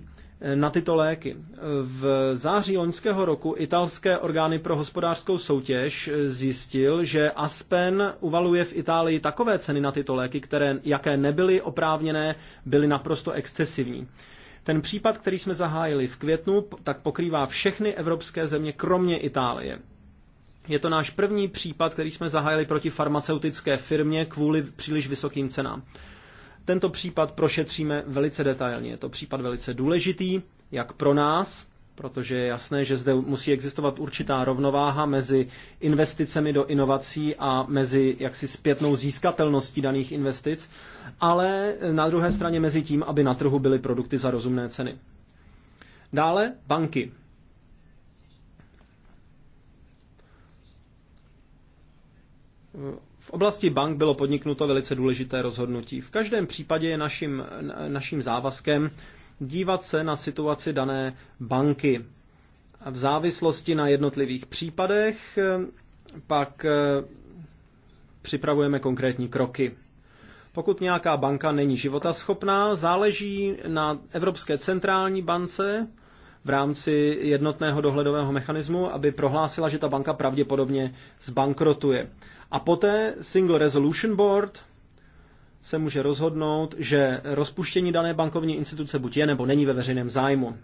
na tyto léky. V září loňského roku italské orgány pro hospodářskou soutěž zjistil, že Aspen uvaluje v Itálii takové ceny na tyto léky, které, jaké nebyly oprávněné, byly naprosto excesivní. Ten případ, který jsme zahájili v květnu, tak pokrývá všechny evropské země, kromě Itálie. Je to náš první případ, který jsme zahájili proti farmaceutické firmě kvůli příliš vysokým cenám. Tento případ prošetříme velice detailně. Je to případ velice důležitý, jak pro nás, protože je jasné, že zde musí existovat určitá rovnováha mezi investicemi do inovací a mezi jaksi zpětnou získatelností daných investic, ale na druhé straně mezi tím, aby na trhu byly produkty za rozumné ceny. Dále banky. V oblasti bank bylo podniknuto velice důležité rozhodnutí. V každém případě je naším, naším závazkem dívat se na situaci dané banky. V závislosti na jednotlivých případech eh, pak eh, připravujeme konkrétní kroky. Pokud nějaká banka není životaschopná, záleží na Evropské centrální bance v rámci jednotného dohledového mechanismu, aby prohlásila, že ta banka pravděpodobně zbankrotuje. A poté Single Resolution Board se může rozhodnout, že rozpuštění dané bankovní instituce buď je nebo není ve veřejném zájmu.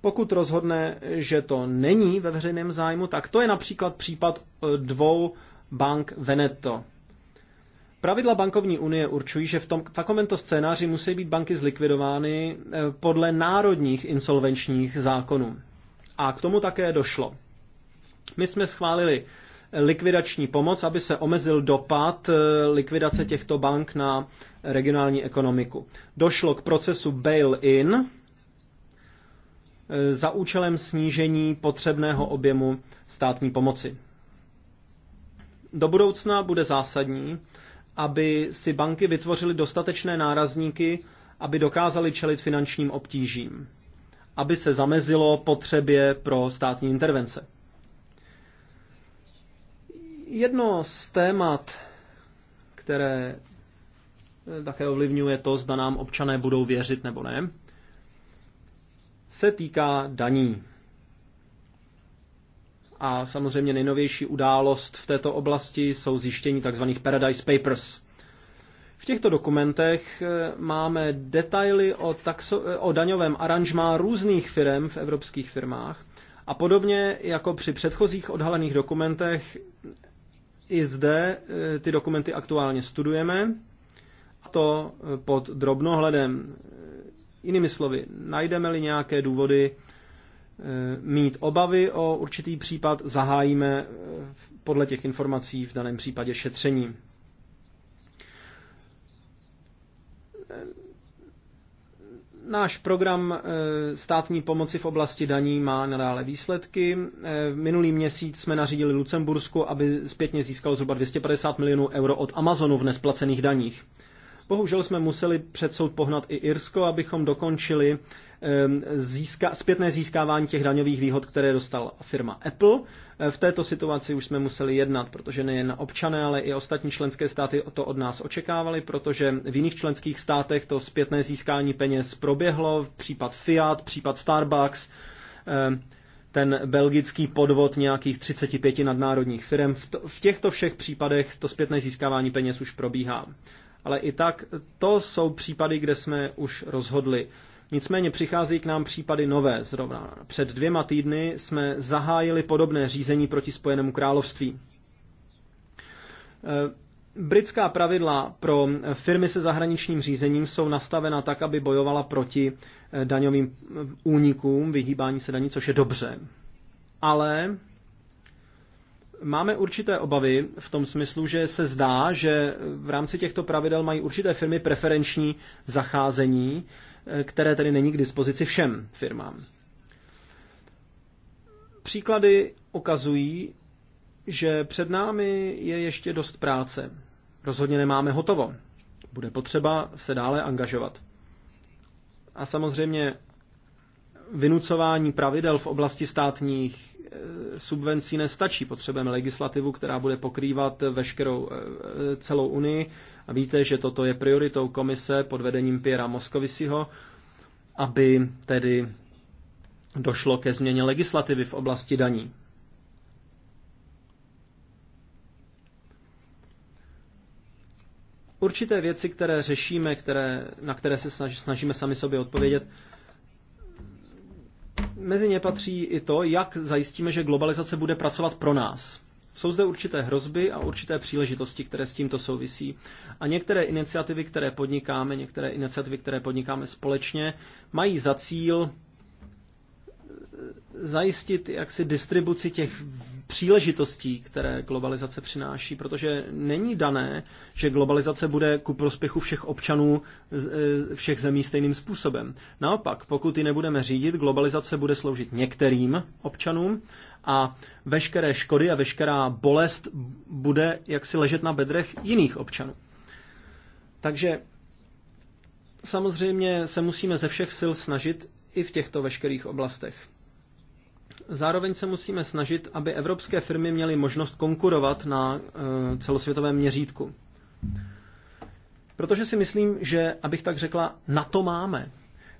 Pokud rozhodne, že to není ve veřejném zájmu, tak to je například případ eh, dvou bank Veneto. Pravidla bankovní unie určují, že v tom v takovémto scénáři musí být banky zlikvidovány eh, podle národních insolvenčních zákonů. A k tomu také došlo. My jsme schválili likvidační pomoc, aby se omezil dopad eh, likvidace těchto bank na regionální ekonomiku. Došlo k procesu bail-in eh, za účelem snížení potřebného objemu státní pomoci. Do budoucna bude zásadní, aby si banky vytvořily dostatečné nárazníky, aby dokázaly čelit finančním obtížím, aby se zamezilo potřebě pro státní intervence. Jedno z témat, které eh, také ovlivňuje to, zda nám občané budou věřit nebo ne, se týká daní. A samozřejmě nejnovější událost v této oblasti jsou zjištění tzv. Paradise Papers. V těchto dokumentech eh, máme detaily o, taxo- eh, o daňovém aranžmá různých firm v evropských firmách a podobně jako při předchozích odhalených dokumentech i zde eh, ty dokumenty aktuálně studujeme, a to eh, pod drobnohledem. Eh, jinými slovy, najdeme-li nějaké důvody mít obavy o určitý případ, zahájíme podle těch informací v daném případě šetření. Náš program eh, státní pomoci v oblasti daní má nadále výsledky. Eh, minulý měsíc jsme nařídili Lucembursku, aby zpětně získal zhruba 250 milionů euro od Amazonu v nesplacených daních. Bohužel jsme museli před soud pohnat i Irsko, abychom dokončili získa, zpětné získávání těch daňových výhod, které dostala firma Apple. E, v této situaci už jsme museli jednat, protože nejen občané, ale i ostatní členské státy to od nás očekávali, protože v jiných členských státech to zpětné získání peněz proběhlo, případ Fiat, případ Starbucks, ten belgický podvod nějakých 35 nadnárodních firm. V, to, v těchto všech případech to zpětné získávání peněz už probíhá ale i tak to jsou případy, kde jsme už rozhodli. Nicméně přichází k nám případy nové. Zrovna před dvěma týdny jsme zahájili podobné řízení proti Spojenému království. Eh, britská pravidla pro firmy se zahraničním řízením jsou nastavena tak, aby bojovala proti eh, daňovým eh, únikům, vyhýbání se daní, což je dobře. Ale Máme určité obavy v tom smyslu, že se zdá, že v rámci těchto pravidel mají určité firmy preferenční zacházení, eh, které tedy není k dispozici všem firmám. Příklady ukazují, že před námi je ještě dost práce. Rozhodně nemáme hotovo. Bude potřeba se dále angažovat. A samozřejmě vynucování pravidel v oblasti státních subvencí nestačí. Potřebujeme legislativu, která bude pokrývat veškerou eh, celou Unii. A víte, že toto je prioritou komise pod vedením Piera Moskovisiho, aby tedy došlo ke změně legislativy v oblasti daní. Určité věci, které řešíme, které, na které se snažíme sami sobě odpovědět, Mezi ně patří i to, jak zajistíme, že globalizace bude pracovat pro nás. Jsou zde určité hrozby a určité příležitosti, které s tímto souvisí. A některé iniciativy, které podnikáme, některé iniciativy, které podnikáme společně, mají za cíl eh, zajistit jaksi distribuci těch příležitostí, které globalizace přináší, protože není dané, že globalizace bude ku prospěchu všech občanů e, všech zemí stejným způsobem. Naopak, pokud ji nebudeme řídit, globalizace bude sloužit některým občanům a veškeré škody a veškerá bolest bude jaksi ležet na bedrech jiných občanů. Takže samozřejmě se musíme ze všech sil snažit i v těchto veškerých oblastech. Zároveň se musíme snažit, aby evropské firmy měly možnost konkurovat na eh, celosvětovém měřítku. Protože si myslím, že, abych tak řekla, na to máme.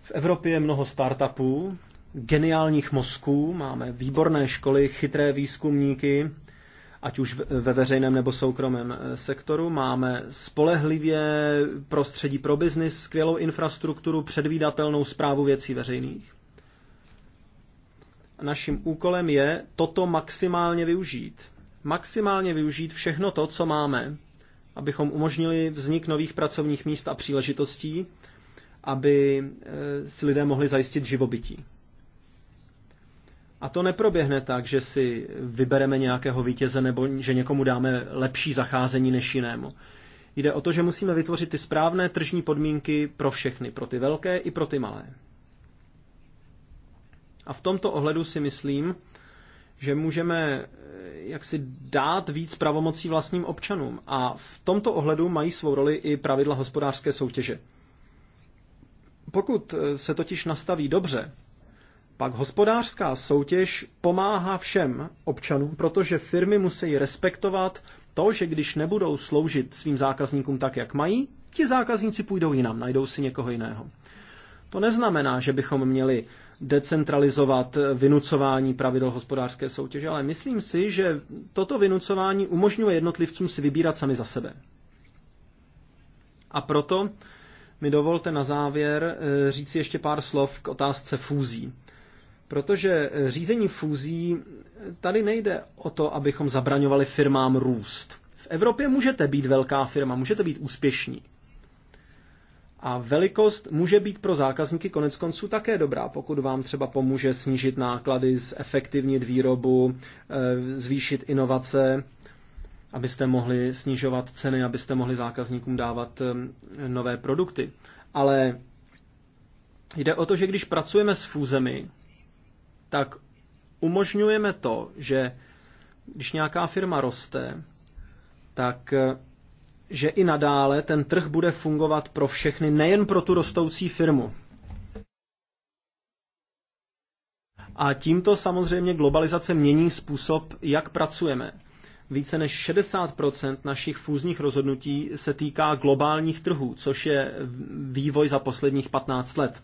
V Evropě je mnoho startupů, geniálních mozků, máme výborné školy, chytré výzkumníky, ať už ve veřejném nebo soukromém eh, sektoru. Máme spolehlivě prostředí pro biznis, skvělou infrastrukturu, předvídatelnou zprávu věcí veřejných naším úkolem je toto maximálně využít. Maximálně využít všechno to, co máme, abychom umožnili vznik nových pracovních míst a příležitostí, aby e, si lidé mohli zajistit živobytí. A to neproběhne tak, že si vybereme nějakého vítěze nebo že někomu dáme lepší zacházení než jinému. Jde o to, že musíme vytvořit ty správné tržní podmínky pro všechny, pro ty velké i pro ty malé. A v tomto ohledu si myslím, že můžeme eh, jaksi dát víc pravomocí vlastním občanům. A v tomto ohledu mají svou roli i pravidla hospodářské soutěže. Pokud eh, se totiž nastaví dobře, pak hospodářská soutěž pomáhá všem občanům, protože firmy musí respektovat to, že když nebudou sloužit svým zákazníkům tak, jak mají, ti zákazníci půjdou jinam, najdou si někoho jiného. To neznamená, že bychom měli decentralizovat vynucování pravidel hospodářské soutěže, ale myslím si, že toto vynucování umožňuje jednotlivcům si vybírat sami za sebe. A proto mi dovolte na závěr eh, říct ještě pár slov k otázce fúzí. Protože eh, řízení fúzí eh, tady nejde o to, abychom zabraňovali firmám růst. V Evropě můžete být velká firma, můžete být úspěšní. A velikost může být pro zákazníky konec konců také dobrá, pokud vám třeba pomůže snížit náklady, zefektivnit výrobu, eh, zvýšit inovace, abyste mohli snižovat ceny, abyste mohli zákazníkům dávat eh, nové produkty. Ale jde o to, že když pracujeme s fúzemi, tak umožňujeme to, že když nějaká firma roste, tak eh, že i nadále ten trh bude fungovat pro všechny, nejen pro tu rostoucí firmu. A tímto samozřejmě globalizace mění způsob, jak pracujeme. Více než 60 našich fúzních rozhodnutí se týká globálních trhů, což je vývoj za posledních 15 let.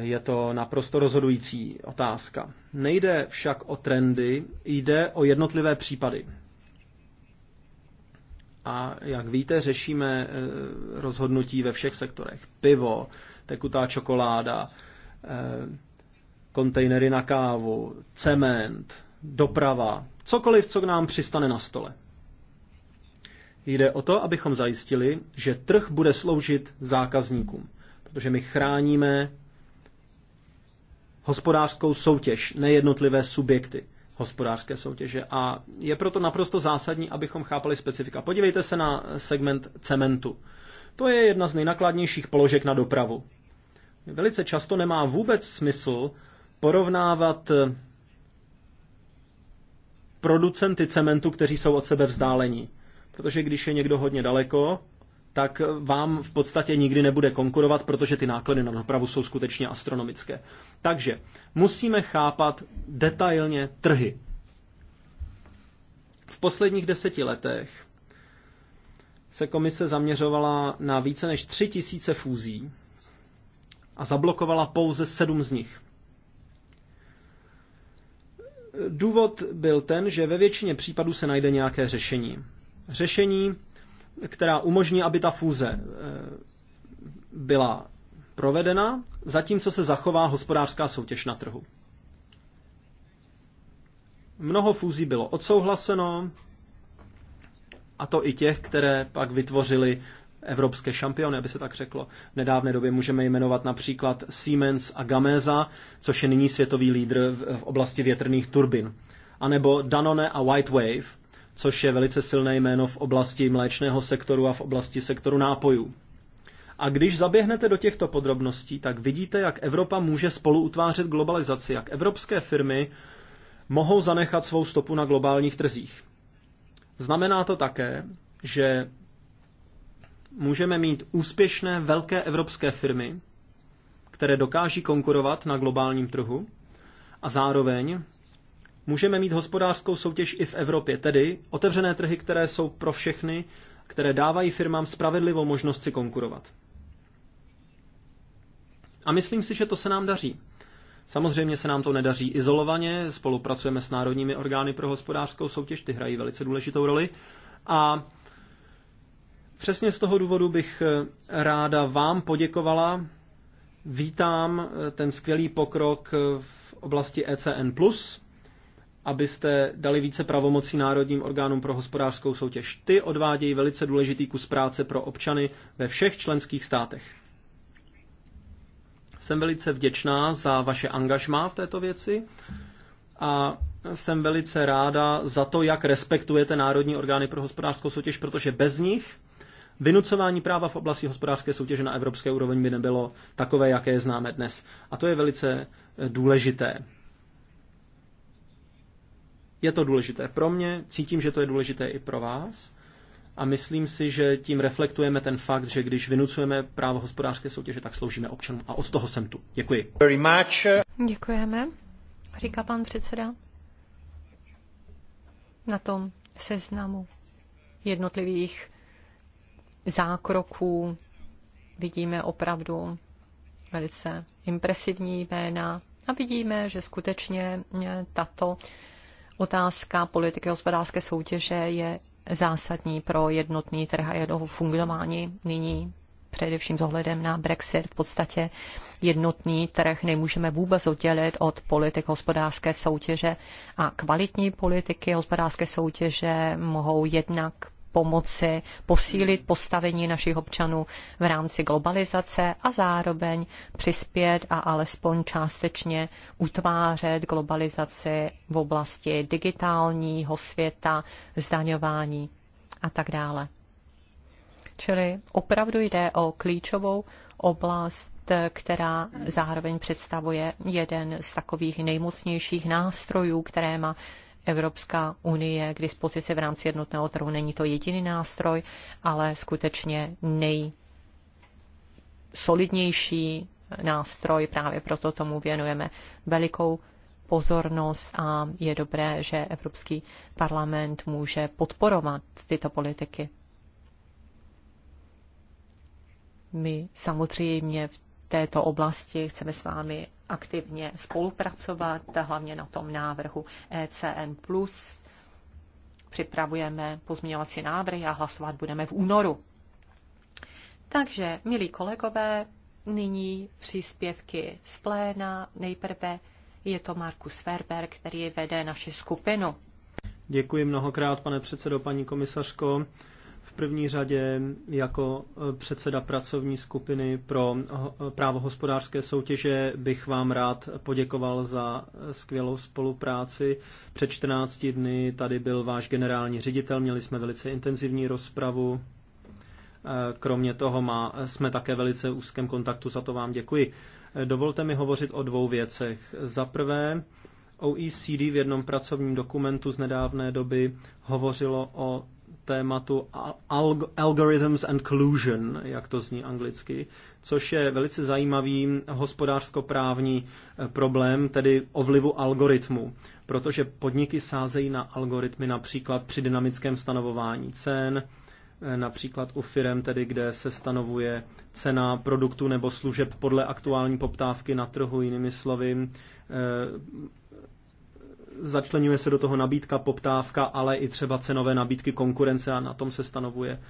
Je to naprosto rozhodující otázka. Nejde však o trendy, jde o jednotlivé případy. A jak víte, řešíme eh, rozhodnutí ve všech sektorech. Pivo, tekutá čokoláda, eh, kontejnery na kávu, cement, doprava, cokoliv, co k nám přistane na stole. Jde o to, abychom zajistili, že trh bude sloužit zákazníkům, protože my chráníme hospodářskou soutěž, nejednotlivé subjekty hospodářské soutěže. A je proto naprosto zásadní, abychom chápali specifika. Podívejte se na segment cementu. To je jedna z nejnakladnějších položek na dopravu. Velice často nemá vůbec smysl porovnávat eh, producenty cementu, kteří jsou od sebe vzdálení. Protože když je někdo hodně daleko, tak vám v podstatě nikdy nebude konkurovat, protože ty náklady na dopravu jsou skutečně astronomické. Takže musíme chápat detailně trhy. V posledních deseti letech se komise zaměřovala na více než tři tisíce fúzí a zablokovala pouze sedm z nich. Důvod byl ten, že ve většině případů se najde nějaké řešení. Řešení, která umožní, aby ta fúze eh, byla provedena, zatímco se zachová hospodářská soutěž na trhu. Mnoho fúzí bylo odsouhlaseno, a to i těch, které pak vytvořili evropské šampiony, aby se tak řeklo. V nedávné době můžeme jmenovat například Siemens a Gamesa, což je nyní světový lídr v oblasti větrných turbin. A nebo Danone a White Wave, což je velice silné jméno v oblasti mléčného sektoru a v oblasti sektoru nápojů. A když zaběhnete do těchto podrobností, tak vidíte, jak Evropa může spolu utvářet globalizaci, jak evropské firmy mohou zanechat svou stopu na globálních trzích. Znamená to také, že můžeme mít úspěšné velké evropské firmy, které dokáží konkurovat na globálním trhu a zároveň Můžeme mít hospodářskou soutěž i v Evropě, tedy otevřené trhy, které jsou pro všechny, které dávají firmám spravedlivou možnost si konkurovat. A myslím si, že to se nám daří. Samozřejmě se nám to nedaří izolovaně, spolupracujeme s národními orgány pro hospodářskou soutěž, ty hrají velice důležitou roli. A přesně z toho důvodu bych eh, ráda vám poděkovala. Vítám eh, ten skvělý pokrok eh, v oblasti ECN+, abyste dali více pravomocí národním orgánům pro hospodářskou soutěž. Ty odvádějí velice důležitý kus práce pro občany ve všech členských státech. Jsem velice vděčná za vaše angažmá v této věci a jsem velice ráda za to, jak respektujete národní orgány pro hospodářskou soutěž, protože bez nich vynucování práva v oblasti hospodářské soutěže na evropské úroveň by nebylo takové, jaké je známe dnes. A to je velice důležité. Je to důležité pro mě, cítím, že to je důležité i pro vás a myslím si, že tím reflektujeme ten fakt, že když vynucujeme právo hospodářské soutěže, tak sloužíme občanům a od toho jsem tu. Děkuji. Very much. Děkujeme, říká pan předseda. Na tom seznamu jednotlivých zákroků vidíme opravdu velice impresivní jména a vidíme, že skutečně tato Otázka politiky hospodářské soutěže je zásadní pro jednotný trh a jeho fungování nyní především s ohledem na Brexit. V podstatě jednotný trh nemůžeme vůbec oddělit od politik hospodářské soutěže a kvalitní politiky hospodářské soutěže mohou jednak pomoci posílit postavení našich občanů v rámci globalizace a zároveň přispět a alespoň částečně utvářet globalizaci v oblasti digitálního světa, zdaňování a tak dále. Čili opravdu jde o klíčovou oblast, která zároveň představuje jeden z takových nejmocnějších nástrojů, které má Evropská unie k dispozici v rámci jednotného trhu. Není to jediný nástroj, ale skutečně nejsolidnější nástroj. Právě proto tomu věnujeme velikou pozornost a je dobré, že Evropský parlament může podporovat tyto politiky. My samozřejmě v této oblasti. Chceme s vámi aktivně spolupracovat, hlavně na tom návrhu ECN+. Připravujeme pozměňovací návrhy a hlasovat budeme v únoru. Takže, milí kolegové, nyní příspěvky z pléna. Nejprve je to Markus Ferber, který vede naši skupinu. Děkuji mnohokrát, pane předsedo, paní komisařko v první řadě jako e, předseda pracovní skupiny pro e, právo hospodářské soutěže bych vám rád poděkoval za e, skvělou spolupráci. Před 14 dny tady byl váš generální ředitel, měli jsme velice intenzivní rozpravu. Kromě toho má, jsme také velice úzkém kontaktu, za to vám děkuji. Dovolte mi hovořit o dvou věcech. Za prvé, OECD v jednom pracovním dokumentu z nedávné doby hovořilo o tématu Algorithms and Collusion, jak to zní anglicky, což je velice zajímavý hospodářskoprávní eh, problém, tedy o vlivu algoritmu, protože podniky sázejí na algoritmy například při dynamickém stanovování cen, eh, například u firm, tedy kde se stanovuje cena produktu nebo služeb podle aktuální poptávky na trhu, jinými slovy, eh, začlenuje se do toho nabídka, poptávka, ale i třeba cenové nabídky konkurence a na tom se stanovuje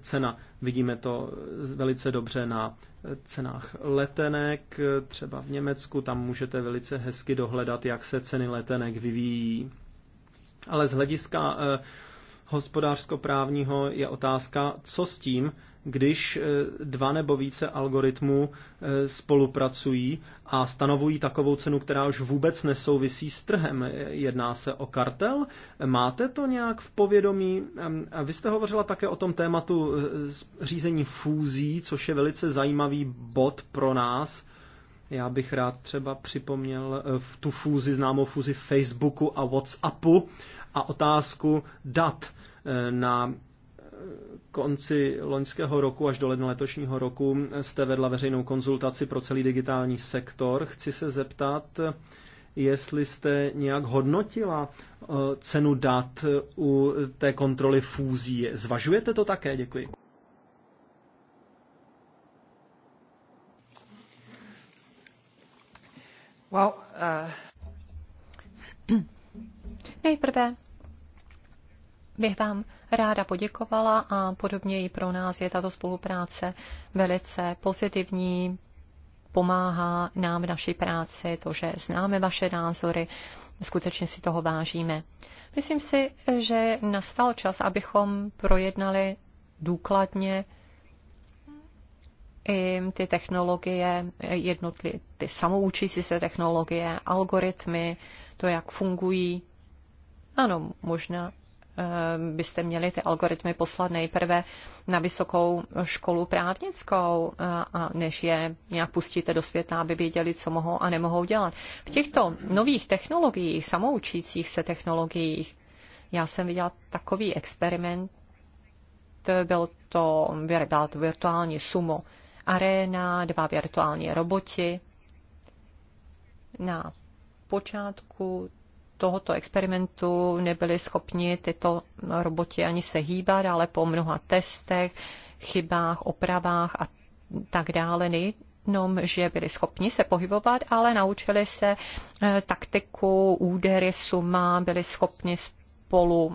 cena. Vidíme to eh, velice dobře na eh, cenách letenek, eh, třeba v Německu, tam můžete velice hezky dohledat, jak se ceny letenek vyvíjí. Ale z hlediska hospodářskoprávního je otázka, co s tím, když eh, dva nebo více algoritmů eh, spolupracují a stanovují takovou cenu, která už vůbec nesouvisí s trhem. Jedná se o kartel? Máte to nějak v povědomí? Vy jste hovořila také o tom tématu eh, řízení fúzí, což je velice zajímavý bod pro nás. Já bych rád třeba připomněl tu fúzi, známou fúzi Facebooku a Whatsappu a otázku dat na konci loňského roku až do ledna letošního roku jste vedla veřejnou konzultaci pro celý digitální sektor. Chci se zeptat, jestli jste nějak hodnotila eh, cenu dat u té kontroly fúzí. Zvažujete to také? Děkuji. Well, uh... Nejprve bych vám ráda poděkovala a podobně i pro nás je tato spolupráce velice pozitivní, pomáhá nám v naší práci, to, že známe vaše názory, skutečně si toho vážíme. Myslím si, že nastal čas, abychom projednali důkladně i ty technologie, jednotlivé, ty samoučící se technologie, algoritmy, to, jak fungují. Ano, možná Eh, byste měli ty algoritmy poslat nejprve na vysokou školu právnickou, eh, a než je nějak pustíte do světa, aby věděli, co mohou a nemohou dělat. V těchto nových technologiích, samoučících se technologiích, já jsem viděla takový experiment, byl to, byla to virtuální sumo arena, dva virtuální roboti. Na počátku tohoto experimentu nebyli schopni tyto roboti ani se hýbat, ale po mnoha testech, chybách, opravách a tak dále nejenom, že byli schopni se pohybovat, ale naučili se eh, taktiku, údery, suma, byli schopni spolu um,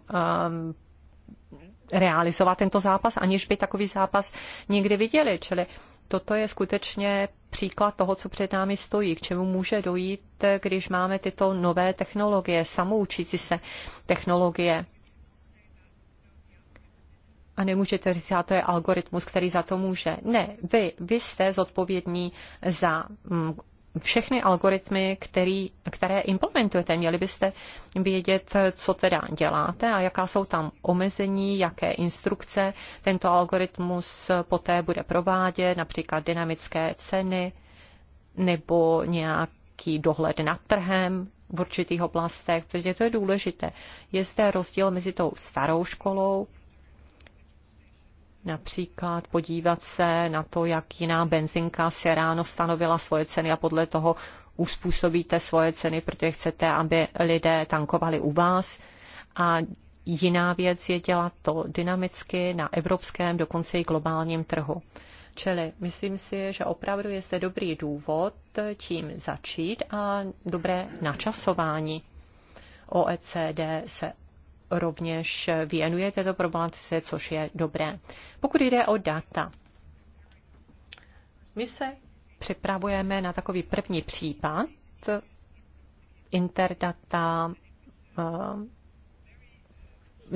realizovat tento zápas, aniž by takový zápas někdy viděli. Čili toto je skutečně příklad toho, co před námi stojí, k čemu může dojít, když máme tyto nové technologie, samoučící se technologie. A nemůžete říct, že to je algoritmus, který za to může. Ne, vy, vy jste zodpovědní za mm, všechny algoritmy, který, které implementujete. Měli byste vědět, co teda děláte a jaká jsou tam omezení, jaké instrukce tento algoritmus poté bude provádět, například dynamické ceny nebo nějaký dohled nad trhem v určitých oblastech, protože to je důležité. Je zde rozdíl mezi tou starou školou, například podívat se na to, jak jiná benzinka se ráno stanovila svoje ceny a podle toho uspůsobíte svoje ceny, protože chcete, aby lidé tankovali u vás. A jiná věc je dělat to dynamicky na evropském, dokonce i globálním trhu. Čili myslím si, že opravdu je zde dobrý důvod tím začít a dobré načasování. OECD se rovněž věnuje této problematice, což je dobré. Pokud jde o data, my se připravujeme na takový první případ interdata, eh,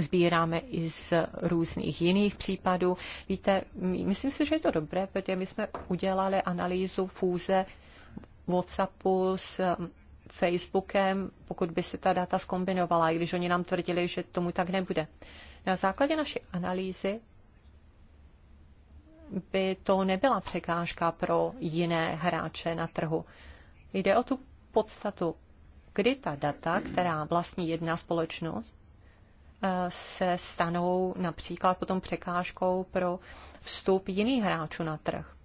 sbíráme i z různých jiných případů. Víte, myslím si, že je to dobré, protože my jsme udělali analýzu fůze WhatsAppu s Facebookem, pokud by se ta data zkombinovala, i když oni nám tvrdili, že tomu tak nebude. Na základě naší analýzy by to nebyla překážka pro jiné hráče na trhu. Jde o tu podstatu, kdy ta data, která vlastní jedna společnost, eh, se stanou například potom překážkou pro vstup jiných hráčů na trh.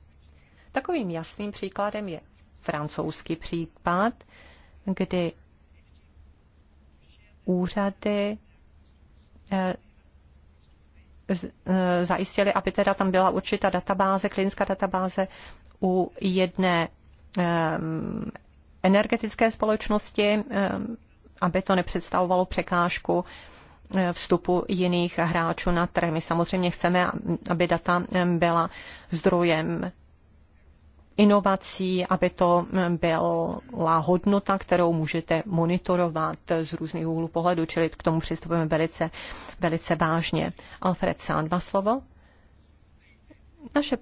Takovým jasným příkladem je francouzský případ, kdy úřady eh, eh, zajistili, aby teda tam byla určitá databáze, klinická databáze u jedné eh, energetické společnosti, aby to nepředstavovalo překážku vstupu jiných hráčů na trh. My samozřejmě chceme, aby data byla zdrojem inovací, aby to mm, byla hodnota, kterou můžete monitorovat z různých úhlů pohledu, čili k tomu přistupujeme velice, velice vážně. Alfred Sán, dva slovo. Naše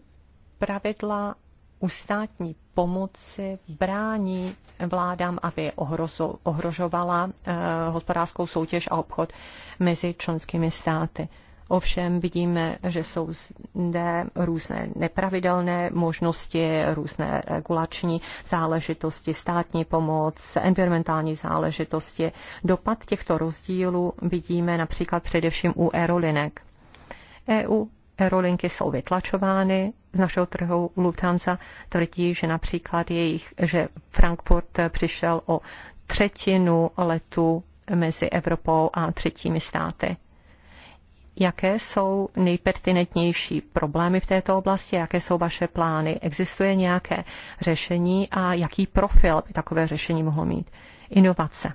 pravidla u státní pomoci brání vládám, aby ohrozo, ohrožovala eh, hospodářskou soutěž a obchod mezi členskými státy. Ovšem vidíme, že jsou zde různé nepravidelné možnosti, různé regulační záležitosti, státní pomoc, environmentální záležitosti. Dopad těchto rozdílů vidíme například především u aerolinek. EU aerolinky jsou vytlačovány z našeho trhu. Lufthansa tvrdí, že například jejich, že Frankfurt přišel o třetinu letu mezi Evropou a třetími státy jaké jsou nejpertinentnější problémy v této oblasti, jaké jsou vaše plány, existuje nějaké řešení a jaký profil by takové řešení mohlo mít. Inovace.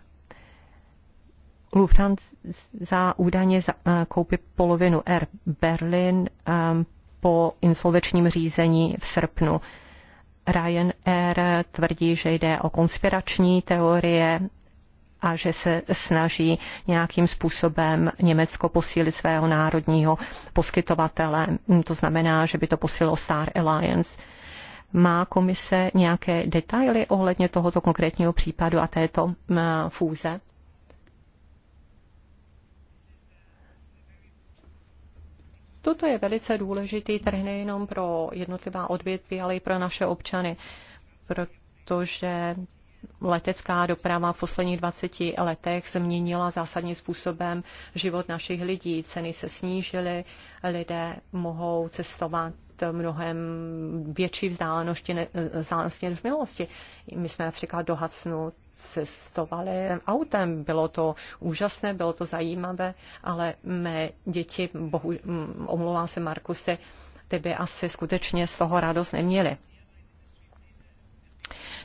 Lufthansa údajně za eh, koupí polovinu Air Berlin ehm, po insolvečním řízení v srpnu. Ryanair tvrdí, že jde o konspirační teorie a že se snaží nějakým způsobem Německo posílit svého národního poskytovatele. To znamená, že by to posílilo Star Alliance. Má komise nějaké detaily ohledně tohoto konkrétního případu a této fůze? Toto je velice důležitý trh nejenom pro jednotlivá odvětví, ale i pro naše občany, protože letecká doprava v posledních 20 letech změnila zásadním způsobem život našich lidí. Ceny se snížily, lidé mohou cestovat mnohem větší vzdálenosti, ne, vzdálenosti než v minulosti. My jsme například do Hacnu cestovali autem. Bylo to úžasné, bylo to zajímavé, ale mé děti, bohu, omlouvám se Markusy, ty by asi skutečně z toho radost neměli.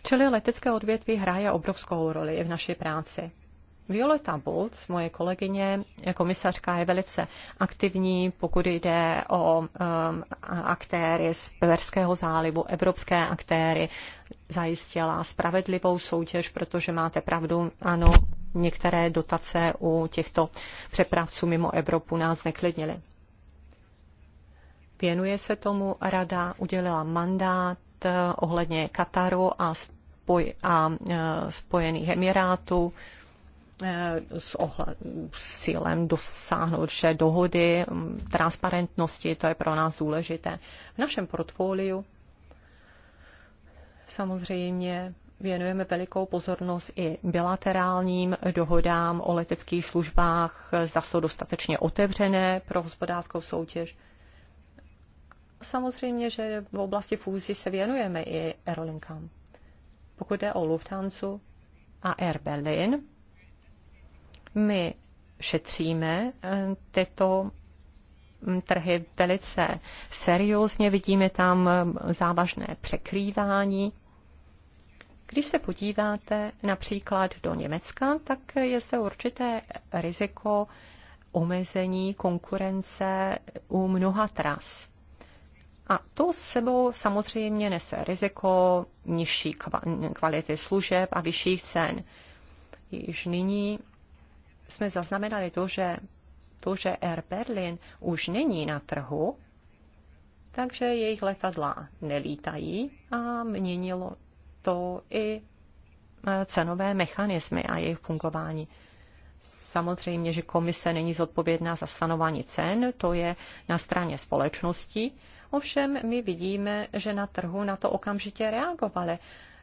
Čili letecké odvětví hraje obrovskou roli i v naší práci. Violeta Bulc, moje kolegyně, komisařka, je velice aktivní, pokud jde o um, aktéry z Perského zálivu, evropské aktéry. Zajistila spravedlivou soutěž, protože máte pravdu, ano, některé dotace u těchto přepravců mimo Evropu nás neklidnily. Věnuje se tomu rada, udělila mandát Eh, ohledně Kataru a, spoj, a eh, Spojených Emirátů eh, s, s cílem dosáhnout vše dohody, mm, transparentnosti, to je pro nás důležité. V našem portfoliu samozřejmě věnujeme velikou pozornost i bilaterálním dohodám o leteckých službách, zda jsou dostatečně otevřené pro hospodářskou soutěž. Samozřejmě, že v oblasti fúzí se věnujeme i aerolinkám. Pokud jde o Lufthansa a Air Berlin, my šetříme eh, tyto hm, trhy velice seriózně, vidíme tam hm, závažné překrývání. Když se podíváte například do Německa, tak je zde určité riziko omezení konkurence u mnoha tras. A to s sebou samozřejmě nese riziko nižší kvality služeb a vyšších cen. Již nyní jsme zaznamenali to, že to, že Air Berlin už není na trhu, takže jejich letadla nelítají a měnilo to i e, cenové mechanismy a jejich fungování. Samozřejmě, že komise není zodpovědná za stanování cen, to je na straně společnosti, Ovšem my vidíme, že na trhu na to okamžitě reagovali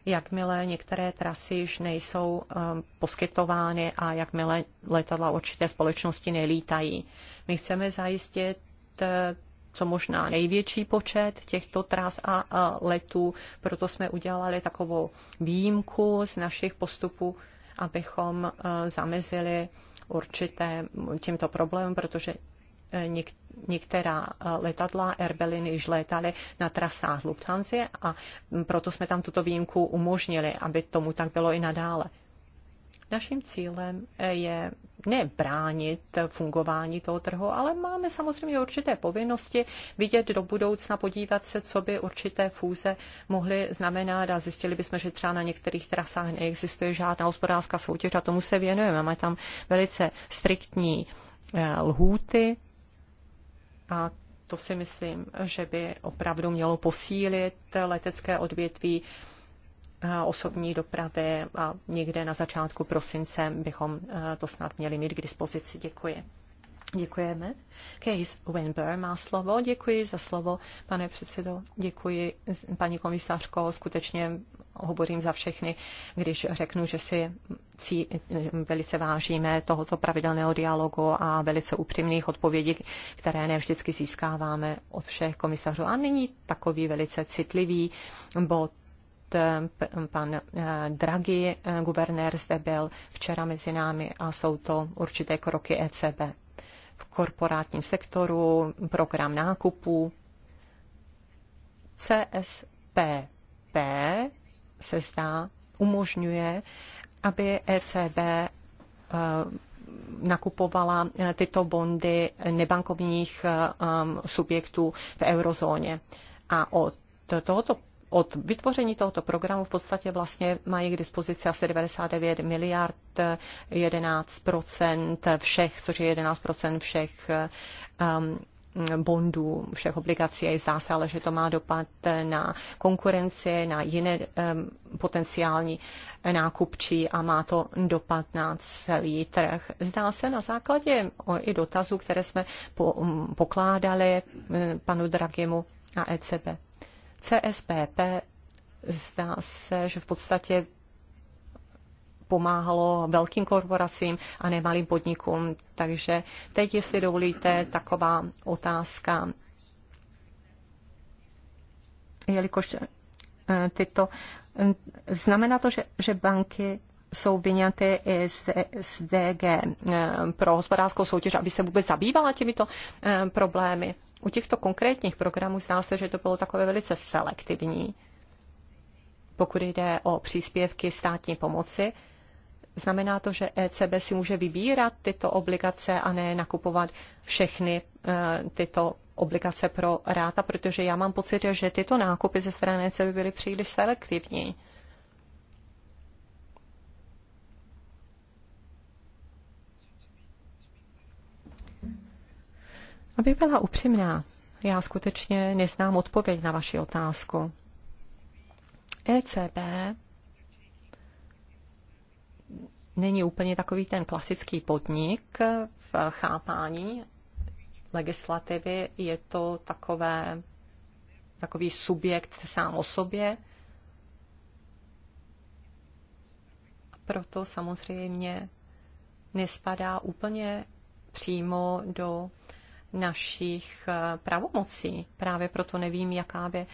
jakmile některé trasy již nejsou um, poskytovány a jakmile letadla určité společnosti nelítají. My chceme zajistit eh, co možná největší počet těchto tras a, a letů, proto jsme udělali takovou výjimku z našich postupů, abychom uh, zamezili určité tímto problémům, protože něk, některá eh, letadla Erbeliny již létaly na trasách Lufthansa a proto jsme tam tuto výjimku umožnili, aby tomu tak bylo i nadále. Naším cílem eh, je nebránit fungování toho trhu, ale máme samozřejmě určité povinnosti vidět do budoucna, podívat se, co by určité fúze mohly znamenat a zjistili bychom, že třeba na některých trasách neexistuje žádná hospodářská soutěž a tomu se věnujeme. Máme tam velice striktní eh, lhůty a to si myslím, že by opravdu mělo posílit letecké odvětví eh, osobní dopravy a někde na začátku prosince bychom eh, to snad měli mít k dispozici. Děkuji. Děkujeme. Case Winber má slovo. Děkuji za slovo, pane předsedo. Děkuji, paní komisařko. Skutečně hovořím za všechny, když řeknu, že si cí, velice vážíme tohoto pravidelného dialogu a velice upřímných odpovědí, které ne vždycky získáváme od všech komisařů. A není takový velice citlivý bod pan eh, Draghi, eh, guvernér, zde byl včera mezi námi a jsou to určité kroky ECB. V korporátním sektoru program nákupů CSPP se zdá, umožňuje, aby ECB eh, nakupovala eh, tyto bondy nebankovních eh, subjektů v eurozóně. A od tohoto od vytvoření tohoto programu v podstatě vlastně mají k dispozici asi 99 miliard, 11 všech, což je 11 všech Mm, bondů, všech obligací. Zdá se ale, že to má dopad na konkurenci, na jiné potenciální nákupčí a má to dopad na celý trh. Zdá se na základě i dotazů, které jsme mm, pokládali mm, panu Dragimu a ECB. CSPP zdá se, že v podstatě pomáhalo velkým korporacím a nemalým podnikům. Takže teď, jestli dovolíte, taková otázka. Jelikož eh, tyto, eh, znamená to, že, že banky jsou vyňaty i z, z DG eh, pro hospodářskou soutěž, aby se vůbec zabývala těmito problémy. U těchto konkrétních programů zná se, že to bylo takové velice selektivní, pokud jde o příspěvky státní pomoci Znamená to, že ECB si může vybírat tyto obligace a ne nakupovat všechny eh, tyto obligace pro ráta, protože já mám pocit, že tyto nákupy ze strany ECB byly příliš selektivní. Aby byla upřímná, já skutečně neznám odpověď na vaši otázku. ECB není úplně takový ten klasický podnik v chápání legislativy. Je to takové, takový subjekt sám o sobě. Proto samozřejmě nespadá úplně přímo do našich eh, pravomocí. Právě proto nevím, jaká by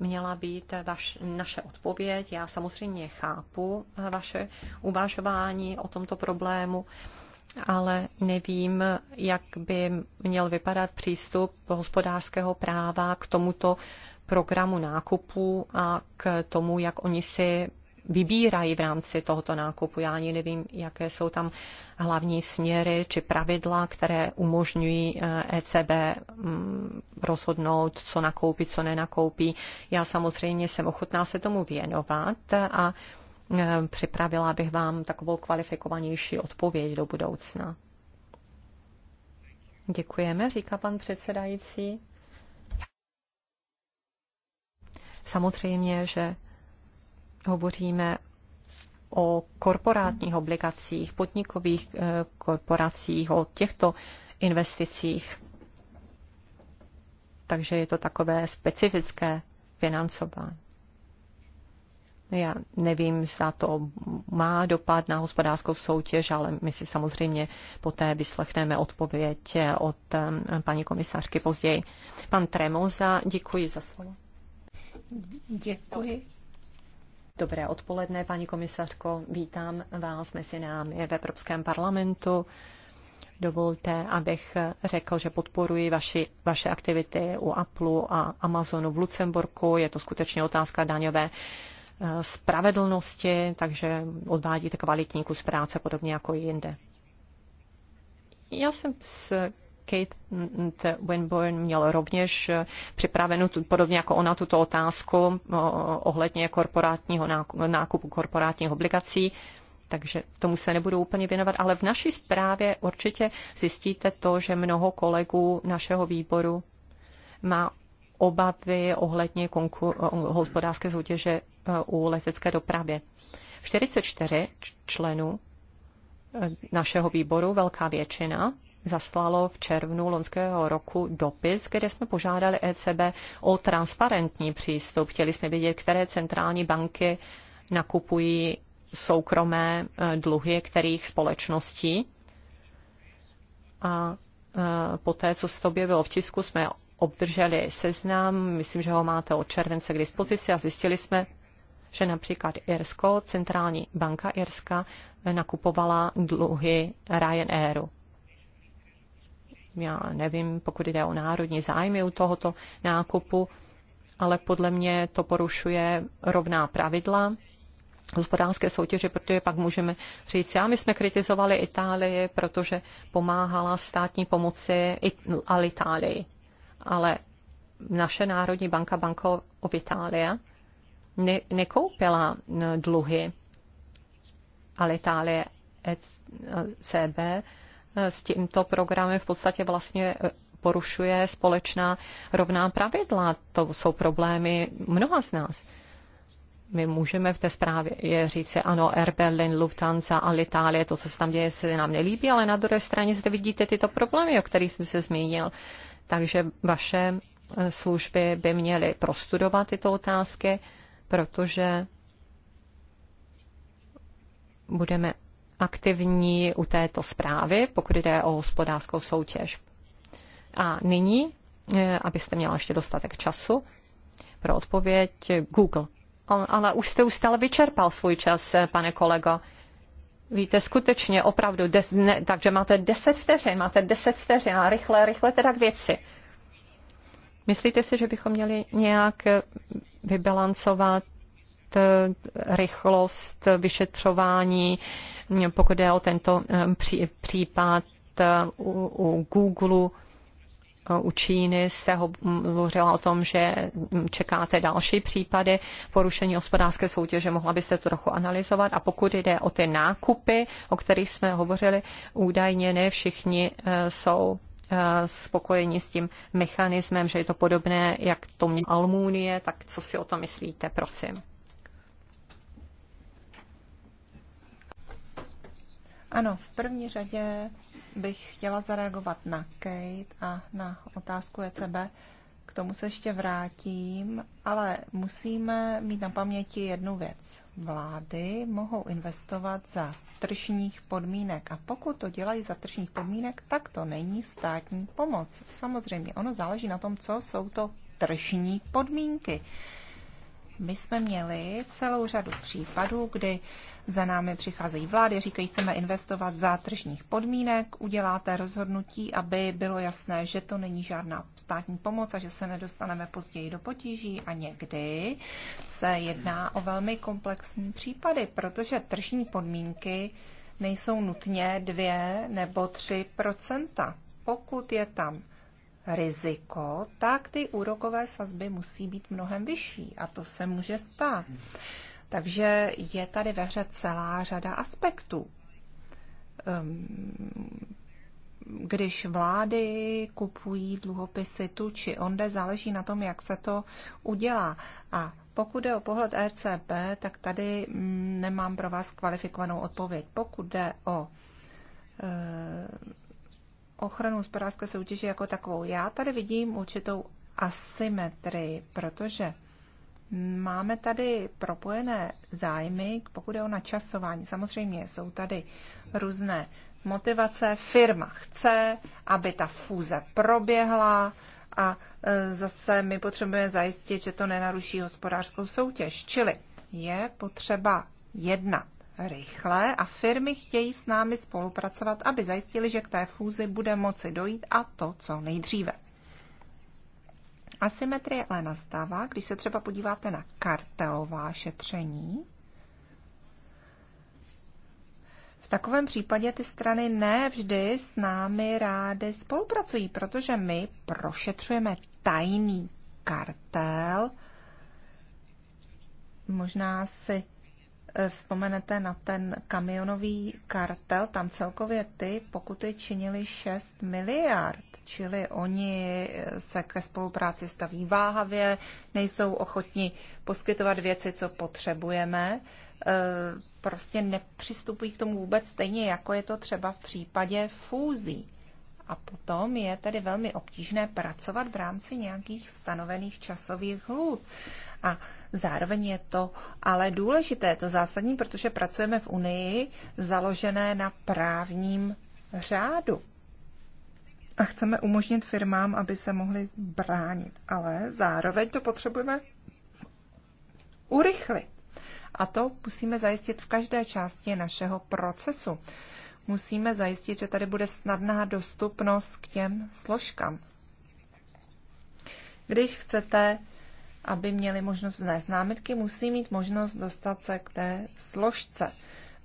měla být vaš, naše odpověď. Já samozřejmě chápu vaše uvažování o tomto problému, ale nevím, jak by měl vypadat přístup hospodářského práva k tomuto programu nákupu a k tomu, jak oni si vybírají v rámci tohoto nákupu. Já ani nevím, jaké jsou tam hlavní směry či pravidla, které umožňují ECB eh, e mm, rozhodnout, co nakoupí, co nenakoupí. Já samozřejmě jsem ochotná se tomu věnovat a eh, připravila bych vám takovou kvalifikovanější odpověď do budoucna. Děkujeme, říká pan předsedající. Samozřejmě, že hovoříme o korporátních obligacích, podnikových eh, korporacích, o těchto investicích. Takže je to takové specifické financování. Já nevím, zda to má dopad na hospodářskou soutěž, ale my si samozřejmě poté vyslechneme odpověď od eh, paní komisařky později. Pan Tremoza, děkuji za slovo. Děkuji. Dobré odpoledne, paní komisařko. Vítám vás mezi námi v Evropském parlamentu. Dovolte, abych řekl, že podporuji vaši, vaše aktivity u Apple a Amazonu v Lucemburku. Je to skutečně otázka daňové eh, spravedlnosti, takže odvádíte kvalitní kus práce, podobně jako i jinde. Já jsem s Kate Winburn měl rovněž eh, připravenu, podobně jako ona, tuto otázku eh, ohledně korporátního nákupu, nákupu korporátních obligací takže tomu se nebudu úplně věnovat, ale v naší zprávě určitě zjistíte to, že mnoho kolegů našeho výboru má obavy ohledně eh, hospodářské soutěže u letecké dopravy. 44 členů našeho výboru, velká většina, zaslalo v červnu loňského roku dopis, kde jsme požádali ECB o transparentní přístup. Chtěli jsme vědět, které centrální banky nakupují soukromé e, dluhy kterých společností. A e, poté, co se to objevilo v tisku, jsme obdrželi seznam, myslím, že ho máte od července k dispozici a zjistili jsme, že například Irsko, centrální banka Irska, e, nakupovala dluhy Ryanairu já nevím, pokud jde o národní zájmy u tohoto nákupu, ale podle mě to porušuje rovná pravidla hospodářské soutěže, protože pak můžeme říct, já my jsme kritizovali Itálii, protože pomáhala státní pomoci Itálii. Ale naše Národní banka Banko of Italia ne, nekoupila dluhy Alitalie ECB E, s tímto programem v podstatě vlastně e, porušuje společná rovná pravidla. To jsou problémy mnoha z nás. My můžeme v té zprávě říci, ano, Air Berlin, Lufthansa, Alitalia, to, co se tam děje, se nám nelíbí, ale na druhé straně zde vidíte tyto problémy, o kterých jsem se zmínil. Takže vaše e, služby by měly prostudovat tyto otázky, protože budeme aktivní u této zprávy, pokud jde o hospodářskou soutěž. A nyní, eh, abyste měla ještě dostatek času pro odpověď, Google. Ale už jste ustále vyčerpal svůj čas, eh, pane kolego. Víte, skutečně, opravdu, des, ne, takže máte 10 vteřin, máte 10 vteřin a rychle, rychle teda k věci. Myslíte si, že bychom měli nějak eh, vybilancovat Eh, rychlost vyšetřování, hm, pokud je o tento hm, případ eh, u, u Google, eh, u Číny jste hm, hovořila o tom, že čekáte další případy porušení hospodářské soutěže. Mohla byste to trochu analyzovat? A pokud jde o ty nákupy, o kterých jsme hovořili, údajně ne všichni jsou spokojeni s tím mechanismem, že je to podobné, jak to mě Almunie, tak co si o to myslíte, prosím? Ano, v první řadě bych chtěla zareagovat na Kate a na otázku ECB. K tomu se ještě vrátím, ale musíme mít na paměti jednu věc. Vlády mohou investovat za tržních podmínek a pokud to dělají za tržních podmínek, tak to není státní pomoc. Samozřejmě, ono záleží na tom, co jsou to tržní podmínky. My jsme měli celou řadu případů, kdy za námi přicházejí vlády, říkají, chceme investovat za tržních podmínek, uděláte rozhodnutí, aby bylo jasné, že to není žádná státní pomoc a že se nedostaneme později do potíží. A někdy se jedná o velmi komplexní případy, protože tržní podmínky nejsou nutně dvě nebo tři procenta. Pokud je tam riziko, tak ty úrokové sazby musí být mnohem vyšší a to se může stát. Takže je tady ve hře celá řada aspektů. Ehm, když vlády kupují dluhopisy tu či onde, záleží na tom, jak se to udělá. A pokud jde o pohled ECB, tak tady mm, nemám pro vás kvalifikovanou odpověď. Pokud jde o ehm, ochranu hospodářské soutěže jako takovou. Já tady vidím určitou asymetrii, protože máme tady propojené zájmy, pokud je o načasování. Samozřejmě jsou tady různé motivace. Firma chce, aby ta fúze proběhla a e, zase my potřebujeme zajistit, že to nenaruší hospodářskou soutěž. Čili je potřeba jednat rychle a firmy chtějí s námi spolupracovat, aby zajistili, že k té fúzi bude moci dojít a to co nejdříve. Asymetrie ale nastává, když se třeba podíváte na kartelová šetření. V takovém případě ty strany ne vždy s námi rády spolupracují, protože my prošetřujeme tajný kartel. Možná si Eh, vzpomenete na ten kamionový kartel, tam celkově ty pokuty činili 6 miliard, čili oni eh, se ke spolupráci staví váhavě, nejsou ochotni poskytovat věci, co potřebujeme, eh, prostě nepřistupují k tomu vůbec stejně, jako je to třeba v případě fúzí. A potom je tedy velmi obtížné pracovat v rámci nějakých stanovených časových hlůd. A Zároveň je to ale důležité, to zásadní, protože pracujeme v Unii založené na právním řádu. A chceme umožnit firmám, aby se mohly bránit, ale zároveň to potřebujeme urychlit. A to musíme zajistit v každé části našeho procesu. Musíme zajistit, že tady bude snadná dostupnost k těm složkám. Když chcete aby měli možnost vnést námitky, musí mít možnost dostat se k té složce.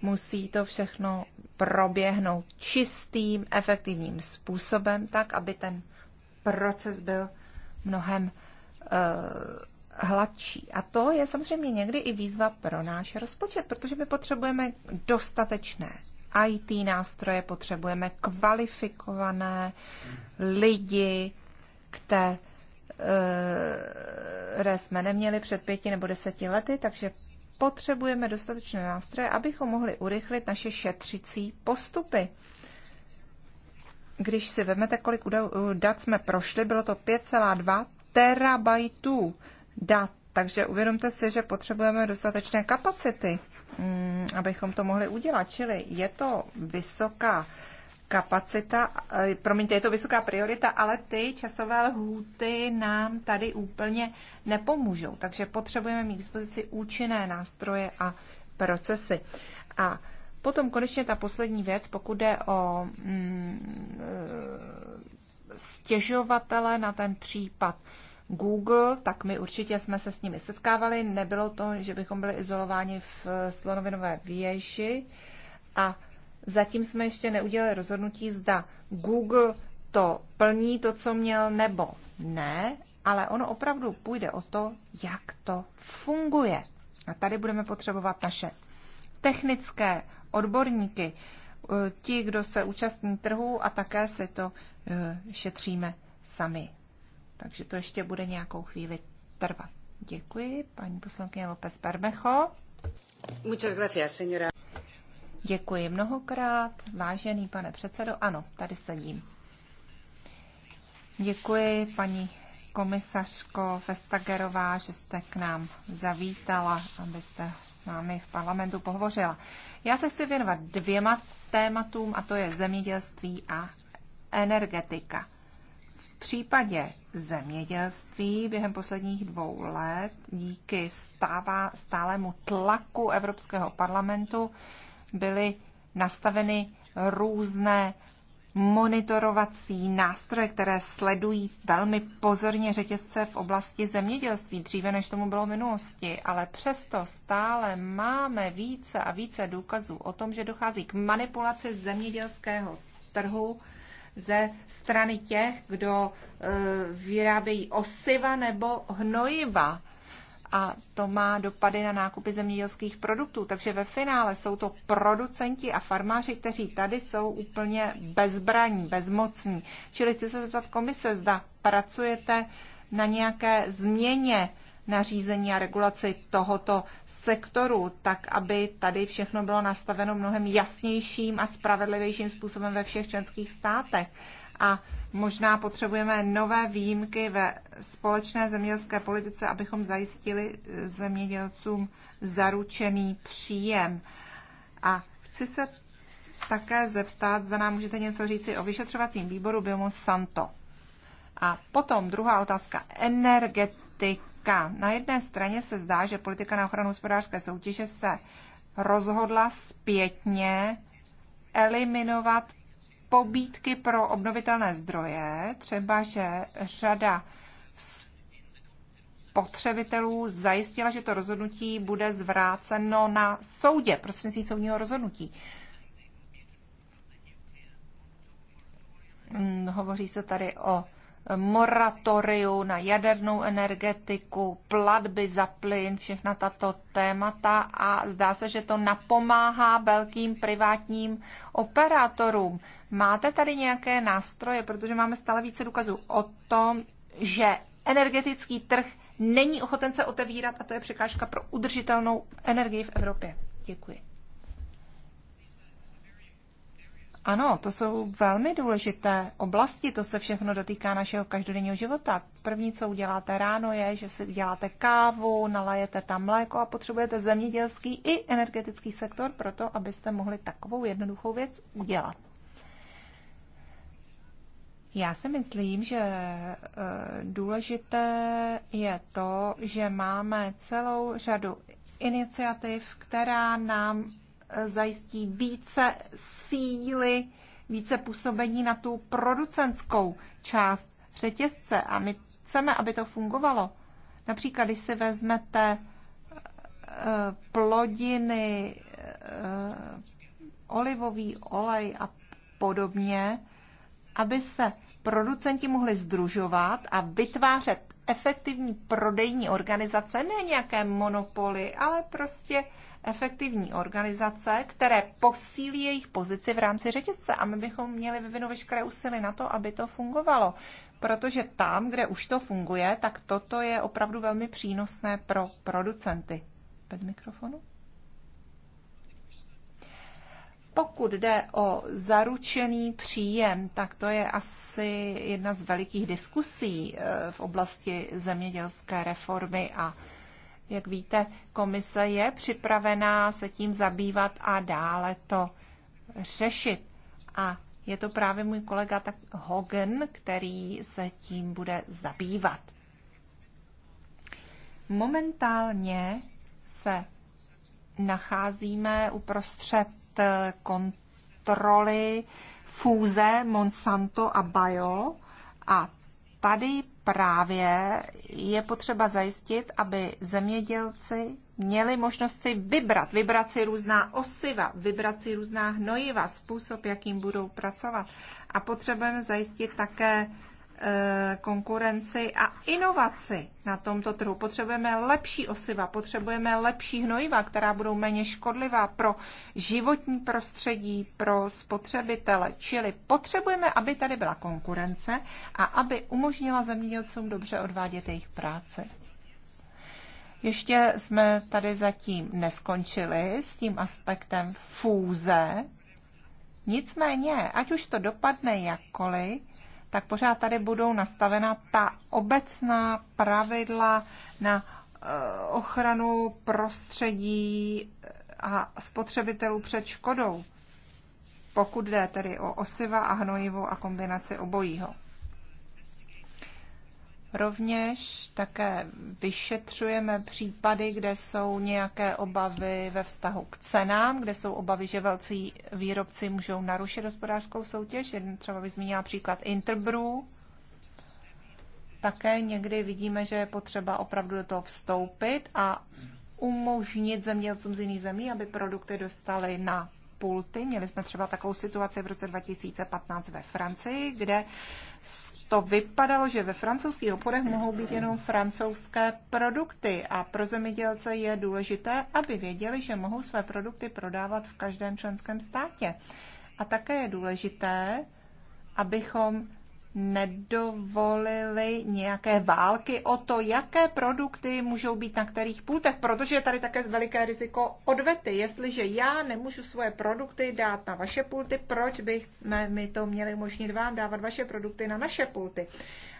Musí to všechno proběhnout čistým, efektivním způsobem, tak, aby ten proces byl mnohem uh, hladší. A to je samozřejmě někdy i výzva pro náš rozpočet, protože my potřebujeme dostatečné IT nástroje, potřebujeme kvalifikované lidi které které eh, jsme neměli před pěti nebo deseti lety, takže potřebujeme dostatečné nástroje, abychom mohli urychlit naše šetřicí postupy. Když si vezmete, kolik dat jsme prošli, bylo to 5,2 terabajtů dat. Takže uvědomte si, že potřebujeme dostatečné kapacity, mm, abychom to mohli udělat. Čili je to vysoká kapacita, eh, promiňte, je to vysoká priorita, ale ty časové lhůty nám tady úplně nepomůžou. Takže potřebujeme mít k dispozici účinné nástroje a procesy. A potom konečně ta poslední věc, pokud jde o mm, eh, stěžovatele na ten případ Google, tak my určitě jsme se s nimi setkávali. Nebylo to, že bychom byli izolováni v slonovinové věži a Zatím jsme ještě neudělali rozhodnutí, zda Google to plní to, co měl, nebo ne, ale ono opravdu půjde o to, jak to funguje. A tady budeme potřebovat naše technické odborníky, eh, ti, kdo se účastní trhu a také si to eh, šetříme sami. Takže to ještě bude nějakou chvíli trvat. Děkuji, paní poslankyně López Permecho. Muchas gracias, señora. Děkuji mnohokrát, vážený pane předsedo. Ano, tady sedím. Děkuji, paní komisařko Vestagerová, že jste k nám zavítala, abyste s námi v parlamentu pohovořila. Já se chci věnovat dvěma tématům, a to je zemědělství a energetika. V případě zemědělství během posledních dvou let díky stává, stálemu tlaku Evropského parlamentu byly nastaveny různé monitorovací nástroje, které sledují velmi pozorně řetězce v oblasti zemědělství, dříve než tomu bylo v minulosti, ale přesto stále máme více a více důkazů o tom, že dochází k manipulaci zemědělského trhu ze strany těch, kdo eh, vyrábějí osiva nebo hnojiva a to má dopady na nákupy zemědělských produktů. Takže ve finále jsou to producenti a farmáři, kteří tady jsou úplně bezbraní, bezmocní. Čili chci se zeptat komise, zda pracujete na nějaké změně nařízení a regulaci tohoto sektoru, tak aby tady všechno bylo nastaveno mnohem jasnějším a spravedlivějším způsobem ve všech členských státech a možná potřebujeme nové výjimky ve společné zemědělské politice, abychom zajistili eh, zemědělcům zaručený příjem. A chci se také zeptat, zda nám můžete něco říci o vyšetřovacím výboru Santo. A potom druhá otázka. Energetika. Na jedné straně se zdá, že politika na ochranu hospodářské soutěže se rozhodla zpětně eliminovat pobídky pro obnovitelné zdroje, třeba že řada potřebitelů zajistila, že to rozhodnutí bude zvráceno na soudě, prostřednictvím soudního rozhodnutí. Hm, hovoří se tady o moratoriu na jadernou energetiku, platby za plyn, všechna tato témata a zdá se, že to napomáhá velkým privátním operátorům. Máte tady nějaké nástroje, protože máme stále více důkazů o tom, že energetický trh není ochoten se otevírat a to je překážka pro udržitelnou energii v Evropě. Děkuji. Ano, to jsou velmi důležité oblasti, to se všechno dotýká našeho každodenního života. První, co uděláte ráno, je, že si uděláte kávu, nalajete tam mléko a potřebujete zemědělský i energetický sektor pro to, abyste mohli takovou jednoduchou věc udělat. Já si myslím, že e, důležité je to, že máme celou řadu iniciativ, která nám zajistí více síly, více působení na tu producentskou část řetězce a my chceme, aby to fungovalo. Například, když si vezmete eh, plodiny, eh, olivový olej a podobně, aby se producenti mohli združovat a vytvářet efektivní prodejní organizace, ne nějaké monopoly, ale prostě efektivní organizace, které posílí jejich pozici v rámci řetězce a my bychom měli vyvinout veškeré úsilí na to, aby to fungovalo. Protože tam, kde už to funguje, tak toto je opravdu velmi přínosné pro producenty. Bez mikrofonu. Pokud jde o zaručený příjem, tak to je asi jedna z velikých diskusí eh, v oblasti zemědělské reformy a jak víte, komise je připravená se tím zabývat a dále to řešit. A je to právě můj kolega tak Hogan, který se tím bude zabývat. Momentálně se nacházíme uprostřed kontroly fůze Monsanto a Bio a tady právě je potřeba zajistit, aby zemědělci měli možnost si vybrat, vybrat si různá osiva, vybrat si různá hnojiva, způsob, jakým budou pracovat. A potřebujeme zajistit také Eh, konkurenci a inovaci na tomto trhu. Potřebujeme lepší osiva, potřebujeme lepší hnojiva, která budou méně škodlivá pro životní prostředí, pro spotřebitele. Čili potřebujeme, aby tady byla konkurence a aby umožnila zemědělcům dobře odvádět jejich práci. Ještě jsme tady zatím neskončili s tím aspektem fůze. Nicméně, ať už to dopadne jakkoliv, tak pořád tady budou nastavena ta obecná pravidla na eh, ochranu prostředí eh, a spotřebitelů před škodou, pokud jde tedy o osiva a hnojivo a kombinaci obojího. Rovněž také vyšetřujeme případy, kde jsou nějaké obavy ve vztahu k cenám, kde jsou obavy, že velcí výrobci můžou narušit hospodářskou soutěž. Jeden třeba by zmínila příklad Interbrew. Také někdy vidíme, že je potřeba opravdu do toho vstoupit a umožnit zemědělcům z jiných zemí, aby produkty dostali na pulty. Měli jsme třeba takovou situaci v roce 2015 ve Francii, kde to vypadalo, že ve francouzských oporech mohou být jenom francouzské produkty a pro zemědělce je důležité, aby věděli, že mohou své produkty prodávat v každém členském státě. A také je důležité, abychom nedovolili nějaké války o to, jaké produkty můžou být na kterých pultech, protože je tady také veliké riziko odvety. Jestliže já nemůžu svoje produkty dát na vaše pulty, proč bych my to měli umožnit vám dávat vaše produkty na naše pulty?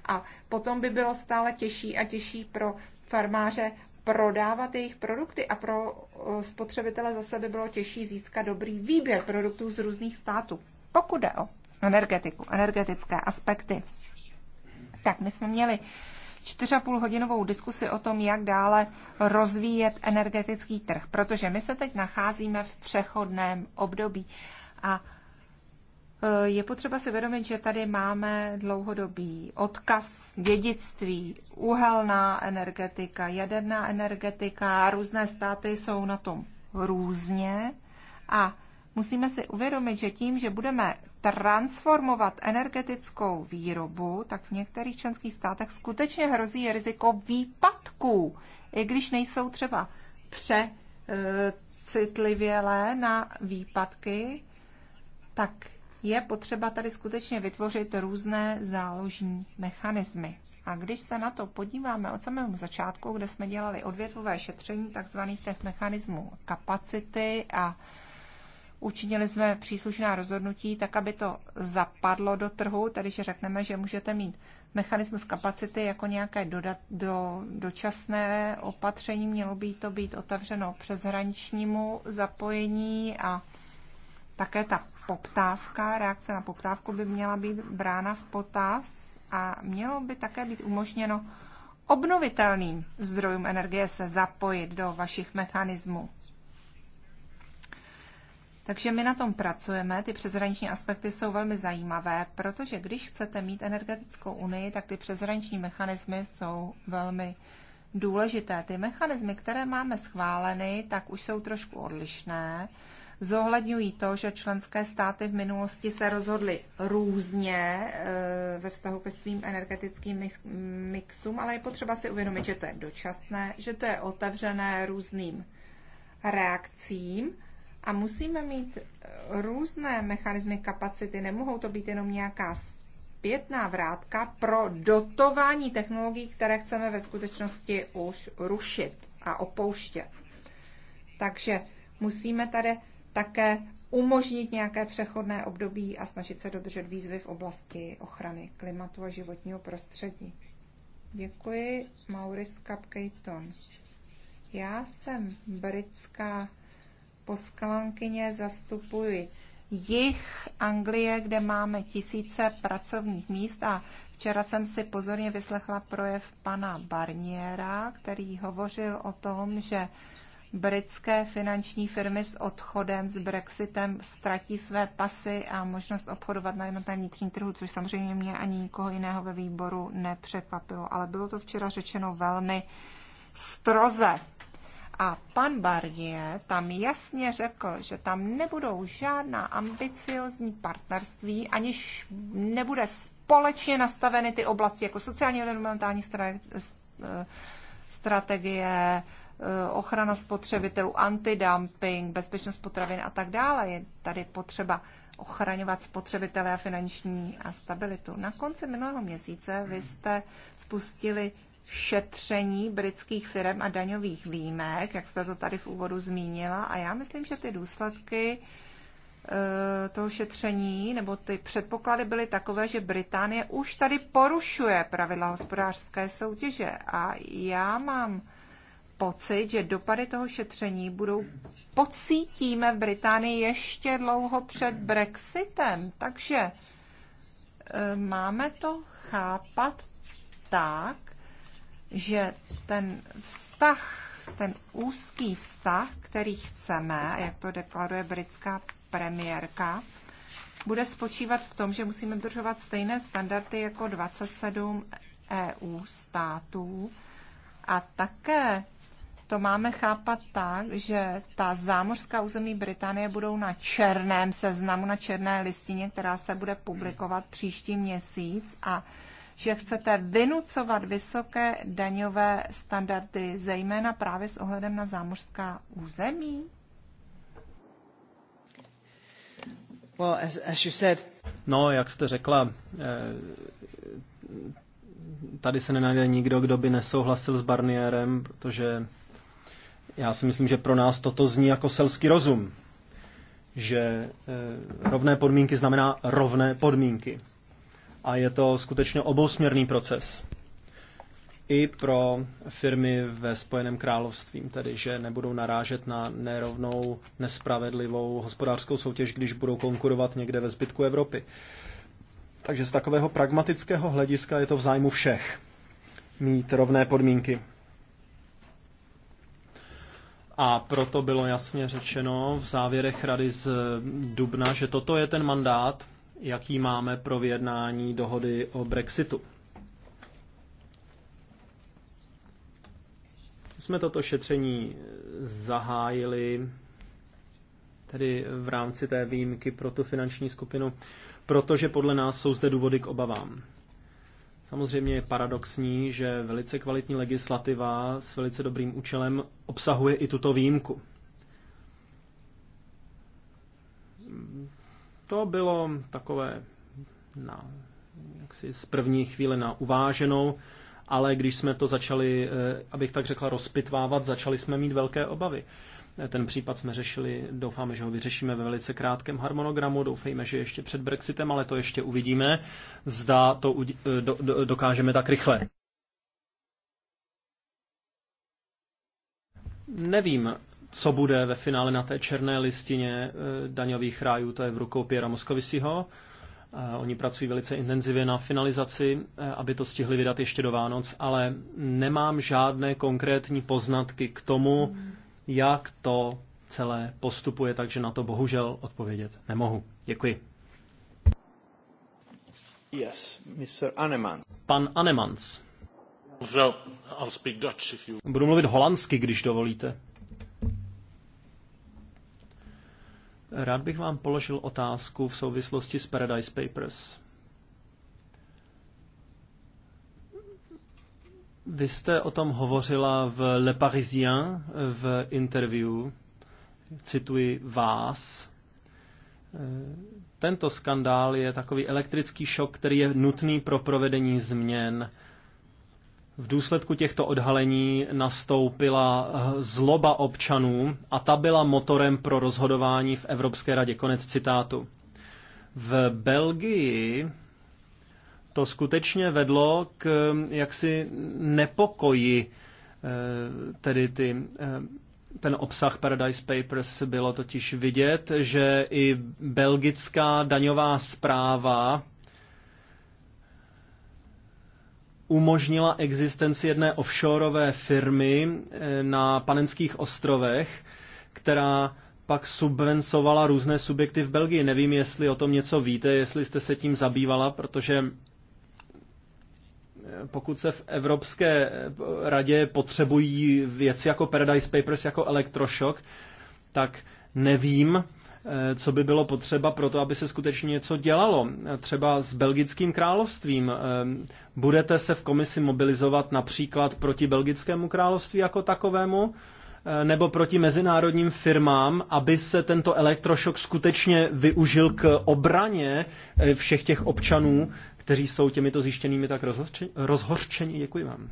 A potom by bylo stále těžší a těžší pro farmáře prodávat jejich produkty a pro eh, spotřebitele zase by bylo těžší získat dobrý výběr produktů z různých států. Pokud jde o energetiku, energetické aspekty. Tak my jsme měli čtyři a půl hodinovou diskusi o tom, jak dále rozvíjet energetický trh, protože my se teď nacházíme v přechodném období a e, je potřeba si vědomit, že tady máme dlouhodobý odkaz dědictví, uhelná energetika, jaderná energetika, různé státy jsou na tom různě a musíme si uvědomit, že tím, že budeme transformovat energetickou výrobu, tak v některých členských státech skutečně hrozí riziko výpadků, i když nejsou třeba přecitlivělé na výpadky, tak je potřeba tady skutečně vytvořit různé záložní mechanismy. A když se na to podíváme od samého začátku, kde jsme dělali odvětvové šetření takzvaných těch mechanismů kapacity a Učinili jsme příslušná rozhodnutí tak, aby to zapadlo do trhu, tedy že řekneme, že můžete mít mechanismus kapacity jako nějaké dodat, do, dočasné opatření. Mělo by to být otevřeno přeshraničnímu zapojení a také ta poptávka, reakce na poptávku by měla být brána v potaz a mělo by také být umožněno obnovitelným zdrojům energie se zapojit do vašich mechanismů. Takže my na tom pracujeme, ty přeshraniční aspekty jsou velmi zajímavé, protože když chcete mít energetickou unii, tak ty přeshraniční mechanismy jsou velmi důležité. Ty mechanismy, které máme schváleny, tak už jsou trošku odlišné. Zohledňují to, že členské státy v minulosti se rozhodly různě e, ve vztahu ke svým energetickým mixům, ale je potřeba si uvědomit, že to je dočasné, že to je otevřené různým reakcím a musíme mít eh, různé mechanismy kapacity, nemohou to být jenom nějaká zpětná vrátka pro dotování technologií, které chceme ve skutečnosti už rušit a opouštět. Takže musíme tady také umožnit nějaké přechodné období a snažit se dodržet výzvy v oblasti ochrany klimatu a životního prostředí. Děkuji, Maurice Capcaton. Já jsem britská poskalankyně, zastupuji jich Anglie, kde máme tisíce pracovních míst a včera jsem si pozorně vyslechla projev pana Barniera, který hovořil o tom, že britské finanční firmy s odchodem, s Brexitem ztratí své pasy a možnost obchodovat na jednotném vnitřním trhu, což samozřejmě mě ani nikoho jiného ve výboru nepřekvapilo, ale bylo to včera řečeno velmi stroze. A pan Barnier tam jasně řekl, že tam nebudou žádná ambiciozní partnerství, aniž nebude společně nastaveny ty oblasti jako sociální environmentální eh, strategie, eh, ochrana spotřebitelů, antidumping, bezpečnost potravin a tak dále. Je tady potřeba ochraňovat spotřebitele a finanční a stabilitu. Na konci minulého měsíce vy jste spustili šetření britských firm a daňových výjimek, jak jste to tady v úvodu zmínila. A já myslím, že ty důsledky eh, toho šetření, nebo ty předpoklady byly takové, že Británie už tady porušuje pravidla hospodářské soutěže. A já mám pocit, že dopady toho šetření budou pocítíme v Británii ještě dlouho před Brexitem. Takže eh, máme to chápat tak, že ten vztah, ten úzký vztah, který chceme, jak to deklaruje britská premiérka, bude spočívat v tom, že musíme dodržovat stejné standardy jako 27 EU států a také to máme chápat tak, že ta zámořská území Británie budou na černém seznamu, na černé listině, která se bude publikovat příští měsíc a že chcete vynucovat vysoké daňové standardy, zejména právě s ohledem na zámořská území? Well, as, as you said... No, jak jste řekla, eh, tady se nenajde nikdo, kdo by nesouhlasil s Barnierem, protože já si myslím, že pro nás toto zní jako selský rozum, že eh, rovné podmínky znamená rovné podmínky a je to skutečně obousměrný proces. I pro firmy ve Spojeném království, tedy že nebudou narážet na nerovnou, nespravedlivou hospodářskou soutěž, když budou konkurovat někde ve zbytku Evropy. Takže z takového pragmatického hlediska je to v zájmu všech mít rovné podmínky. A proto bylo jasně řečeno v závěrech rady z Dubna, že toto je ten mandát, jaký máme pro vyjednání dohody o Brexitu. Jsme toto šetření zahájili tedy v rámci té výjimky pro tu finanční skupinu, protože podle nás jsou zde důvody k obavám. Samozřejmě je paradoxní, že velice kvalitní legislativa s velice dobrým účelem obsahuje i tuto výjimku. To bylo takové na, jaksi z první chvíle na uváženou, ale když jsme to začali, eh, abych tak řekla, rozpitvávat, začali jsme mít velké obavy. Eh, ten případ jsme řešili, doufáme, že ho vyřešíme ve velice krátkém harmonogramu, doufejme, že ještě před Brexitem, ale to ještě uvidíme, zda to eh, dokážeme tak rychle. Nevím, co bude ve finále na té černé listině eh, daňových rájů, to je v rukou Piera Moskovisiho. Eh, oni pracují velice intenzivně na finalizaci, eh, aby to stihli vydat ještě do Vánoc, ale nemám žádné konkrétní poznatky k tomu, jak to celé postupuje, takže na to bohužel odpovědět nemohu. Děkuji. Yes, Mr. Anemans. Pan Anemans. Well, I'll speak Dutch if you... Budu mluvit holandsky, když dovolíte. Rád bych vám položil otázku v souvislosti s Paradise Papers. Vy jste o tom hovořila v Le Parisien v interview, cituji vás. Tento skandál je takový elektrický šok, který je nutný pro provedení změn v důsledku těchto odhalení nastoupila zloba občanů a ta byla motorem pro rozhodování v Evropské radě. Konec citátu. V Belgii to skutečně vedlo k eh, jaksi nepokoji, eh, tedy ty, eh, ten obsah Paradise Papers bylo totiž vidět, že i belgická daňová zpráva umožnila existenci jedné offshoreové firmy eh, na Panenských ostrovech, která pak subvencovala různé subjekty v Belgii. Nevím, jestli o tom něco víte, jestli jste se tím zabývala, protože eh, pokud se v Evropské eh, radě potřebují věci jako Paradise Papers, jako Electroshock, tak nevím, Eh, co by bylo potřeba pro to, aby se skutečně něco dělalo. Třeba s belgickým královstvím. Eh, budete se v komisi mobilizovat například proti belgickému království jako takovému? Eh, nebo proti mezinárodním firmám, aby se tento elektrošok skutečně využil k obraně všech těch občanů, kteří jsou těmito zjištěnými tak rozhořčeni. Děkuji vám.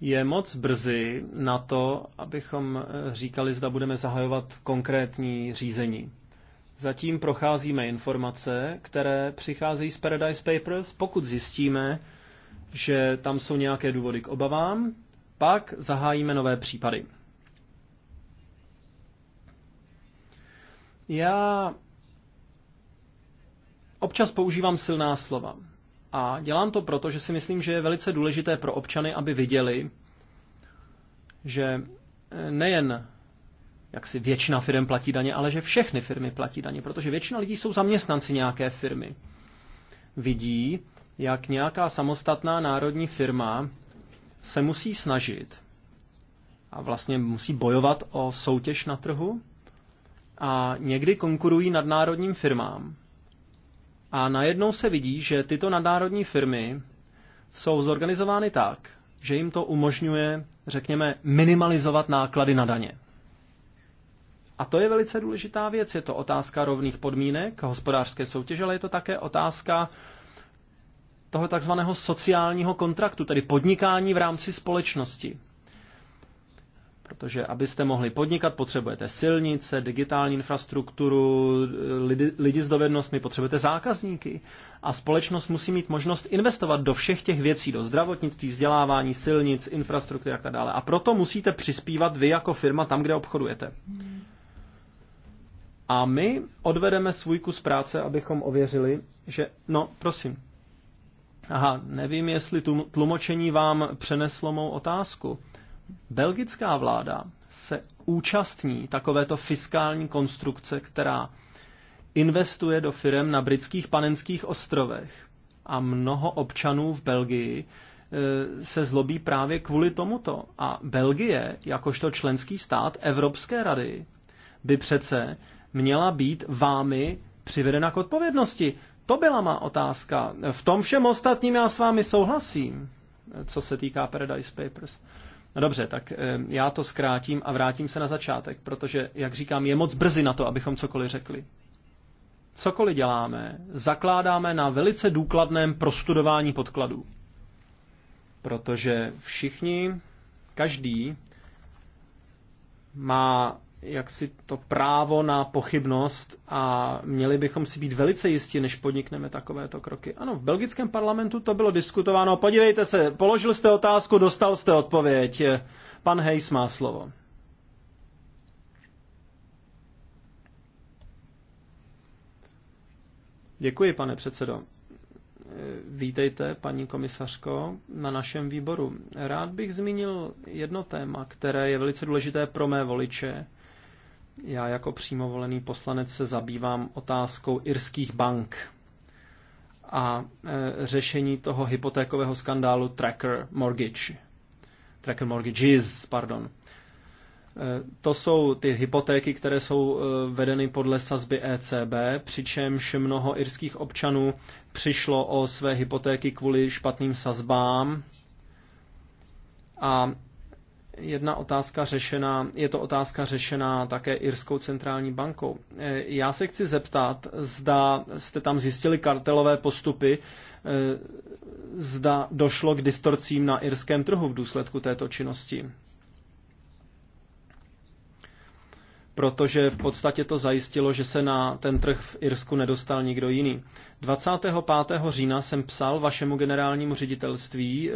je moc brzy na to, abychom eh, říkali, zda budeme zahajovat konkrétní řízení. Zatím procházíme informace, které přicházejí z Paradise Papers. Pokud zjistíme, že tam jsou nějaké důvody k obavám, pak zahájíme nové případy. Já občas používám silná slova. A dělám to proto, že si myslím, že je velice důležité pro občany, aby viděli, že eh, nejen jak si většina firm platí daně, ale že všechny firmy platí daně, protože většina lidí jsou zaměstnanci nějaké firmy. Vidí, jak nějaká samostatná národní firma se musí snažit a vlastně musí bojovat o soutěž na trhu a někdy konkurují národním firmám. A najednou se vidí, že tyto nadnárodní firmy jsou zorganizovány tak, že jim to umožňuje, řekněme, minimalizovat náklady na daně. A to je velice důležitá věc. Je to otázka rovných podmínek, hospodářské soutěže, ale je to také otázka toho takzvaného sociálního kontraktu, tedy podnikání v rámci společnosti. Protože abyste mohli podnikat, potřebujete silnice, digitální infrastrukturu, lidi, lidi s dovednostmi, potřebujete zákazníky. A společnost musí mít možnost investovat do všech těch věcí, do zdravotnictví, vzdělávání, silnic, infrastruktury a tak dále. A proto musíte přispívat vy jako firma tam, kde obchodujete. A my odvedeme svůj kus práce, abychom ověřili, že... No, prosím. Aha, nevím, jestli tlumočení vám přeneslo mou otázku belgická vláda se účastní takovéto fiskální konstrukce, která investuje do firm na britských panenských ostrovech. A mnoho občanů v Belgii e, se zlobí právě kvůli tomuto. A Belgie, jakožto členský stát Evropské rady, by přece měla být vámi přivedena k odpovědnosti. To byla má otázka. V tom všem ostatním já s vámi souhlasím, co se týká Paradise Papers. No dobře, tak eh, já to zkrátím a vrátím se na začátek, protože, jak říkám, je moc brzy na to, abychom cokoliv řekli. Cokoliv děláme, zakládáme na velice důkladném prostudování podkladů. Protože všichni, každý má jak si to právo na pochybnost a měli bychom si být velice jistí, než podnikneme takovéto kroky. Ano, v belgickém parlamentu to bylo diskutováno. Podívejte se, položil jste otázku, dostal jste odpověď. Pan Hejs má slovo. Děkuji, pane předsedo. Vítejte, paní komisařko, na našem výboru. Rád bych zmínil jedno téma, které je velice důležité pro mé voliče já jako přímo volený poslanec se zabývám otázkou irských bank a e, řešení toho hypotékového skandálu Tracker Mortgage. Tracker Mortgages, pardon. E, to jsou ty hypotéky, které jsou e, vedeny podle sazby ECB, přičemž mnoho irských občanů přišlo o své hypotéky kvůli špatným sazbám a jedna otázka řešená, je to otázka řešená také Irskou centrální bankou. E, já se chci zeptat, zda jste tam zjistili kartelové postupy, e, zda došlo k distorcím na irském trhu v důsledku této činnosti. Protože v podstatě to zajistilo, že se na ten trh v Irsku nedostal nikdo jiný. 25. října jsem psal vašemu generálnímu ředitelství, eh,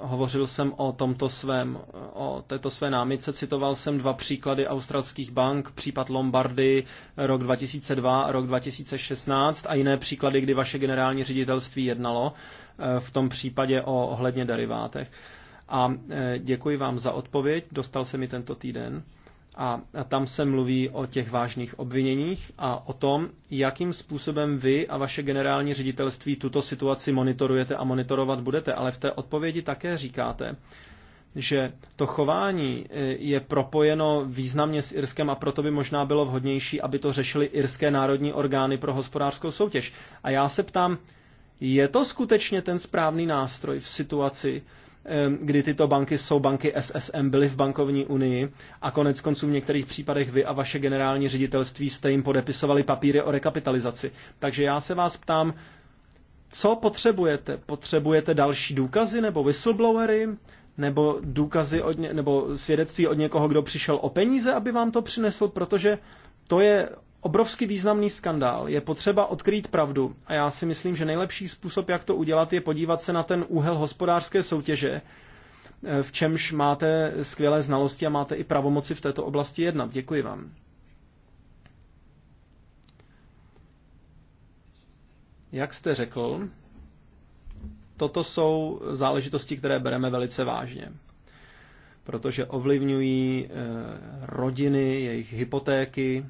hovořil jsem o tomto svém, o této své námitce, citoval jsem dva příklady australských bank, případ Lombardy rok 2002 a rok 2016 a jiné příklady, kdy vaše generální ředitelství jednalo, eh, v tom případě o ohledně derivátech. A eh, děkuji vám za odpověď, dostal jsem mi tento týden. A tam se mluví o těch vážných obviněních a o tom, jakým způsobem vy a vaše generální ředitelství tuto situaci monitorujete a monitorovat budete. Ale v té odpovědi také říkáte, že to chování eh, je propojeno významně s Irskem a proto by možná bylo vhodnější, aby to řešili irské národní orgány pro hospodářskou soutěž. A já se ptám, je to skutečně ten správný nástroj v situaci, kdy tyto banky jsou banky SSM, byly v bankovní unii a konec konců v některých případech vy a vaše generální ředitelství jste jim podepisovali papíry o rekapitalizaci. Takže já se vás ptám, co potřebujete? Potřebujete další důkazy nebo whistleblowery? Nebo důkazy od ně, nebo svědectví od někoho, kdo přišel o peníze, aby vám to přinesl, protože to je obrovsky významný skandál. Je potřeba odkrýt pravdu a já si myslím, že nejlepší způsob, jak to udělat, je podívat se na ten úhel hospodářské soutěže, eh, v čemž máte skvělé znalosti a máte i pravomoci v této oblasti jednat. Děkuji vám. Jak jste řekl, toto jsou záležitosti, které bereme velice vážně, protože ovlivňují eh, rodiny, jejich hypotéky,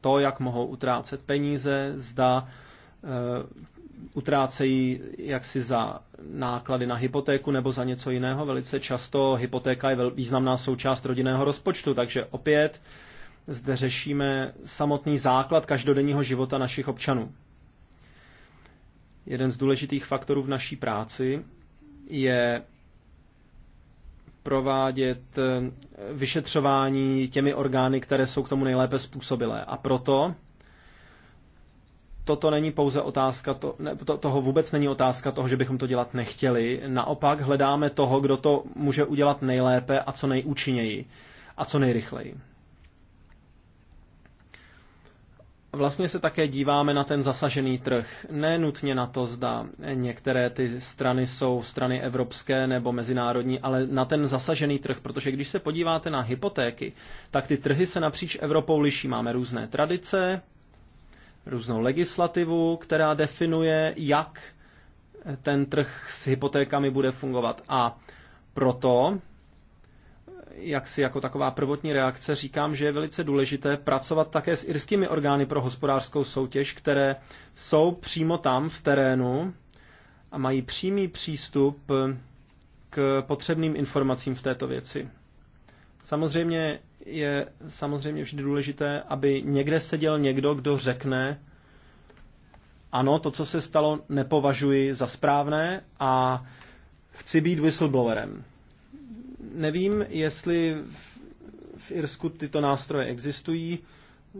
to, jak mohou utrácet peníze, zda eh, utrácejí jaksi za náklady na hypotéku nebo za něco jiného. Velice často hypotéka je významná součást rodinného rozpočtu, takže opět zde řešíme samotný základ každodenního života našich občanů. Jeden z důležitých faktorů v naší práci je provádět eh, vyšetřování těmi orgány, které jsou k tomu nejlépe způsobilé. A proto toto není pouze otázka, to, ne, to, toho vůbec není otázka toho, že bychom to dělat nechtěli. Naopak hledáme toho, kdo to může udělat nejlépe a co nejúčinněji a co nejrychleji. vlastně se také díváme na ten zasažený trh. Ne nutně na to, zda některé ty strany jsou strany evropské nebo mezinárodní, ale na ten zasažený trh, protože když se podíváte na hypotéky, tak ty trhy se napříč Evropou liší. Máme různé tradice, různou legislativu, která definuje, jak ten trh s hypotékami bude fungovat. A proto jak si jako taková prvotní reakce říkám, že je velice důležité pracovat také s irskými orgány pro hospodářskou soutěž, které jsou přímo tam v terénu a mají přímý přístup k potřebným informacím v této věci. Samozřejmě je samozřejmě vždy důležité, aby někde seděl někdo, kdo řekne, ano, to, co se stalo, nepovažuji za správné a chci být whistleblowerem nevím, jestli v, v Irsku tyto nástroje existují.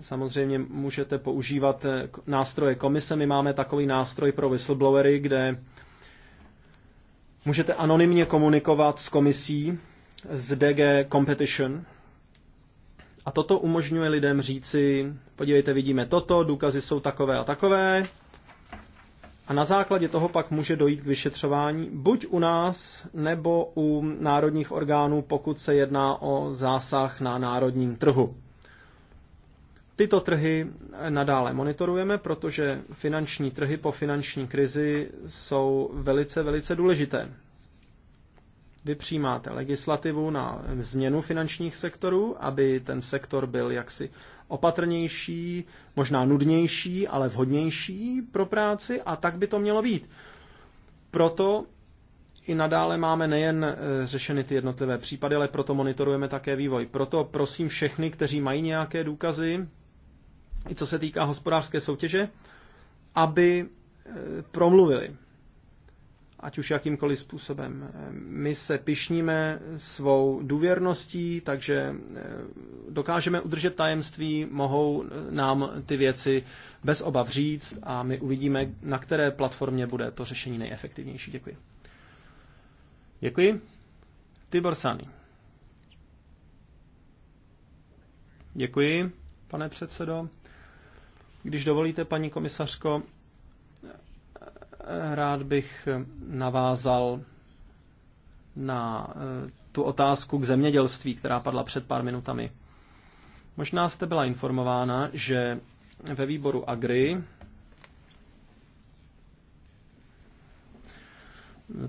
Samozřejmě můžete používat eh, nástroje komise. My máme takový nástroj pro whistleblowery, kde můžete anonymně komunikovat s komisí z DG Competition. A toto umožňuje lidem říci, podívejte, vidíme toto, důkazy jsou takové a takové, a na základě toho pak může dojít k vyšetřování buď u nás nebo u národních orgánů, pokud se jedná o zásah na národním trhu. Tyto trhy nadále monitorujeme, protože finanční trhy po finanční krizi jsou velice, velice důležité. Vy přijímáte legislativu na změnu finančních sektorů, aby ten sektor byl jaksi opatrnější, možná nudnější, ale vhodnější pro práci a tak by to mělo být. Proto i nadále máme nejen e, řešeny ty jednotlivé případy, ale proto monitorujeme také vývoj. Proto prosím všechny, kteří mají nějaké důkazy, i co se týká hospodářské soutěže, aby e, promluvili ať už jakýmkoliv způsobem. Eh, my se pišníme svou důvěrností, takže eh, dokážeme udržet tajemství, mohou eh, nám ty věci bez obav říct a my uvidíme, na které platformě bude to řešení nejefektivnější. Děkuji. Děkuji. Tibor Sany. Děkuji, pane předsedo. Když dovolíte, paní komisařko, Rád bych navázal na eh, tu otázku k zemědělství, která padla před pár minutami. Možná jste byla informována, že ve výboru Agri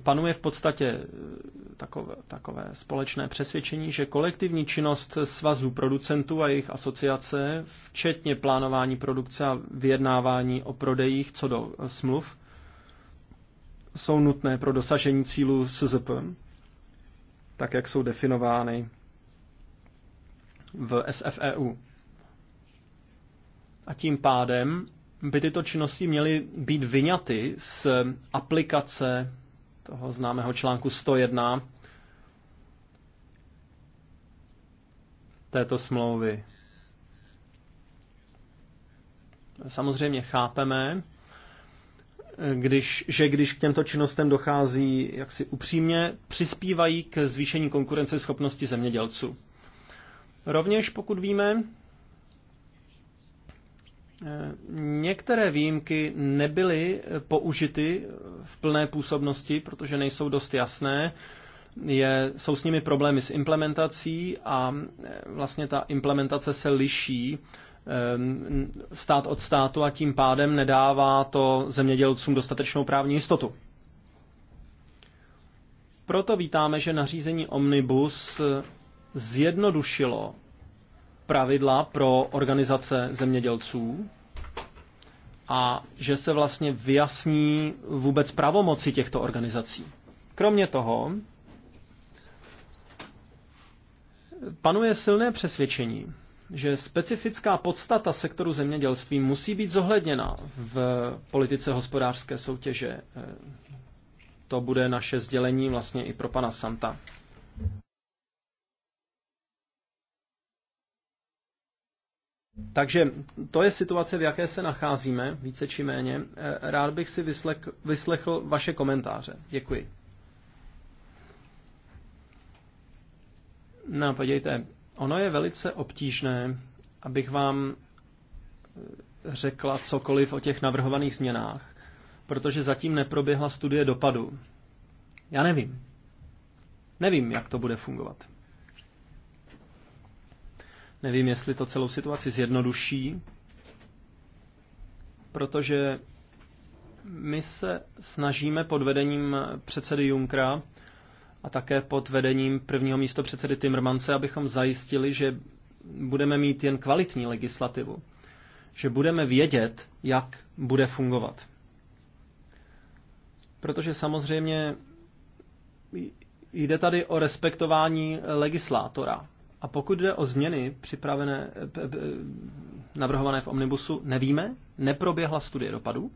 panuje v podstatě eh, takové, takové společné přesvědčení, že kolektivní činnost svazů producentů a jejich asociace, včetně plánování produkce a vyjednávání o prodejích co do eh, smluv, jsou nutné pro dosažení cílů SZP, tak jak jsou definovány v SFEU. A tím pádem by tyto činnosti měly být vyňaty z aplikace toho známého článku 101 této smlouvy. Samozřejmě chápeme, když, že když k těmto činnostem dochází jaksi upřímně, přispívají k zvýšení konkurenceschopnosti zemědělců. Rovněž, pokud víme, eh, Některé výjimky nebyly použity v plné působnosti, protože nejsou dost jasné. Je, jsou s nimi problémy s implementací a eh, vlastně ta implementace se liší Ehm, stát od státu a tím pádem nedává to zemědělcům dostatečnou právní jistotu. Proto vítáme, že nařízení Omnibus zjednodušilo pravidla pro organizace zemědělců a že se vlastně vyjasní vůbec pravomoci těchto organizací. Kromě toho panuje silné přesvědčení, že specifická podstata sektoru zemědělství musí být zohledněna v politice hospodářské soutěže. E, to bude naše sdělení vlastně i pro pana Santa. Takže to je situace, v jaké se nacházíme, více či méně. E, rád bych si vyslech, vyslechl vaše komentáře. Děkuji. No, podívejte, Ono je velice obtížné, abych vám eh, řekla cokoliv o těch navrhovaných změnách, protože zatím neproběhla studie dopadu. Já nevím. Nevím, jak to bude fungovat. Nevím, jestli to celou situaci zjednoduší, protože my se snažíme pod vedením předsedy Junkra a také pod vedením prvního místo předsedy Timrmance, abychom zajistili, že budeme mít jen kvalitní legislativu, že budeme vědět, jak bude fungovat. Protože samozřejmě jde tady o respektování legislátora. A pokud jde o změny připravené, navrhované v omnibusu, nevíme, neproběhla studie dopadů,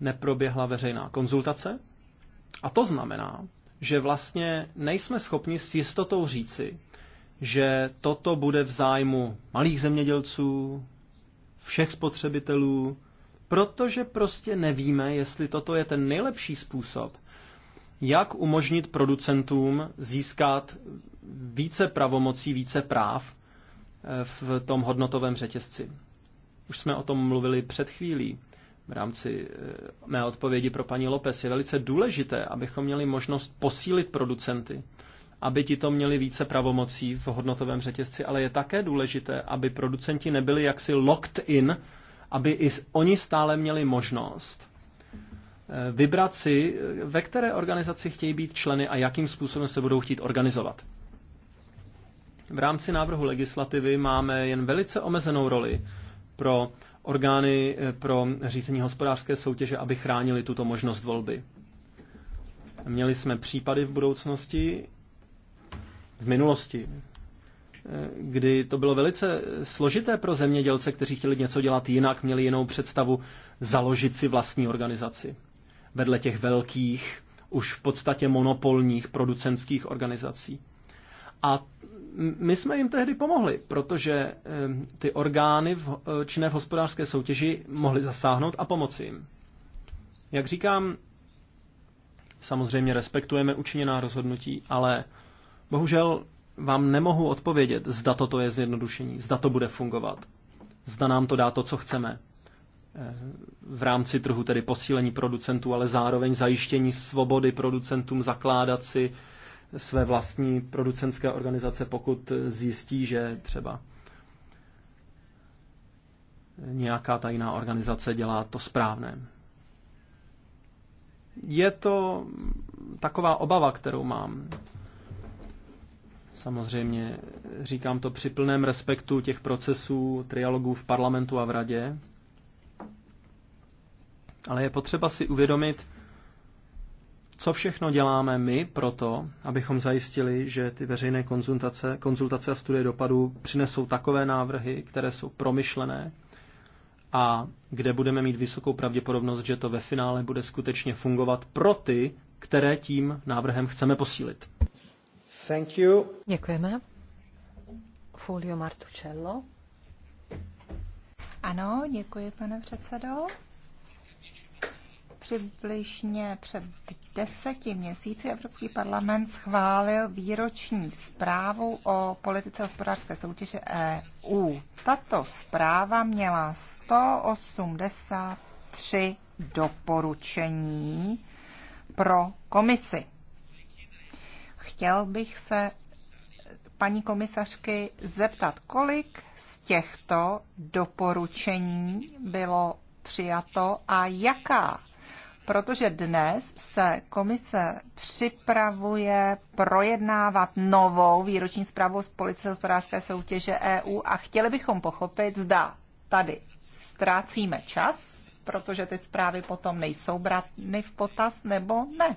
neproběhla veřejná konzultace, a to znamená, že vlastně nejsme schopni s jistotou říci, že toto bude v zájmu malých zemědělců, všech spotřebitelů, protože prostě nevíme, jestli toto je ten nejlepší způsob, jak umožnit producentům získat více pravomocí, více práv eh, v tom hodnotovém řetězci. Už jsme o tom mluvili před chvílí v rámci eh, mé odpovědi pro paní Lopes, je velice důležité, abychom měli možnost posílit producenty, aby ti to měli více pravomocí v hodnotovém řetězci, ale je také důležité, aby producenti nebyli jaksi locked in, aby i oni stále měli možnost eh, vybrat si, eh, ve které organizaci chtějí být členy a jakým způsobem se budou chtít organizovat. V rámci návrhu legislativy máme jen velice omezenou roli pro orgány eh, pro řízení hospodářské soutěže, aby chránili tuto možnost volby. Měli jsme případy v budoucnosti, v minulosti, eh, kdy to bylo velice složité pro zemědělce, kteří chtěli něco dělat jinak, měli jinou představu, založit si vlastní organizaci. Vedle těch velkých, už v podstatě monopolních producentských organizací. A my jsme jim tehdy pomohli, protože ty orgány v, eh, činné v hospodářské soutěži mohly zasáhnout a pomoci jim. Jak říkám, samozřejmě respektujeme učiněná rozhodnutí, ale bohužel vám nemohu odpovědět, zda toto je zjednodušení, zda to bude fungovat, zda nám to dá to, co chceme. Eh, v rámci trhu tedy posílení producentů, ale zároveň zajištění svobody producentům zakládat si své vlastní producenské organizace, pokud zjistí, že třeba nějaká tajná organizace dělá to správné. Je to taková obava, kterou mám. Samozřejmě říkám to při plném respektu těch procesů, trialogů v parlamentu a v radě. Ale je potřeba si uvědomit, co všechno děláme my pro to, abychom zajistili, že ty veřejné konzultace, konzultace a studie dopadů přinesou takové návrhy, které jsou promyšlené a kde budeme mít vysokou pravděpodobnost, že to ve finále bude skutečně fungovat pro ty, které tím návrhem chceme posílit. Thank you. Děkujeme. Folio Martucello. Ano, děkuji, pane předsedo. Přibližně před deseti měsíci Evropský parlament schválil výroční zprávu o politice hospodářské soutěže EU. Tato zpráva měla 183 doporučení pro komisi. Chtěl bych se paní komisařky zeptat, kolik z těchto doporučení bylo přijato a jaká protože dnes se komise připravuje projednávat novou výroční zprávu z Policie hospodářské soutěže EU a chtěli bychom pochopit, zda tady ztrácíme čas, protože ty zprávy potom nejsou bratny v potaz, nebo ne.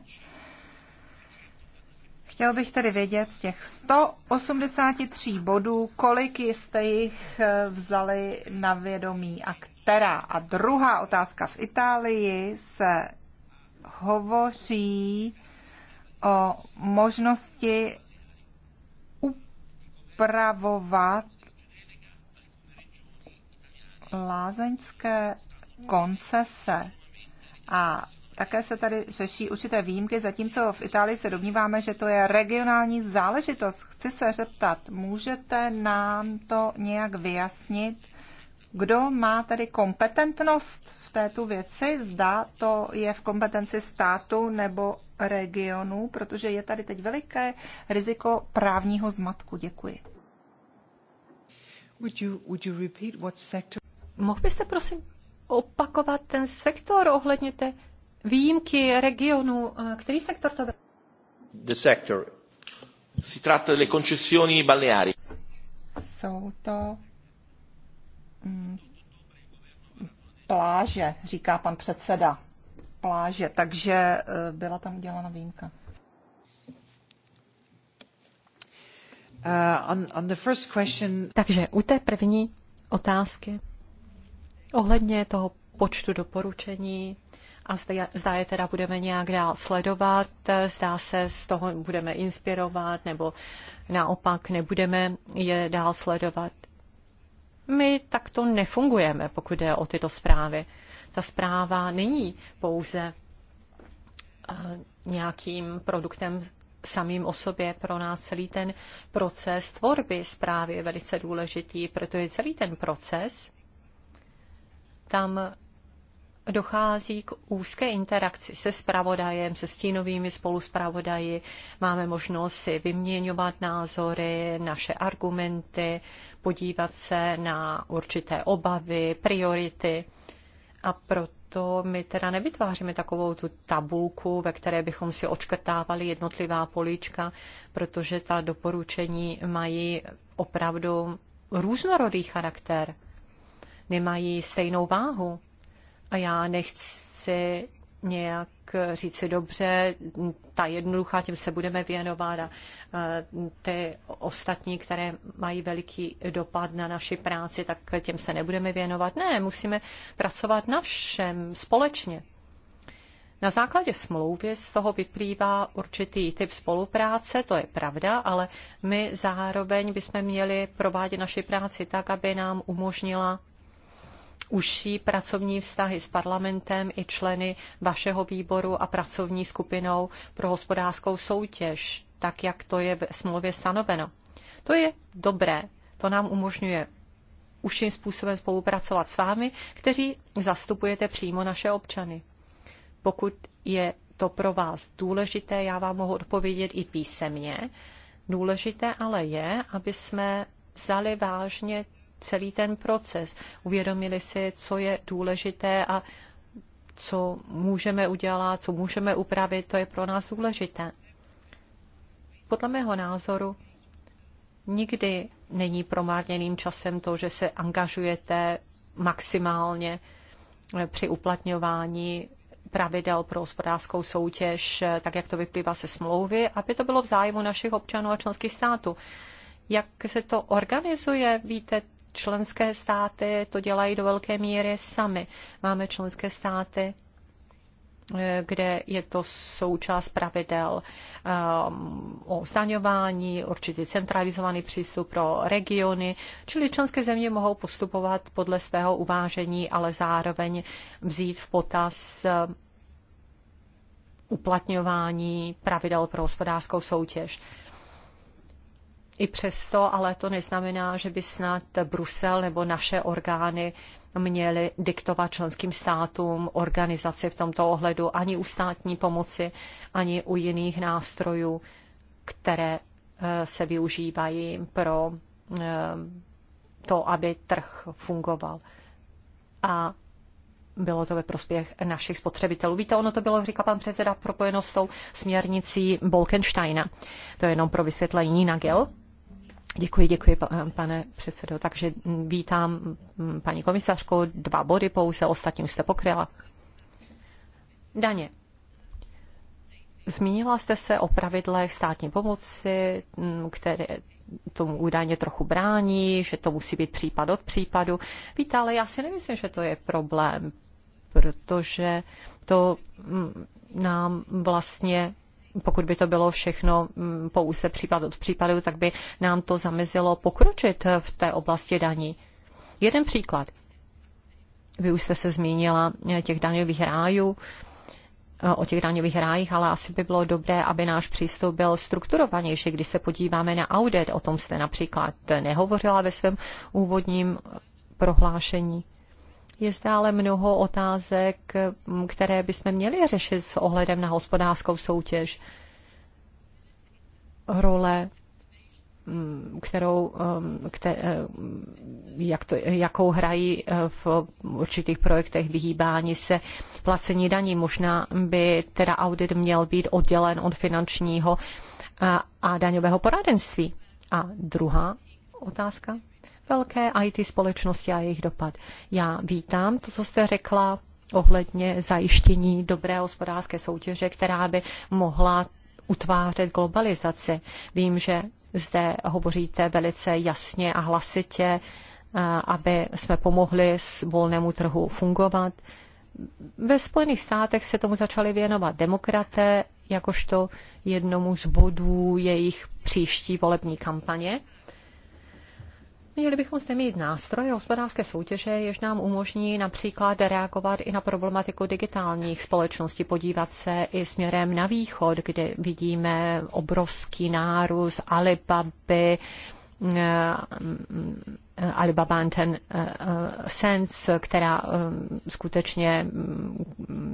Chtěl bych tedy vědět z těch 183 bodů, kolik jste jich eh, vzali na vědomí a která. A druhá otázka. V Itálii se hovoří o možnosti upravovat lázeňské koncese. A také se tady řeší určité výjimky, zatímco v Itálii se domníváme, že to je regionální záležitost. Chci se zeptat, můžete nám to nějak vyjasnit? Kdo má tady kompetentnost této věci, zda to je v kompetenci státu nebo regionu, protože je tady teď veliké riziko právního zmatku. Děkuji. Would you, would you repeat what sector? Mohl byste prosím opakovat ten sektor ohledně té výjimky regionu? Který sektor to The sector. Si tratta delle concessioni balneari. Jsou to mm, Pláže, říká pan předseda. Pláže, takže eh, byla tam udělána výjimka. Uh, on, on the first question... Takže u té první otázky ohledně toho počtu doporučení a zda, zda je teda budeme nějak dál sledovat, zdá se z toho budeme inspirovat nebo naopak nebudeme je dál sledovat. My takto nefungujeme, pokud jde o tyto zprávy. Ta zpráva není pouze eh, nějakým produktem samým o sobě pro nás celý ten proces tvorby zprávy je velice důležitý, protože celý ten proces tam dochází k úzké interakci se spravodajem, se stínovými spoluspravodaji. Máme možnost si vyměňovat názory, naše argumenty, podívat se na určité obavy, priority. A proto my teda nevytváříme takovou tu tabulku, ve které bychom si očkrtávali jednotlivá políčka, protože ta doporučení mají opravdu různorodý charakter. Nemají stejnou váhu a já nechci nějak říci dobře, ta jednoduchá, tím se budeme věnovat a ty ostatní, které mají veliký dopad na naši práci, tak těm se nebudeme věnovat. Ne, musíme pracovat na všem společně. Na základě smlouvy z toho vyplývá určitý typ spolupráce, to je pravda, ale my zároveň bychom měli provádět naši práci tak, aby nám umožnila užší pracovní vztahy s parlamentem i členy vašeho výboru a pracovní skupinou pro hospodářskou soutěž, tak jak to je v smlouvě stanoveno. To je dobré, to nám umožňuje užším způsobem spolupracovat s vámi, kteří zastupujete přímo naše občany. Pokud je to pro vás důležité, já vám mohu odpovědět i písemně. Důležité ale je, aby jsme vzali vážně celý ten proces. Uvědomili si, co je důležité a co můžeme udělat, co můžeme upravit, to je pro nás důležité. Podle mého názoru nikdy není promárněným časem to, že se angažujete maximálně eh, při uplatňování pravidel pro hospodářskou soutěž, eh, tak jak to vyplývá se smlouvy, aby to bylo v zájmu našich občanů a členských států. Jak se to organizuje, víte, Členské státy to dělají do velké míry sami. Máme členské státy, eh, kde je to součást pravidel eh, o zdaňování, určitý centralizovaný přístup pro regiony, čili členské země mohou postupovat podle svého uvážení, ale zároveň vzít v potaz eh, uplatňování pravidel pro hospodářskou soutěž. I přesto, ale to neznamená, že by snad Brusel nebo naše orgány měly diktovat členským státům organizaci v tomto ohledu ani u státní pomoci, ani u jiných nástrojů, které eh, se využívají pro eh, to, aby trh fungoval. A bylo to ve prospěch našich spotřebitelů. Víte, ono to bylo, říká pan předseda, propojeno s tou směrnicí Bolkensteina. To je jenom pro vysvětlení na gel. Děkuji, děkuji, pane předsedo. Takže vítám mm, paní komisařku, dva body pouze, ostatní už jste pokryla. Daně. Zmínila jste se o pravidlech státní pomoci, mm, které tomu údajně trochu brání, že to musí být případ od případu. Víte, ale já si nemyslím, že to je problém, protože to mm, nám vlastně pokud by to bylo všechno mm, pouze případ od případu, tak by nám to zamezilo pokročit v té oblasti daní. Jeden příklad. Vy už jste se zmínila eh, těch daňových rájů, eh, o těch daňových rájích, ale asi by bylo dobré, aby náš přístup byl strukturovanější. Když se podíváme na audit, o tom jste například nehovořila ve svém úvodním prohlášení je stále mnoho otázek, které bychom měli řešit s ohledem na hospodářskou soutěž. Role kterou, kter, e, jak to, jakou hrají e, v určitých projektech vyhýbání se placení daní. Možná by teda audit měl být oddělen od finančního a, a daňového poradenství. A druhá otázka velké IT společnosti a jejich dopad. Já vítám to, co jste řekla ohledně zajištění dobré hospodářské soutěže, která by mohla utvářet globalizaci. Vím, že zde hovoříte velice jasně a hlasitě, eh, aby jsme pomohli s volnému trhu fungovat. Ve Spojených státech se tomu začali věnovat demokraté jakožto jednomu z bodů jejich příští volební kampaně. Měli vlastně, bychom zde mít nástroje hospodářské soutěže, jež nám umožní například reagovat i na problematiku digitálních společností, podívat se i směrem na východ, kde vidíme obrovský nárůst Alibaby, Eh, Alibaba and ten eh, eh, Sense, která skutečně mm,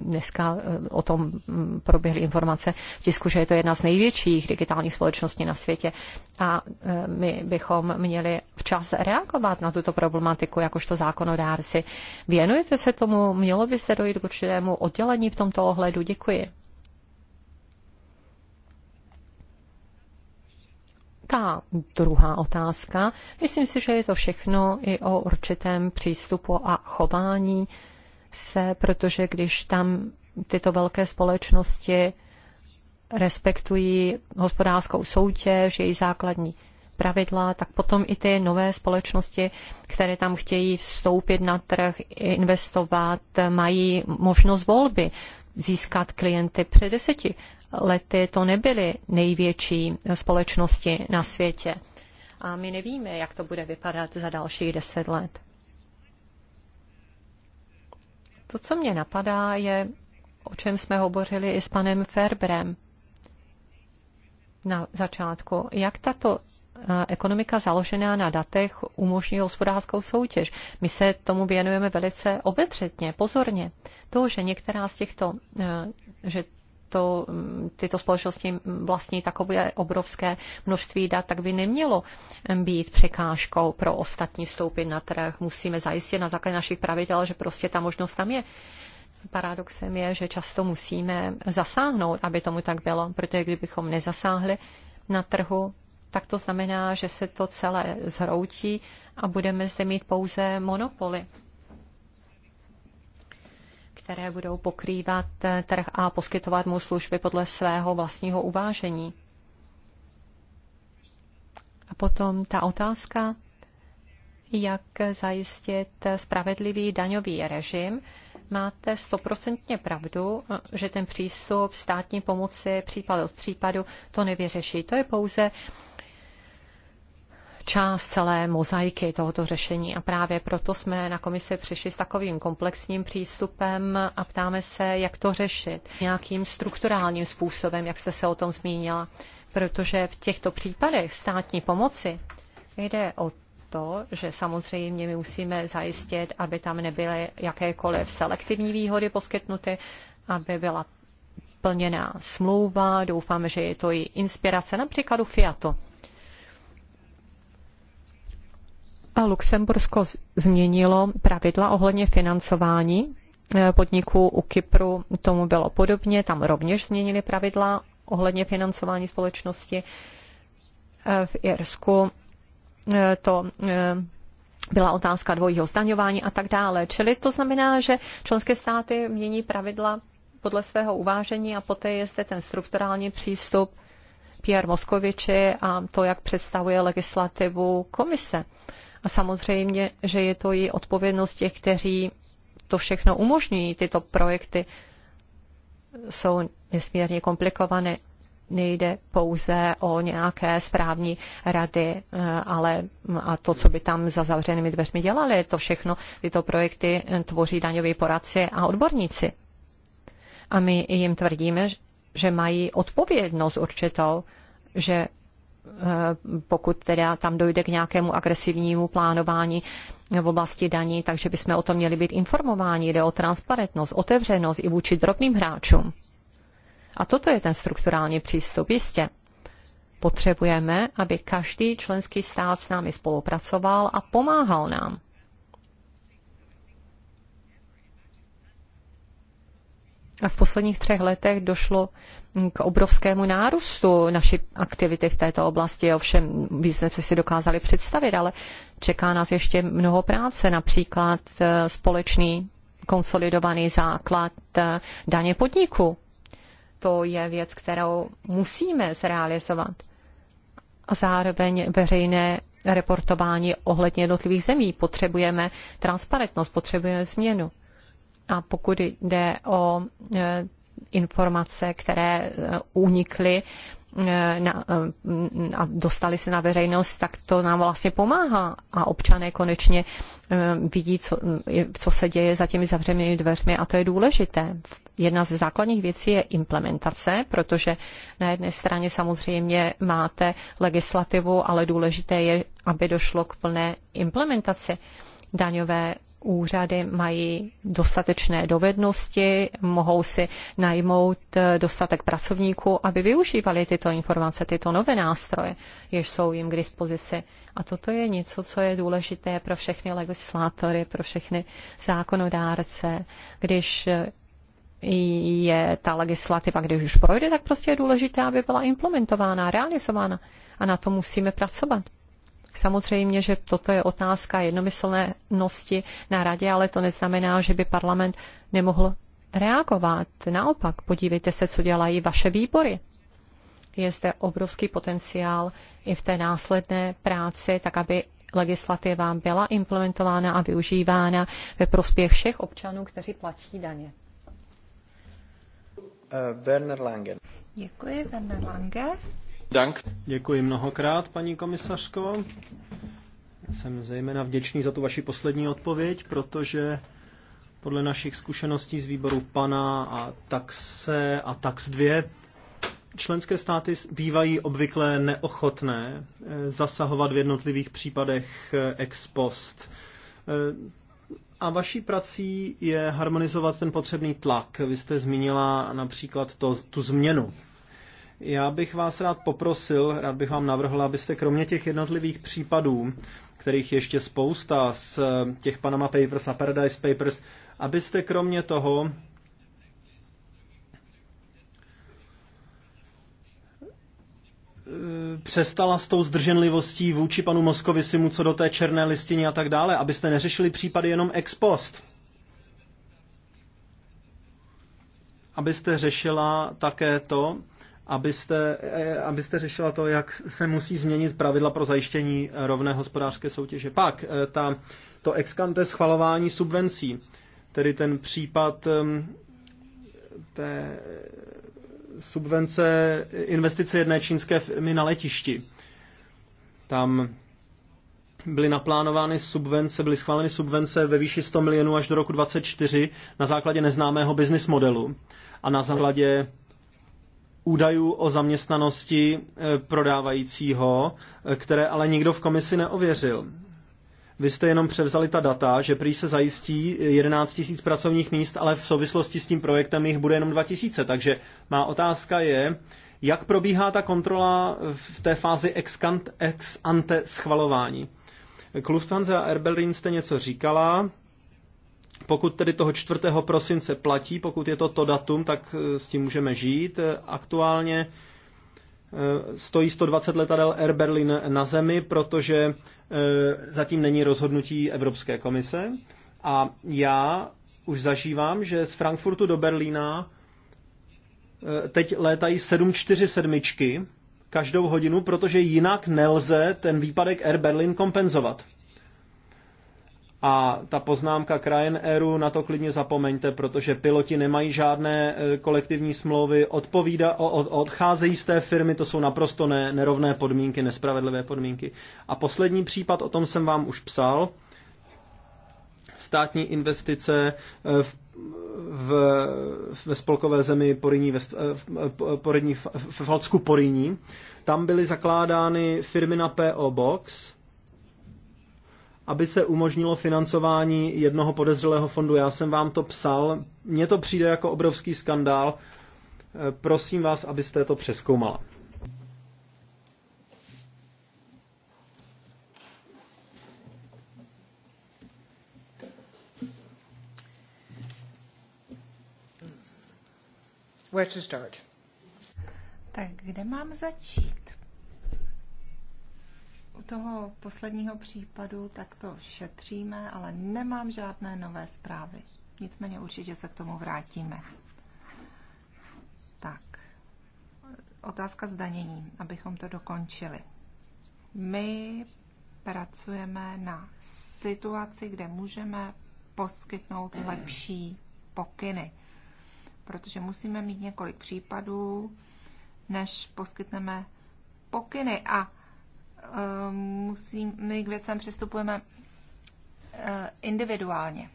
dneska o tom mm, proběhly informace v tisku, že je to jedna z největších digitálních společností na světě. A my bychom měli včas reagovat na tuto problematiku, jakožto zákonodárci. Věnujete se tomu, mělo byste dojít k určitému oddělení v tomto ohledu. Děkuji. ta druhá otázka, myslím si, že je to všechno i o určitém přístupu a chování se, protože když tam tyto velké společnosti respektují hospodářskou soutěž, její základní pravidla, tak potom i ty nové společnosti, které tam chtějí vstoupit na trh, investovat, mají možnost volby získat klienty před deseti lety to nebyly největší společnosti na světě. A my nevíme, jak to bude vypadat za dalších deset let. To, co mě napadá, je, o čem jsme hovořili i s panem Ferbrem na začátku. Jak tato eh, ekonomika založená na datech umožní hospodářskou soutěž. My se tomu věnujeme velice obetřetně, pozorně. To, že některá z těchto, eh, že to, tyto společnosti vlastní takové obrovské množství dat, tak by nemělo být překážkou pro ostatní vstoupit na trh. Musíme zajistit na základě našich pravidel, že prostě ta možnost tam je. Paradoxem je, že často musíme zasáhnout, aby tomu tak bylo, protože kdybychom nezasáhli na trhu, tak to znamená, že se to celé zhroutí a budeme zde mít pouze monopoly které budou pokrývat eh, trh a poskytovat mu služby podle svého vlastního uvážení. A potom ta otázka, jak zajistit spravedlivý daňový režim. Máte stoprocentně pravdu, eh, že ten přístup státní pomoci případ od případu to nevyřeší. To je pouze část celé mozaiky tohoto řešení. A právě proto jsme na komisi přišli s takovým komplexním přístupem a ptáme se, jak to řešit nějakým strukturálním způsobem, jak jste se o tom zmínila. Protože v těchto případech státní pomoci jde o to, že samozřejmě my musíme zajistit, aby tam nebyly jakékoliv selektivní výhody poskytnuty, aby byla plněná smlouva. Doufáme, že je to i inspirace například u Fiatu. A Luxembursko změnilo pravidla ohledně financování eh, podniků u Kypru. Tomu bylo podobně, tam rovněž změnili pravidla ohledně financování společnosti. Eh, v Irsku eh, to byla otázka dvojího zdaňování a tak dále. Čili to znamená, že členské státy mění pravidla podle svého uvážení a poté je zde ten strukturální přístup Pierre Moskoviči a to, jak představuje legislativu komise. A samozřejmě, že je to i odpovědnost těch, kteří to všechno umožňují. Tyto projekty jsou nesmírně komplikované. Nejde pouze o nějaké správní rady, eh, ale mm, a to, co by tam za zavřenými dveřmi dělali, to všechno, tyto projekty eh, tvoří daňoví poradci a odborníci. A my jim tvrdíme, že mají odpovědnost určitou, že Eh, pokud teda tam dojde k nějakému agresivnímu plánování v oblasti daní, takže bychom o tom měli být informováni. Jde o transparentnost, otevřenost i vůči drobným hráčům. A toto je ten strukturální přístup, jistě. Potřebujeme, aby každý členský stát s námi spolupracoval a pomáhal nám. A v posledních třech letech došlo k obrovskému nárůstu naší aktivity v této oblasti. Ovšem víc jsme si dokázali představit, ale čeká nás ještě mnoho práce, například eh, společný konsolidovaný základ eh, daně podniku. To je věc, kterou musíme zrealizovat. A zároveň veřejné reportování ohledně jednotlivých zemí. Potřebujeme transparentnost, potřebujeme změnu. A pokud jde o eh, informace, které eh, unikly eh, eh, a dostali se na veřejnost, tak to nám vlastně pomáhá a občané konečně vidí, co, co se děje za těmi zavřenými dveřmi a to je důležité. Jedna ze základních věcí je implementace, protože na jedné straně samozřejmě máte legislativu, ale důležité je, aby došlo k plné implementaci daňové úřady mají dostatečné dovednosti, mohou si najmout eh, dostatek pracovníků, aby využívali tyto informace, tyto nové nástroje, jež jsou jim k dispozici. A toto je něco, co je důležité pro všechny legislátory, pro všechny zákonodárce, když eh, je ta legislativa, když už projde, tak prostě je důležité, aby byla implementována, realizována. A na to musíme pracovat. Samozřejmě, že toto je otázka jednomyslnosti na radě, ale to neznamená, že by parlament nemohl reagovat. Naopak, podívejte se, co dělají vaše výbory. Je zde obrovský potenciál i v té následné práci, tak aby legislativa byla implementována a využívána ve prospěch všech občanů, kteří platí daně. Eh, Werner Lange. Děkuji, Werner Lange. Dank. Děkuji mnohokrát, paní komisařko. Jsem zejména vděčný za tu vaši poslední odpověď, protože podle našich zkušeností z výboru PANA a TAXE a TAX 2 členské státy bývají obvykle neochotné eh, zasahovat v jednotlivých případech eh, ex post. Eh, a vaší prací je harmonizovat ten potřebný tlak. Vy jste zmínila například to, tu změnu já bych vás rád poprosil, rád bych vám navrhl, abyste kromě těch jednotlivých případů, kterých ještě spousta z eh, těch Panama Papers a Paradise Papers, abyste kromě toho eh, přestala s tou zdrženlivostí vůči panu Moskovi mu co do té černé listiny a tak dále, abyste neřešili případy jenom ex post. Abyste řešila také to, abyste, eh, abyste řešila to, jak se musí změnit pravidla pro zajištění eh, rovné hospodářské soutěže. Pak eh, ta, to ex ante schvalování subvencí, tedy ten případ ehm, té subvence investice jedné čínské firmy na letišti. Tam byly naplánovány subvence, byly schváleny subvence ve výši 100 milionů až do roku 2024 na základě neznámého business modelu a na základě údajů o zaměstnanosti eh, prodávajícího, eh, které ale nikdo v komisi neověřil. Vy jste jenom převzali ta data, že prý se zajistí 11 000 pracovních míst, ale v souvislosti s tím projektem jich bude jenom 2 000. Takže má otázka je, jak probíhá ta kontrola v té fázi ex, ex ante schvalování? K a Air Berlin jste něco říkala. Pokud tedy toho 4. prosince platí, pokud je to to datum, tak eh, s tím můžeme žít. Eh, aktuálně eh, stojí 120 letadel Air Berlin na zemi, protože zatím není rozhodnutí Evropské komise. A já už zažívám, že z Frankfurtu do Berlína teď létají 747 každou hodinu, protože jinak nelze ten výpadek Air Berlin kompenzovat. A ta poznámka k Ryanairu, na to klidně zapomeňte, protože piloti nemají žádné e, kolektivní smlouvy, odpovída, od, odcházejí z té firmy, to jsou naprosto ne, nerovné podmínky, nespravedlivé podmínky. A poslední případ, o tom jsem vám už psal, státní investice e, v v, ve spolkové zemi Poriní, ve, e, Poriní, v Falcku Poriní. Tam byly zakládány firmy na PO Box, aby se umožnilo financování jednoho podezřelého fondu. Já jsem vám to psal, mně to přijde jako obrovský skandál. E, prosím vás, abyste to přeskoumala. Where to start? Tak kde mám začít? u toho posledního případu tak to šetříme, ale nemám žádné nové zprávy. Nicméně určitě se k tomu vrátíme. Tak, otázka zdanění, abychom to dokončili. My pracujeme na situaci, kde můžeme poskytnout lepší pokyny, protože musíme mít několik případů, než poskytneme pokyny a Eh, musím, my k věcem přistupujeme eh, individuálně.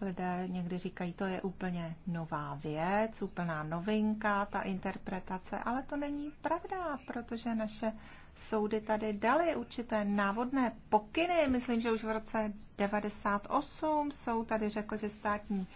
Lidé někdy říkají, to je úplně nová věc, úplná novinka, ta interpretace, ale to není pravda, protože naše soudy tady dali určité návodné pokyny. Myslím, že už v roce 98 jsou tady řekl, že státní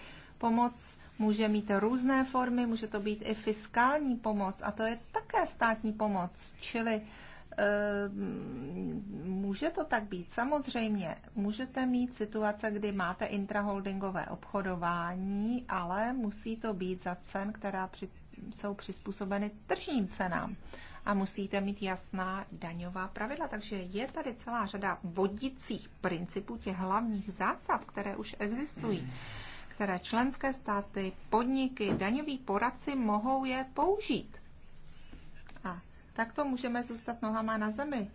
Pomoc může mít různé formy, může to být i fiskální pomoc a to je také státní pomoc, čili ehm, může to tak být. Samozřejmě můžete mít situace, kdy máte intraholdingové obchodování, ale musí to být za cen, která při, jsou přizpůsobeny tržním cenám. A musíte mít jasná daňová pravidla. Takže je tady celá řada vodicích principů, těch hlavních zásad, které už existují které členské státy, podniky, daňoví poradci mohou je použít. A takto můžeme zůstat nohama na zemi.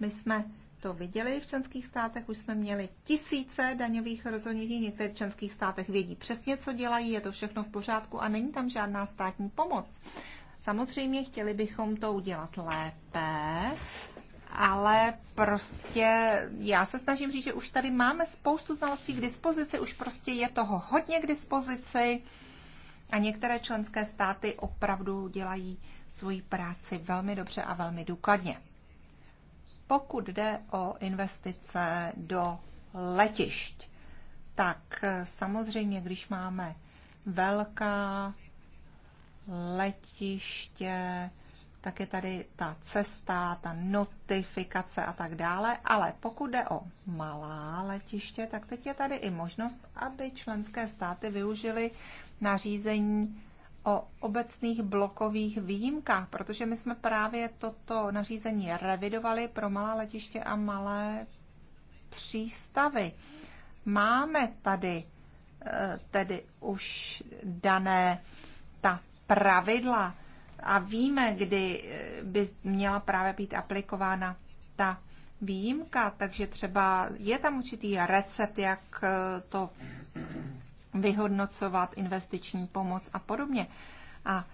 My jsme to viděli v členských státech, už jsme měli tisíce daňových rozhodnutí, v některých členských státech vědí přesně, co dělají, je to všechno v pořádku a není tam žádná státní pomoc. Samozřejmě chtěli bychom to udělat lépe, ale prostě já se snažím říct, že už tady máme spoustu znalostí k dispozici, už prostě je toho hodně k dispozici a některé členské státy opravdu dělají svoji práci velmi dobře a velmi důkladně. Pokud jde o investice do letišť, tak samozřejmě, když máme velká letiště, tak je tady ta cesta, ta notifikace a tak dále. Ale pokud jde o malá letiště, tak teď je tady i možnost, aby členské státy využily nařízení o obecných blokových výjimkách, protože my jsme právě toto nařízení revidovali pro malá letiště a malé přístavy. Máme tady eh, tedy už dané ta pravidla, a víme, kdy eh, by měla právě být aplikována ta výjimka, takže třeba je tam určitý recept, jak eh, to vyhodnocovat, investiční pomoc a podobně. A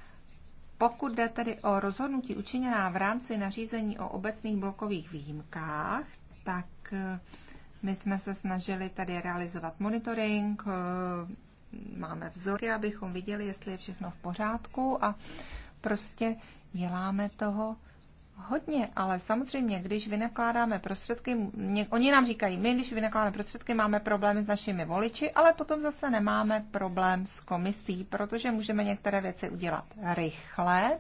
pokud jde tedy o rozhodnutí učiněná v rámci nařízení o obecných blokových výjimkách, tak eh, my jsme se snažili tady realizovat monitoring, máme vzorky, abychom viděli, jestli je všechno v pořádku a Prostě děláme toho hodně, ale samozřejmě, když vynakládáme prostředky, mě, oni nám říkají, my když vynakládáme prostředky, máme problémy s našimi voliči, ale potom zase nemáme problém s komisí, protože můžeme některé věci udělat rychle. E,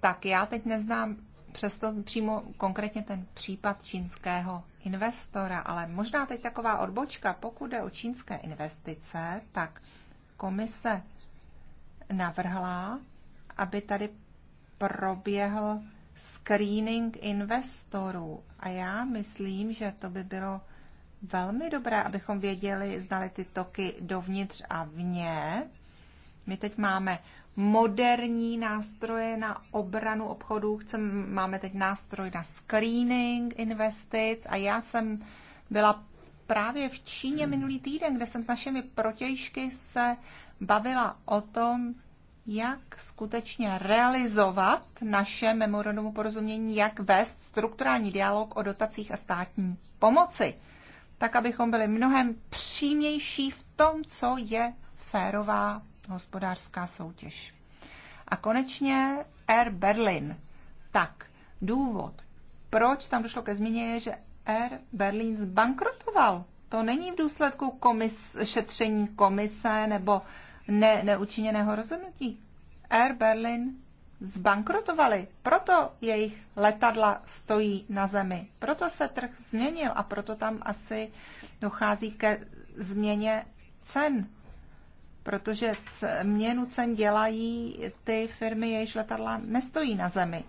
tak já teď neznám přesto přímo konkrétně ten případ čínského investora, ale možná teď taková odbočka, pokud jde o čínské investice, tak komise navrhla aby tady proběhl screening investorů. A já myslím, že to by bylo velmi dobré, abychom věděli, znali ty toky dovnitř a vně. My teď máme moderní nástroje na obranu obchodů, chcem, máme teď nástroj na screening investic a já jsem byla právě v Číně minulý týden, kde jsem s našimi protějšky se bavila o tom, jak skutečně realizovat naše memorandum porozumění, jak vést strukturální dialog o dotacích a státní pomoci, tak abychom byli mnohem přímější v tom, co je férová hospodářská soutěž. A konečně Air Berlin. Tak, důvod, proč tam došlo ke změně, je, že Air Berlin zbankrotoval. To není v důsledku komis, šetření komise nebo ne, neučiněného rozhodnutí. Air Berlin zbankrotovali, proto jejich letadla stojí na zemi, proto se trh změnil a proto tam asi dochází ke změně cen, protože měnu cen dělají ty firmy, jejichž letadla nestojí na zemi.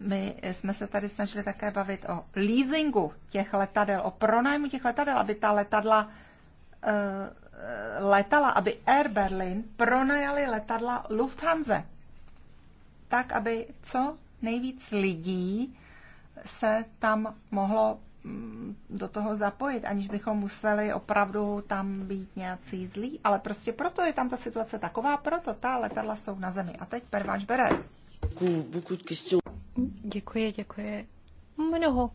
My jsme se tady snažili také bavit o leasingu těch letadel, o pronájmu těch letadel, aby ta letadla eh, letala, aby Air Berlin pronajali letadla Lufthansa. Tak, aby co nejvíc lidí se tam mohlo mm, do toho zapojit, aniž bychom museli opravdu tam být nějací zlí. Ale prostě proto je tam ta situace taková, proto ta letadla jsou na zemi. A teď Perváč Beres. Děkuji, děkuji. Mnoho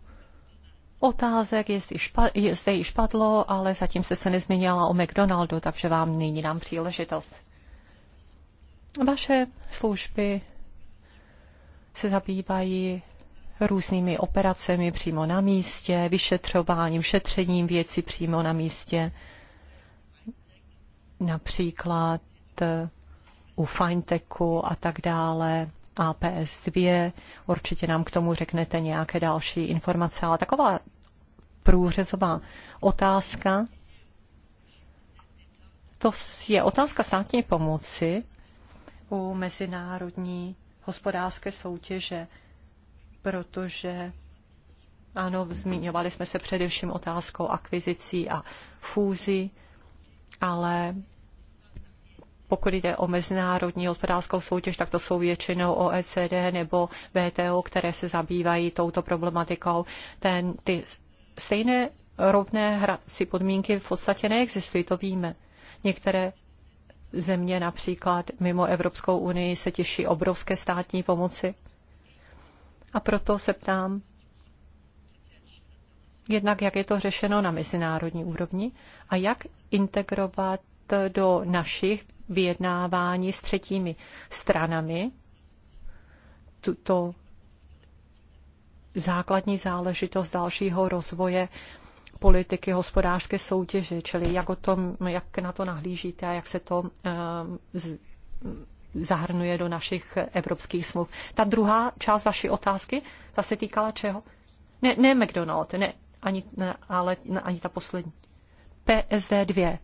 otázek, jestli špa, je zde již padlo, ale zatím jste se nezmínila o McDonaldu, takže vám nyní dám příležitost. Vaše služby se zabývají různými operacemi přímo na místě, vyšetřováním, šetřením věcí přímo na místě. Například u Fintechu a tak dále. APS 2. Určitě nám k tomu řeknete nějaké další informace, ale taková průřezová otázka, to je otázka státní pomoci u mezinárodní hospodářské soutěže, protože ano, zmiňovali jsme se především otázkou akvizicí a fúzí, ale pokud jde o mezinárodní hospodářskou soutěž, tak to jsou většinou OECD nebo VTO, které se zabývají touto problematikou. Ten, ty stejné rovné hrací podmínky v podstatě neexistují, to víme. Některé země například mimo Evropskou unii se těší obrovské státní pomoci. A proto se ptám, jednak jak je to řešeno na mezinárodní úrovni a jak integrovat do našich vyjednávání s třetími stranami tuto základní záležitost dalšího rozvoje politiky hospodářské soutěže, čili jak, o tom, jak na to nahlížíte a jak se to eh, zahrnuje do našich evropských smluv. Ta druhá část vaší otázky, ta se týkala čeho? Ne, ne McDonald, ne, ani, ne, ale ne, ani ta poslední. PSD 2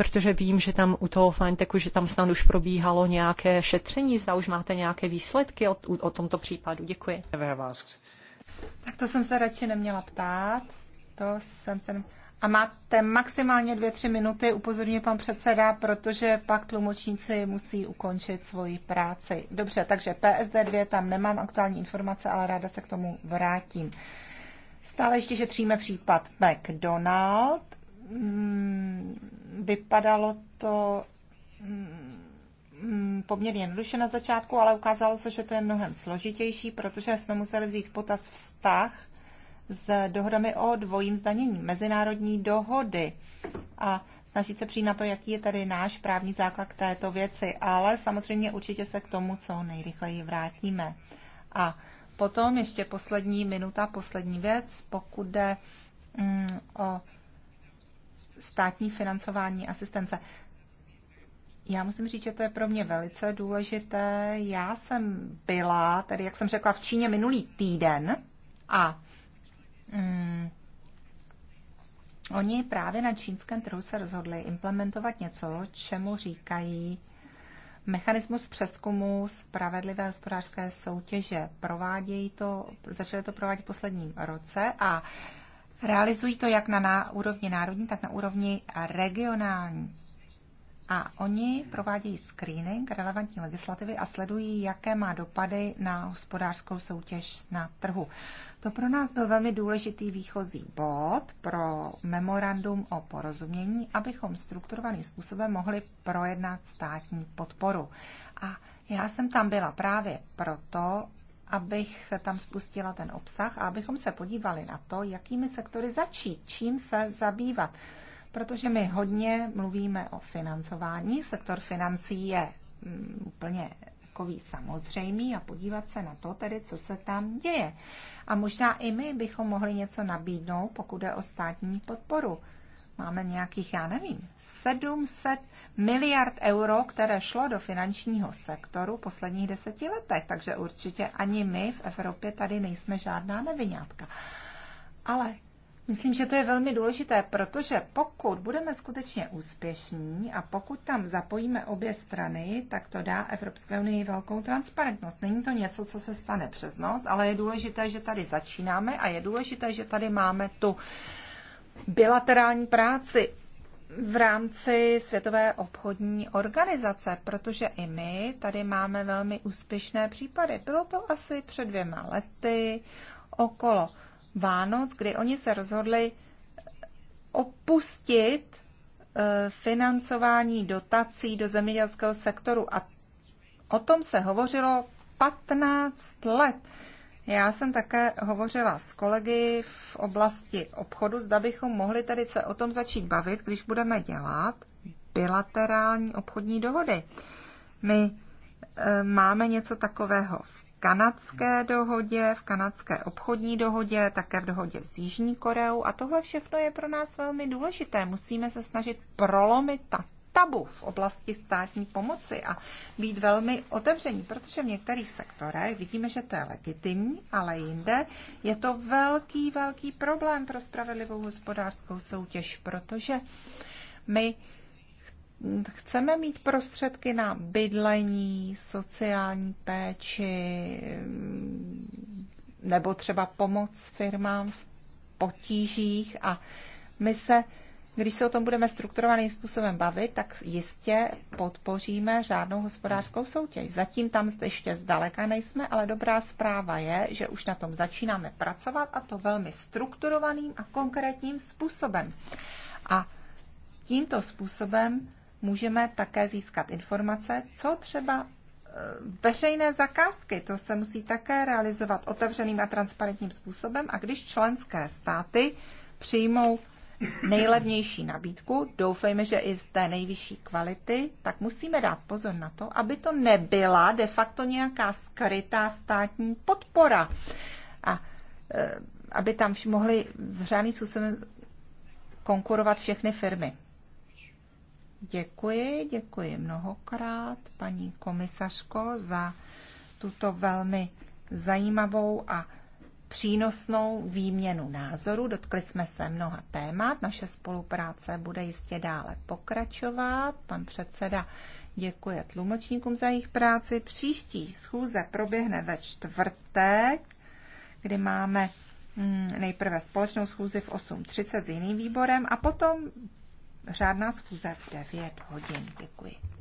protože vím, že tam u toho Fintechu, že tam snad už probíhalo nějaké šetření, zda už máte nějaké výsledky o, o tomto případu. Děkuji. Tak to jsem se radši neměla ptát. To jsem se... A máte maximálně dvě, tři minuty, upozorňuje pan předseda, protože pak tlumočníci musí ukončit svoji práci. Dobře, takže PSD 2 tam nemám aktuální informace, ale ráda se k tomu vrátím. Stále ještě šetříme případ McDonald Mm, vypadalo to mm, mm, poměrně jednoduše na začátku, ale ukázalo se, že to je mnohem složitější, protože jsme museli vzít v potaz vztah s dohodami o dvojím zdanění, mezinárodní dohody a snažit se přijít na to, jaký je tady náš právní základ k této věci, ale samozřejmě určitě se k tomu co nejrychleji vrátíme. A potom ještě poslední minuta, poslední věc, pokud jde mm, o státní financování asistence. Já musím říct, že to je pro mě velice důležité. Já jsem byla, tedy jak jsem řekla, v Číně minulý týden a mm, oni právě na čínském trhu se rozhodli implementovat něco, čemu říkají mechanismus přeskumu spravedlivé hospodářské soutěže. Provádějí to, začali to provádět v posledním roce a Realizují to jak na, úrovni národní, tak na úrovni regionální. A oni provádějí screening relevantní legislativy a sledují, jaké má dopady na hospodářskou soutěž na trhu. To pro nás byl velmi důležitý výchozí bod pro memorandum o porozumění, abychom strukturovaným způsobem mohli projednat státní podporu. A já jsem tam byla právě proto, abych tam spustila ten obsah a abychom se podívali na to, jakými sektory začít, čím se zabývat. Protože my hodně mluvíme o financování. Sektor financí je mm, úplně takový samozřejmý a podívat se na to tedy, co se tam děje. A možná i my bychom mohli něco nabídnout, pokud je o státní podporu máme nějakých, já nevím, 700 miliard euro, které šlo do finančního sektoru v posledních deseti letech, takže určitě ani my v Evropě tady nejsme žádná nevyňátka. Ale myslím, že to je velmi důležité, protože pokud budeme skutečně úspěšní a pokud tam zapojíme obě strany, tak to dá Evropské unii velkou transparentnost. Není to něco, co se stane přes noc, ale je důležité, že tady začínáme a je důležité, že tady máme tu bilaterální práci v rámci Světové obchodní organizace, protože i my tady máme velmi úspěšné případy. Bylo to asi před dvěma lety okolo Vánoc, kdy oni se rozhodli eh, opustit eh, financování dotací do zemědělského sektoru a o tom se hovořilo 15 let. Já jsem také hovořila s kolegy v oblasti obchodu, zda bychom mohli tady se o tom začít bavit, když budeme dělat bilaterální obchodní dohody. My e, máme něco takového v kanadské dohodě, v kanadské obchodní dohodě, také v dohodě s Jižní Koreou a tohle všechno je pro nás velmi důležité. Musíme se snažit prolomit ta tabu v oblasti státní pomoci a být velmi otevření, protože v některých sektorech vidíme, že to je legitimní, ale jinde je to velký, velký problém pro spravedlivou hospodářskou soutěž, protože my chceme mít prostředky na bydlení, sociální péči nebo třeba pomoc firmám v potížích a my se když se o tom budeme strukturovaným způsobem bavit, tak jistě podpoříme řádnou hospodářskou soutěž. Zatím tam ještě zdaleka nejsme, ale dobrá zpráva je, že už na tom začínáme pracovat a to velmi strukturovaným a konkrétním způsobem. A tímto způsobem můžeme také získat informace, co třeba e, veřejné zakázky, to se musí také realizovat otevřeným a transparentním způsobem a když členské státy přijmou nejlevnější nabídku, doufejme, že i z té nejvyšší kvality, tak musíme dát pozor na to, aby to nebyla de facto nějaká skrytá státní podpora. A e, aby tam mohly v řádný způsobem konkurovat všechny firmy. Děkuji, děkuji mnohokrát, paní komisařko, za tuto velmi zajímavou a přínosnou výměnu názorů. Dotkli jsme se mnoha témat. Naše spolupráce bude jistě dále pokračovat. Pan předseda děkuje tlumočníkům za jejich práci. Příští schůze proběhne ve čtvrtek, kdy máme mm, nejprve společnou schůzi v 8.30 s jiným výborem a potom řádná schůze v 9 hodin. Děkuji.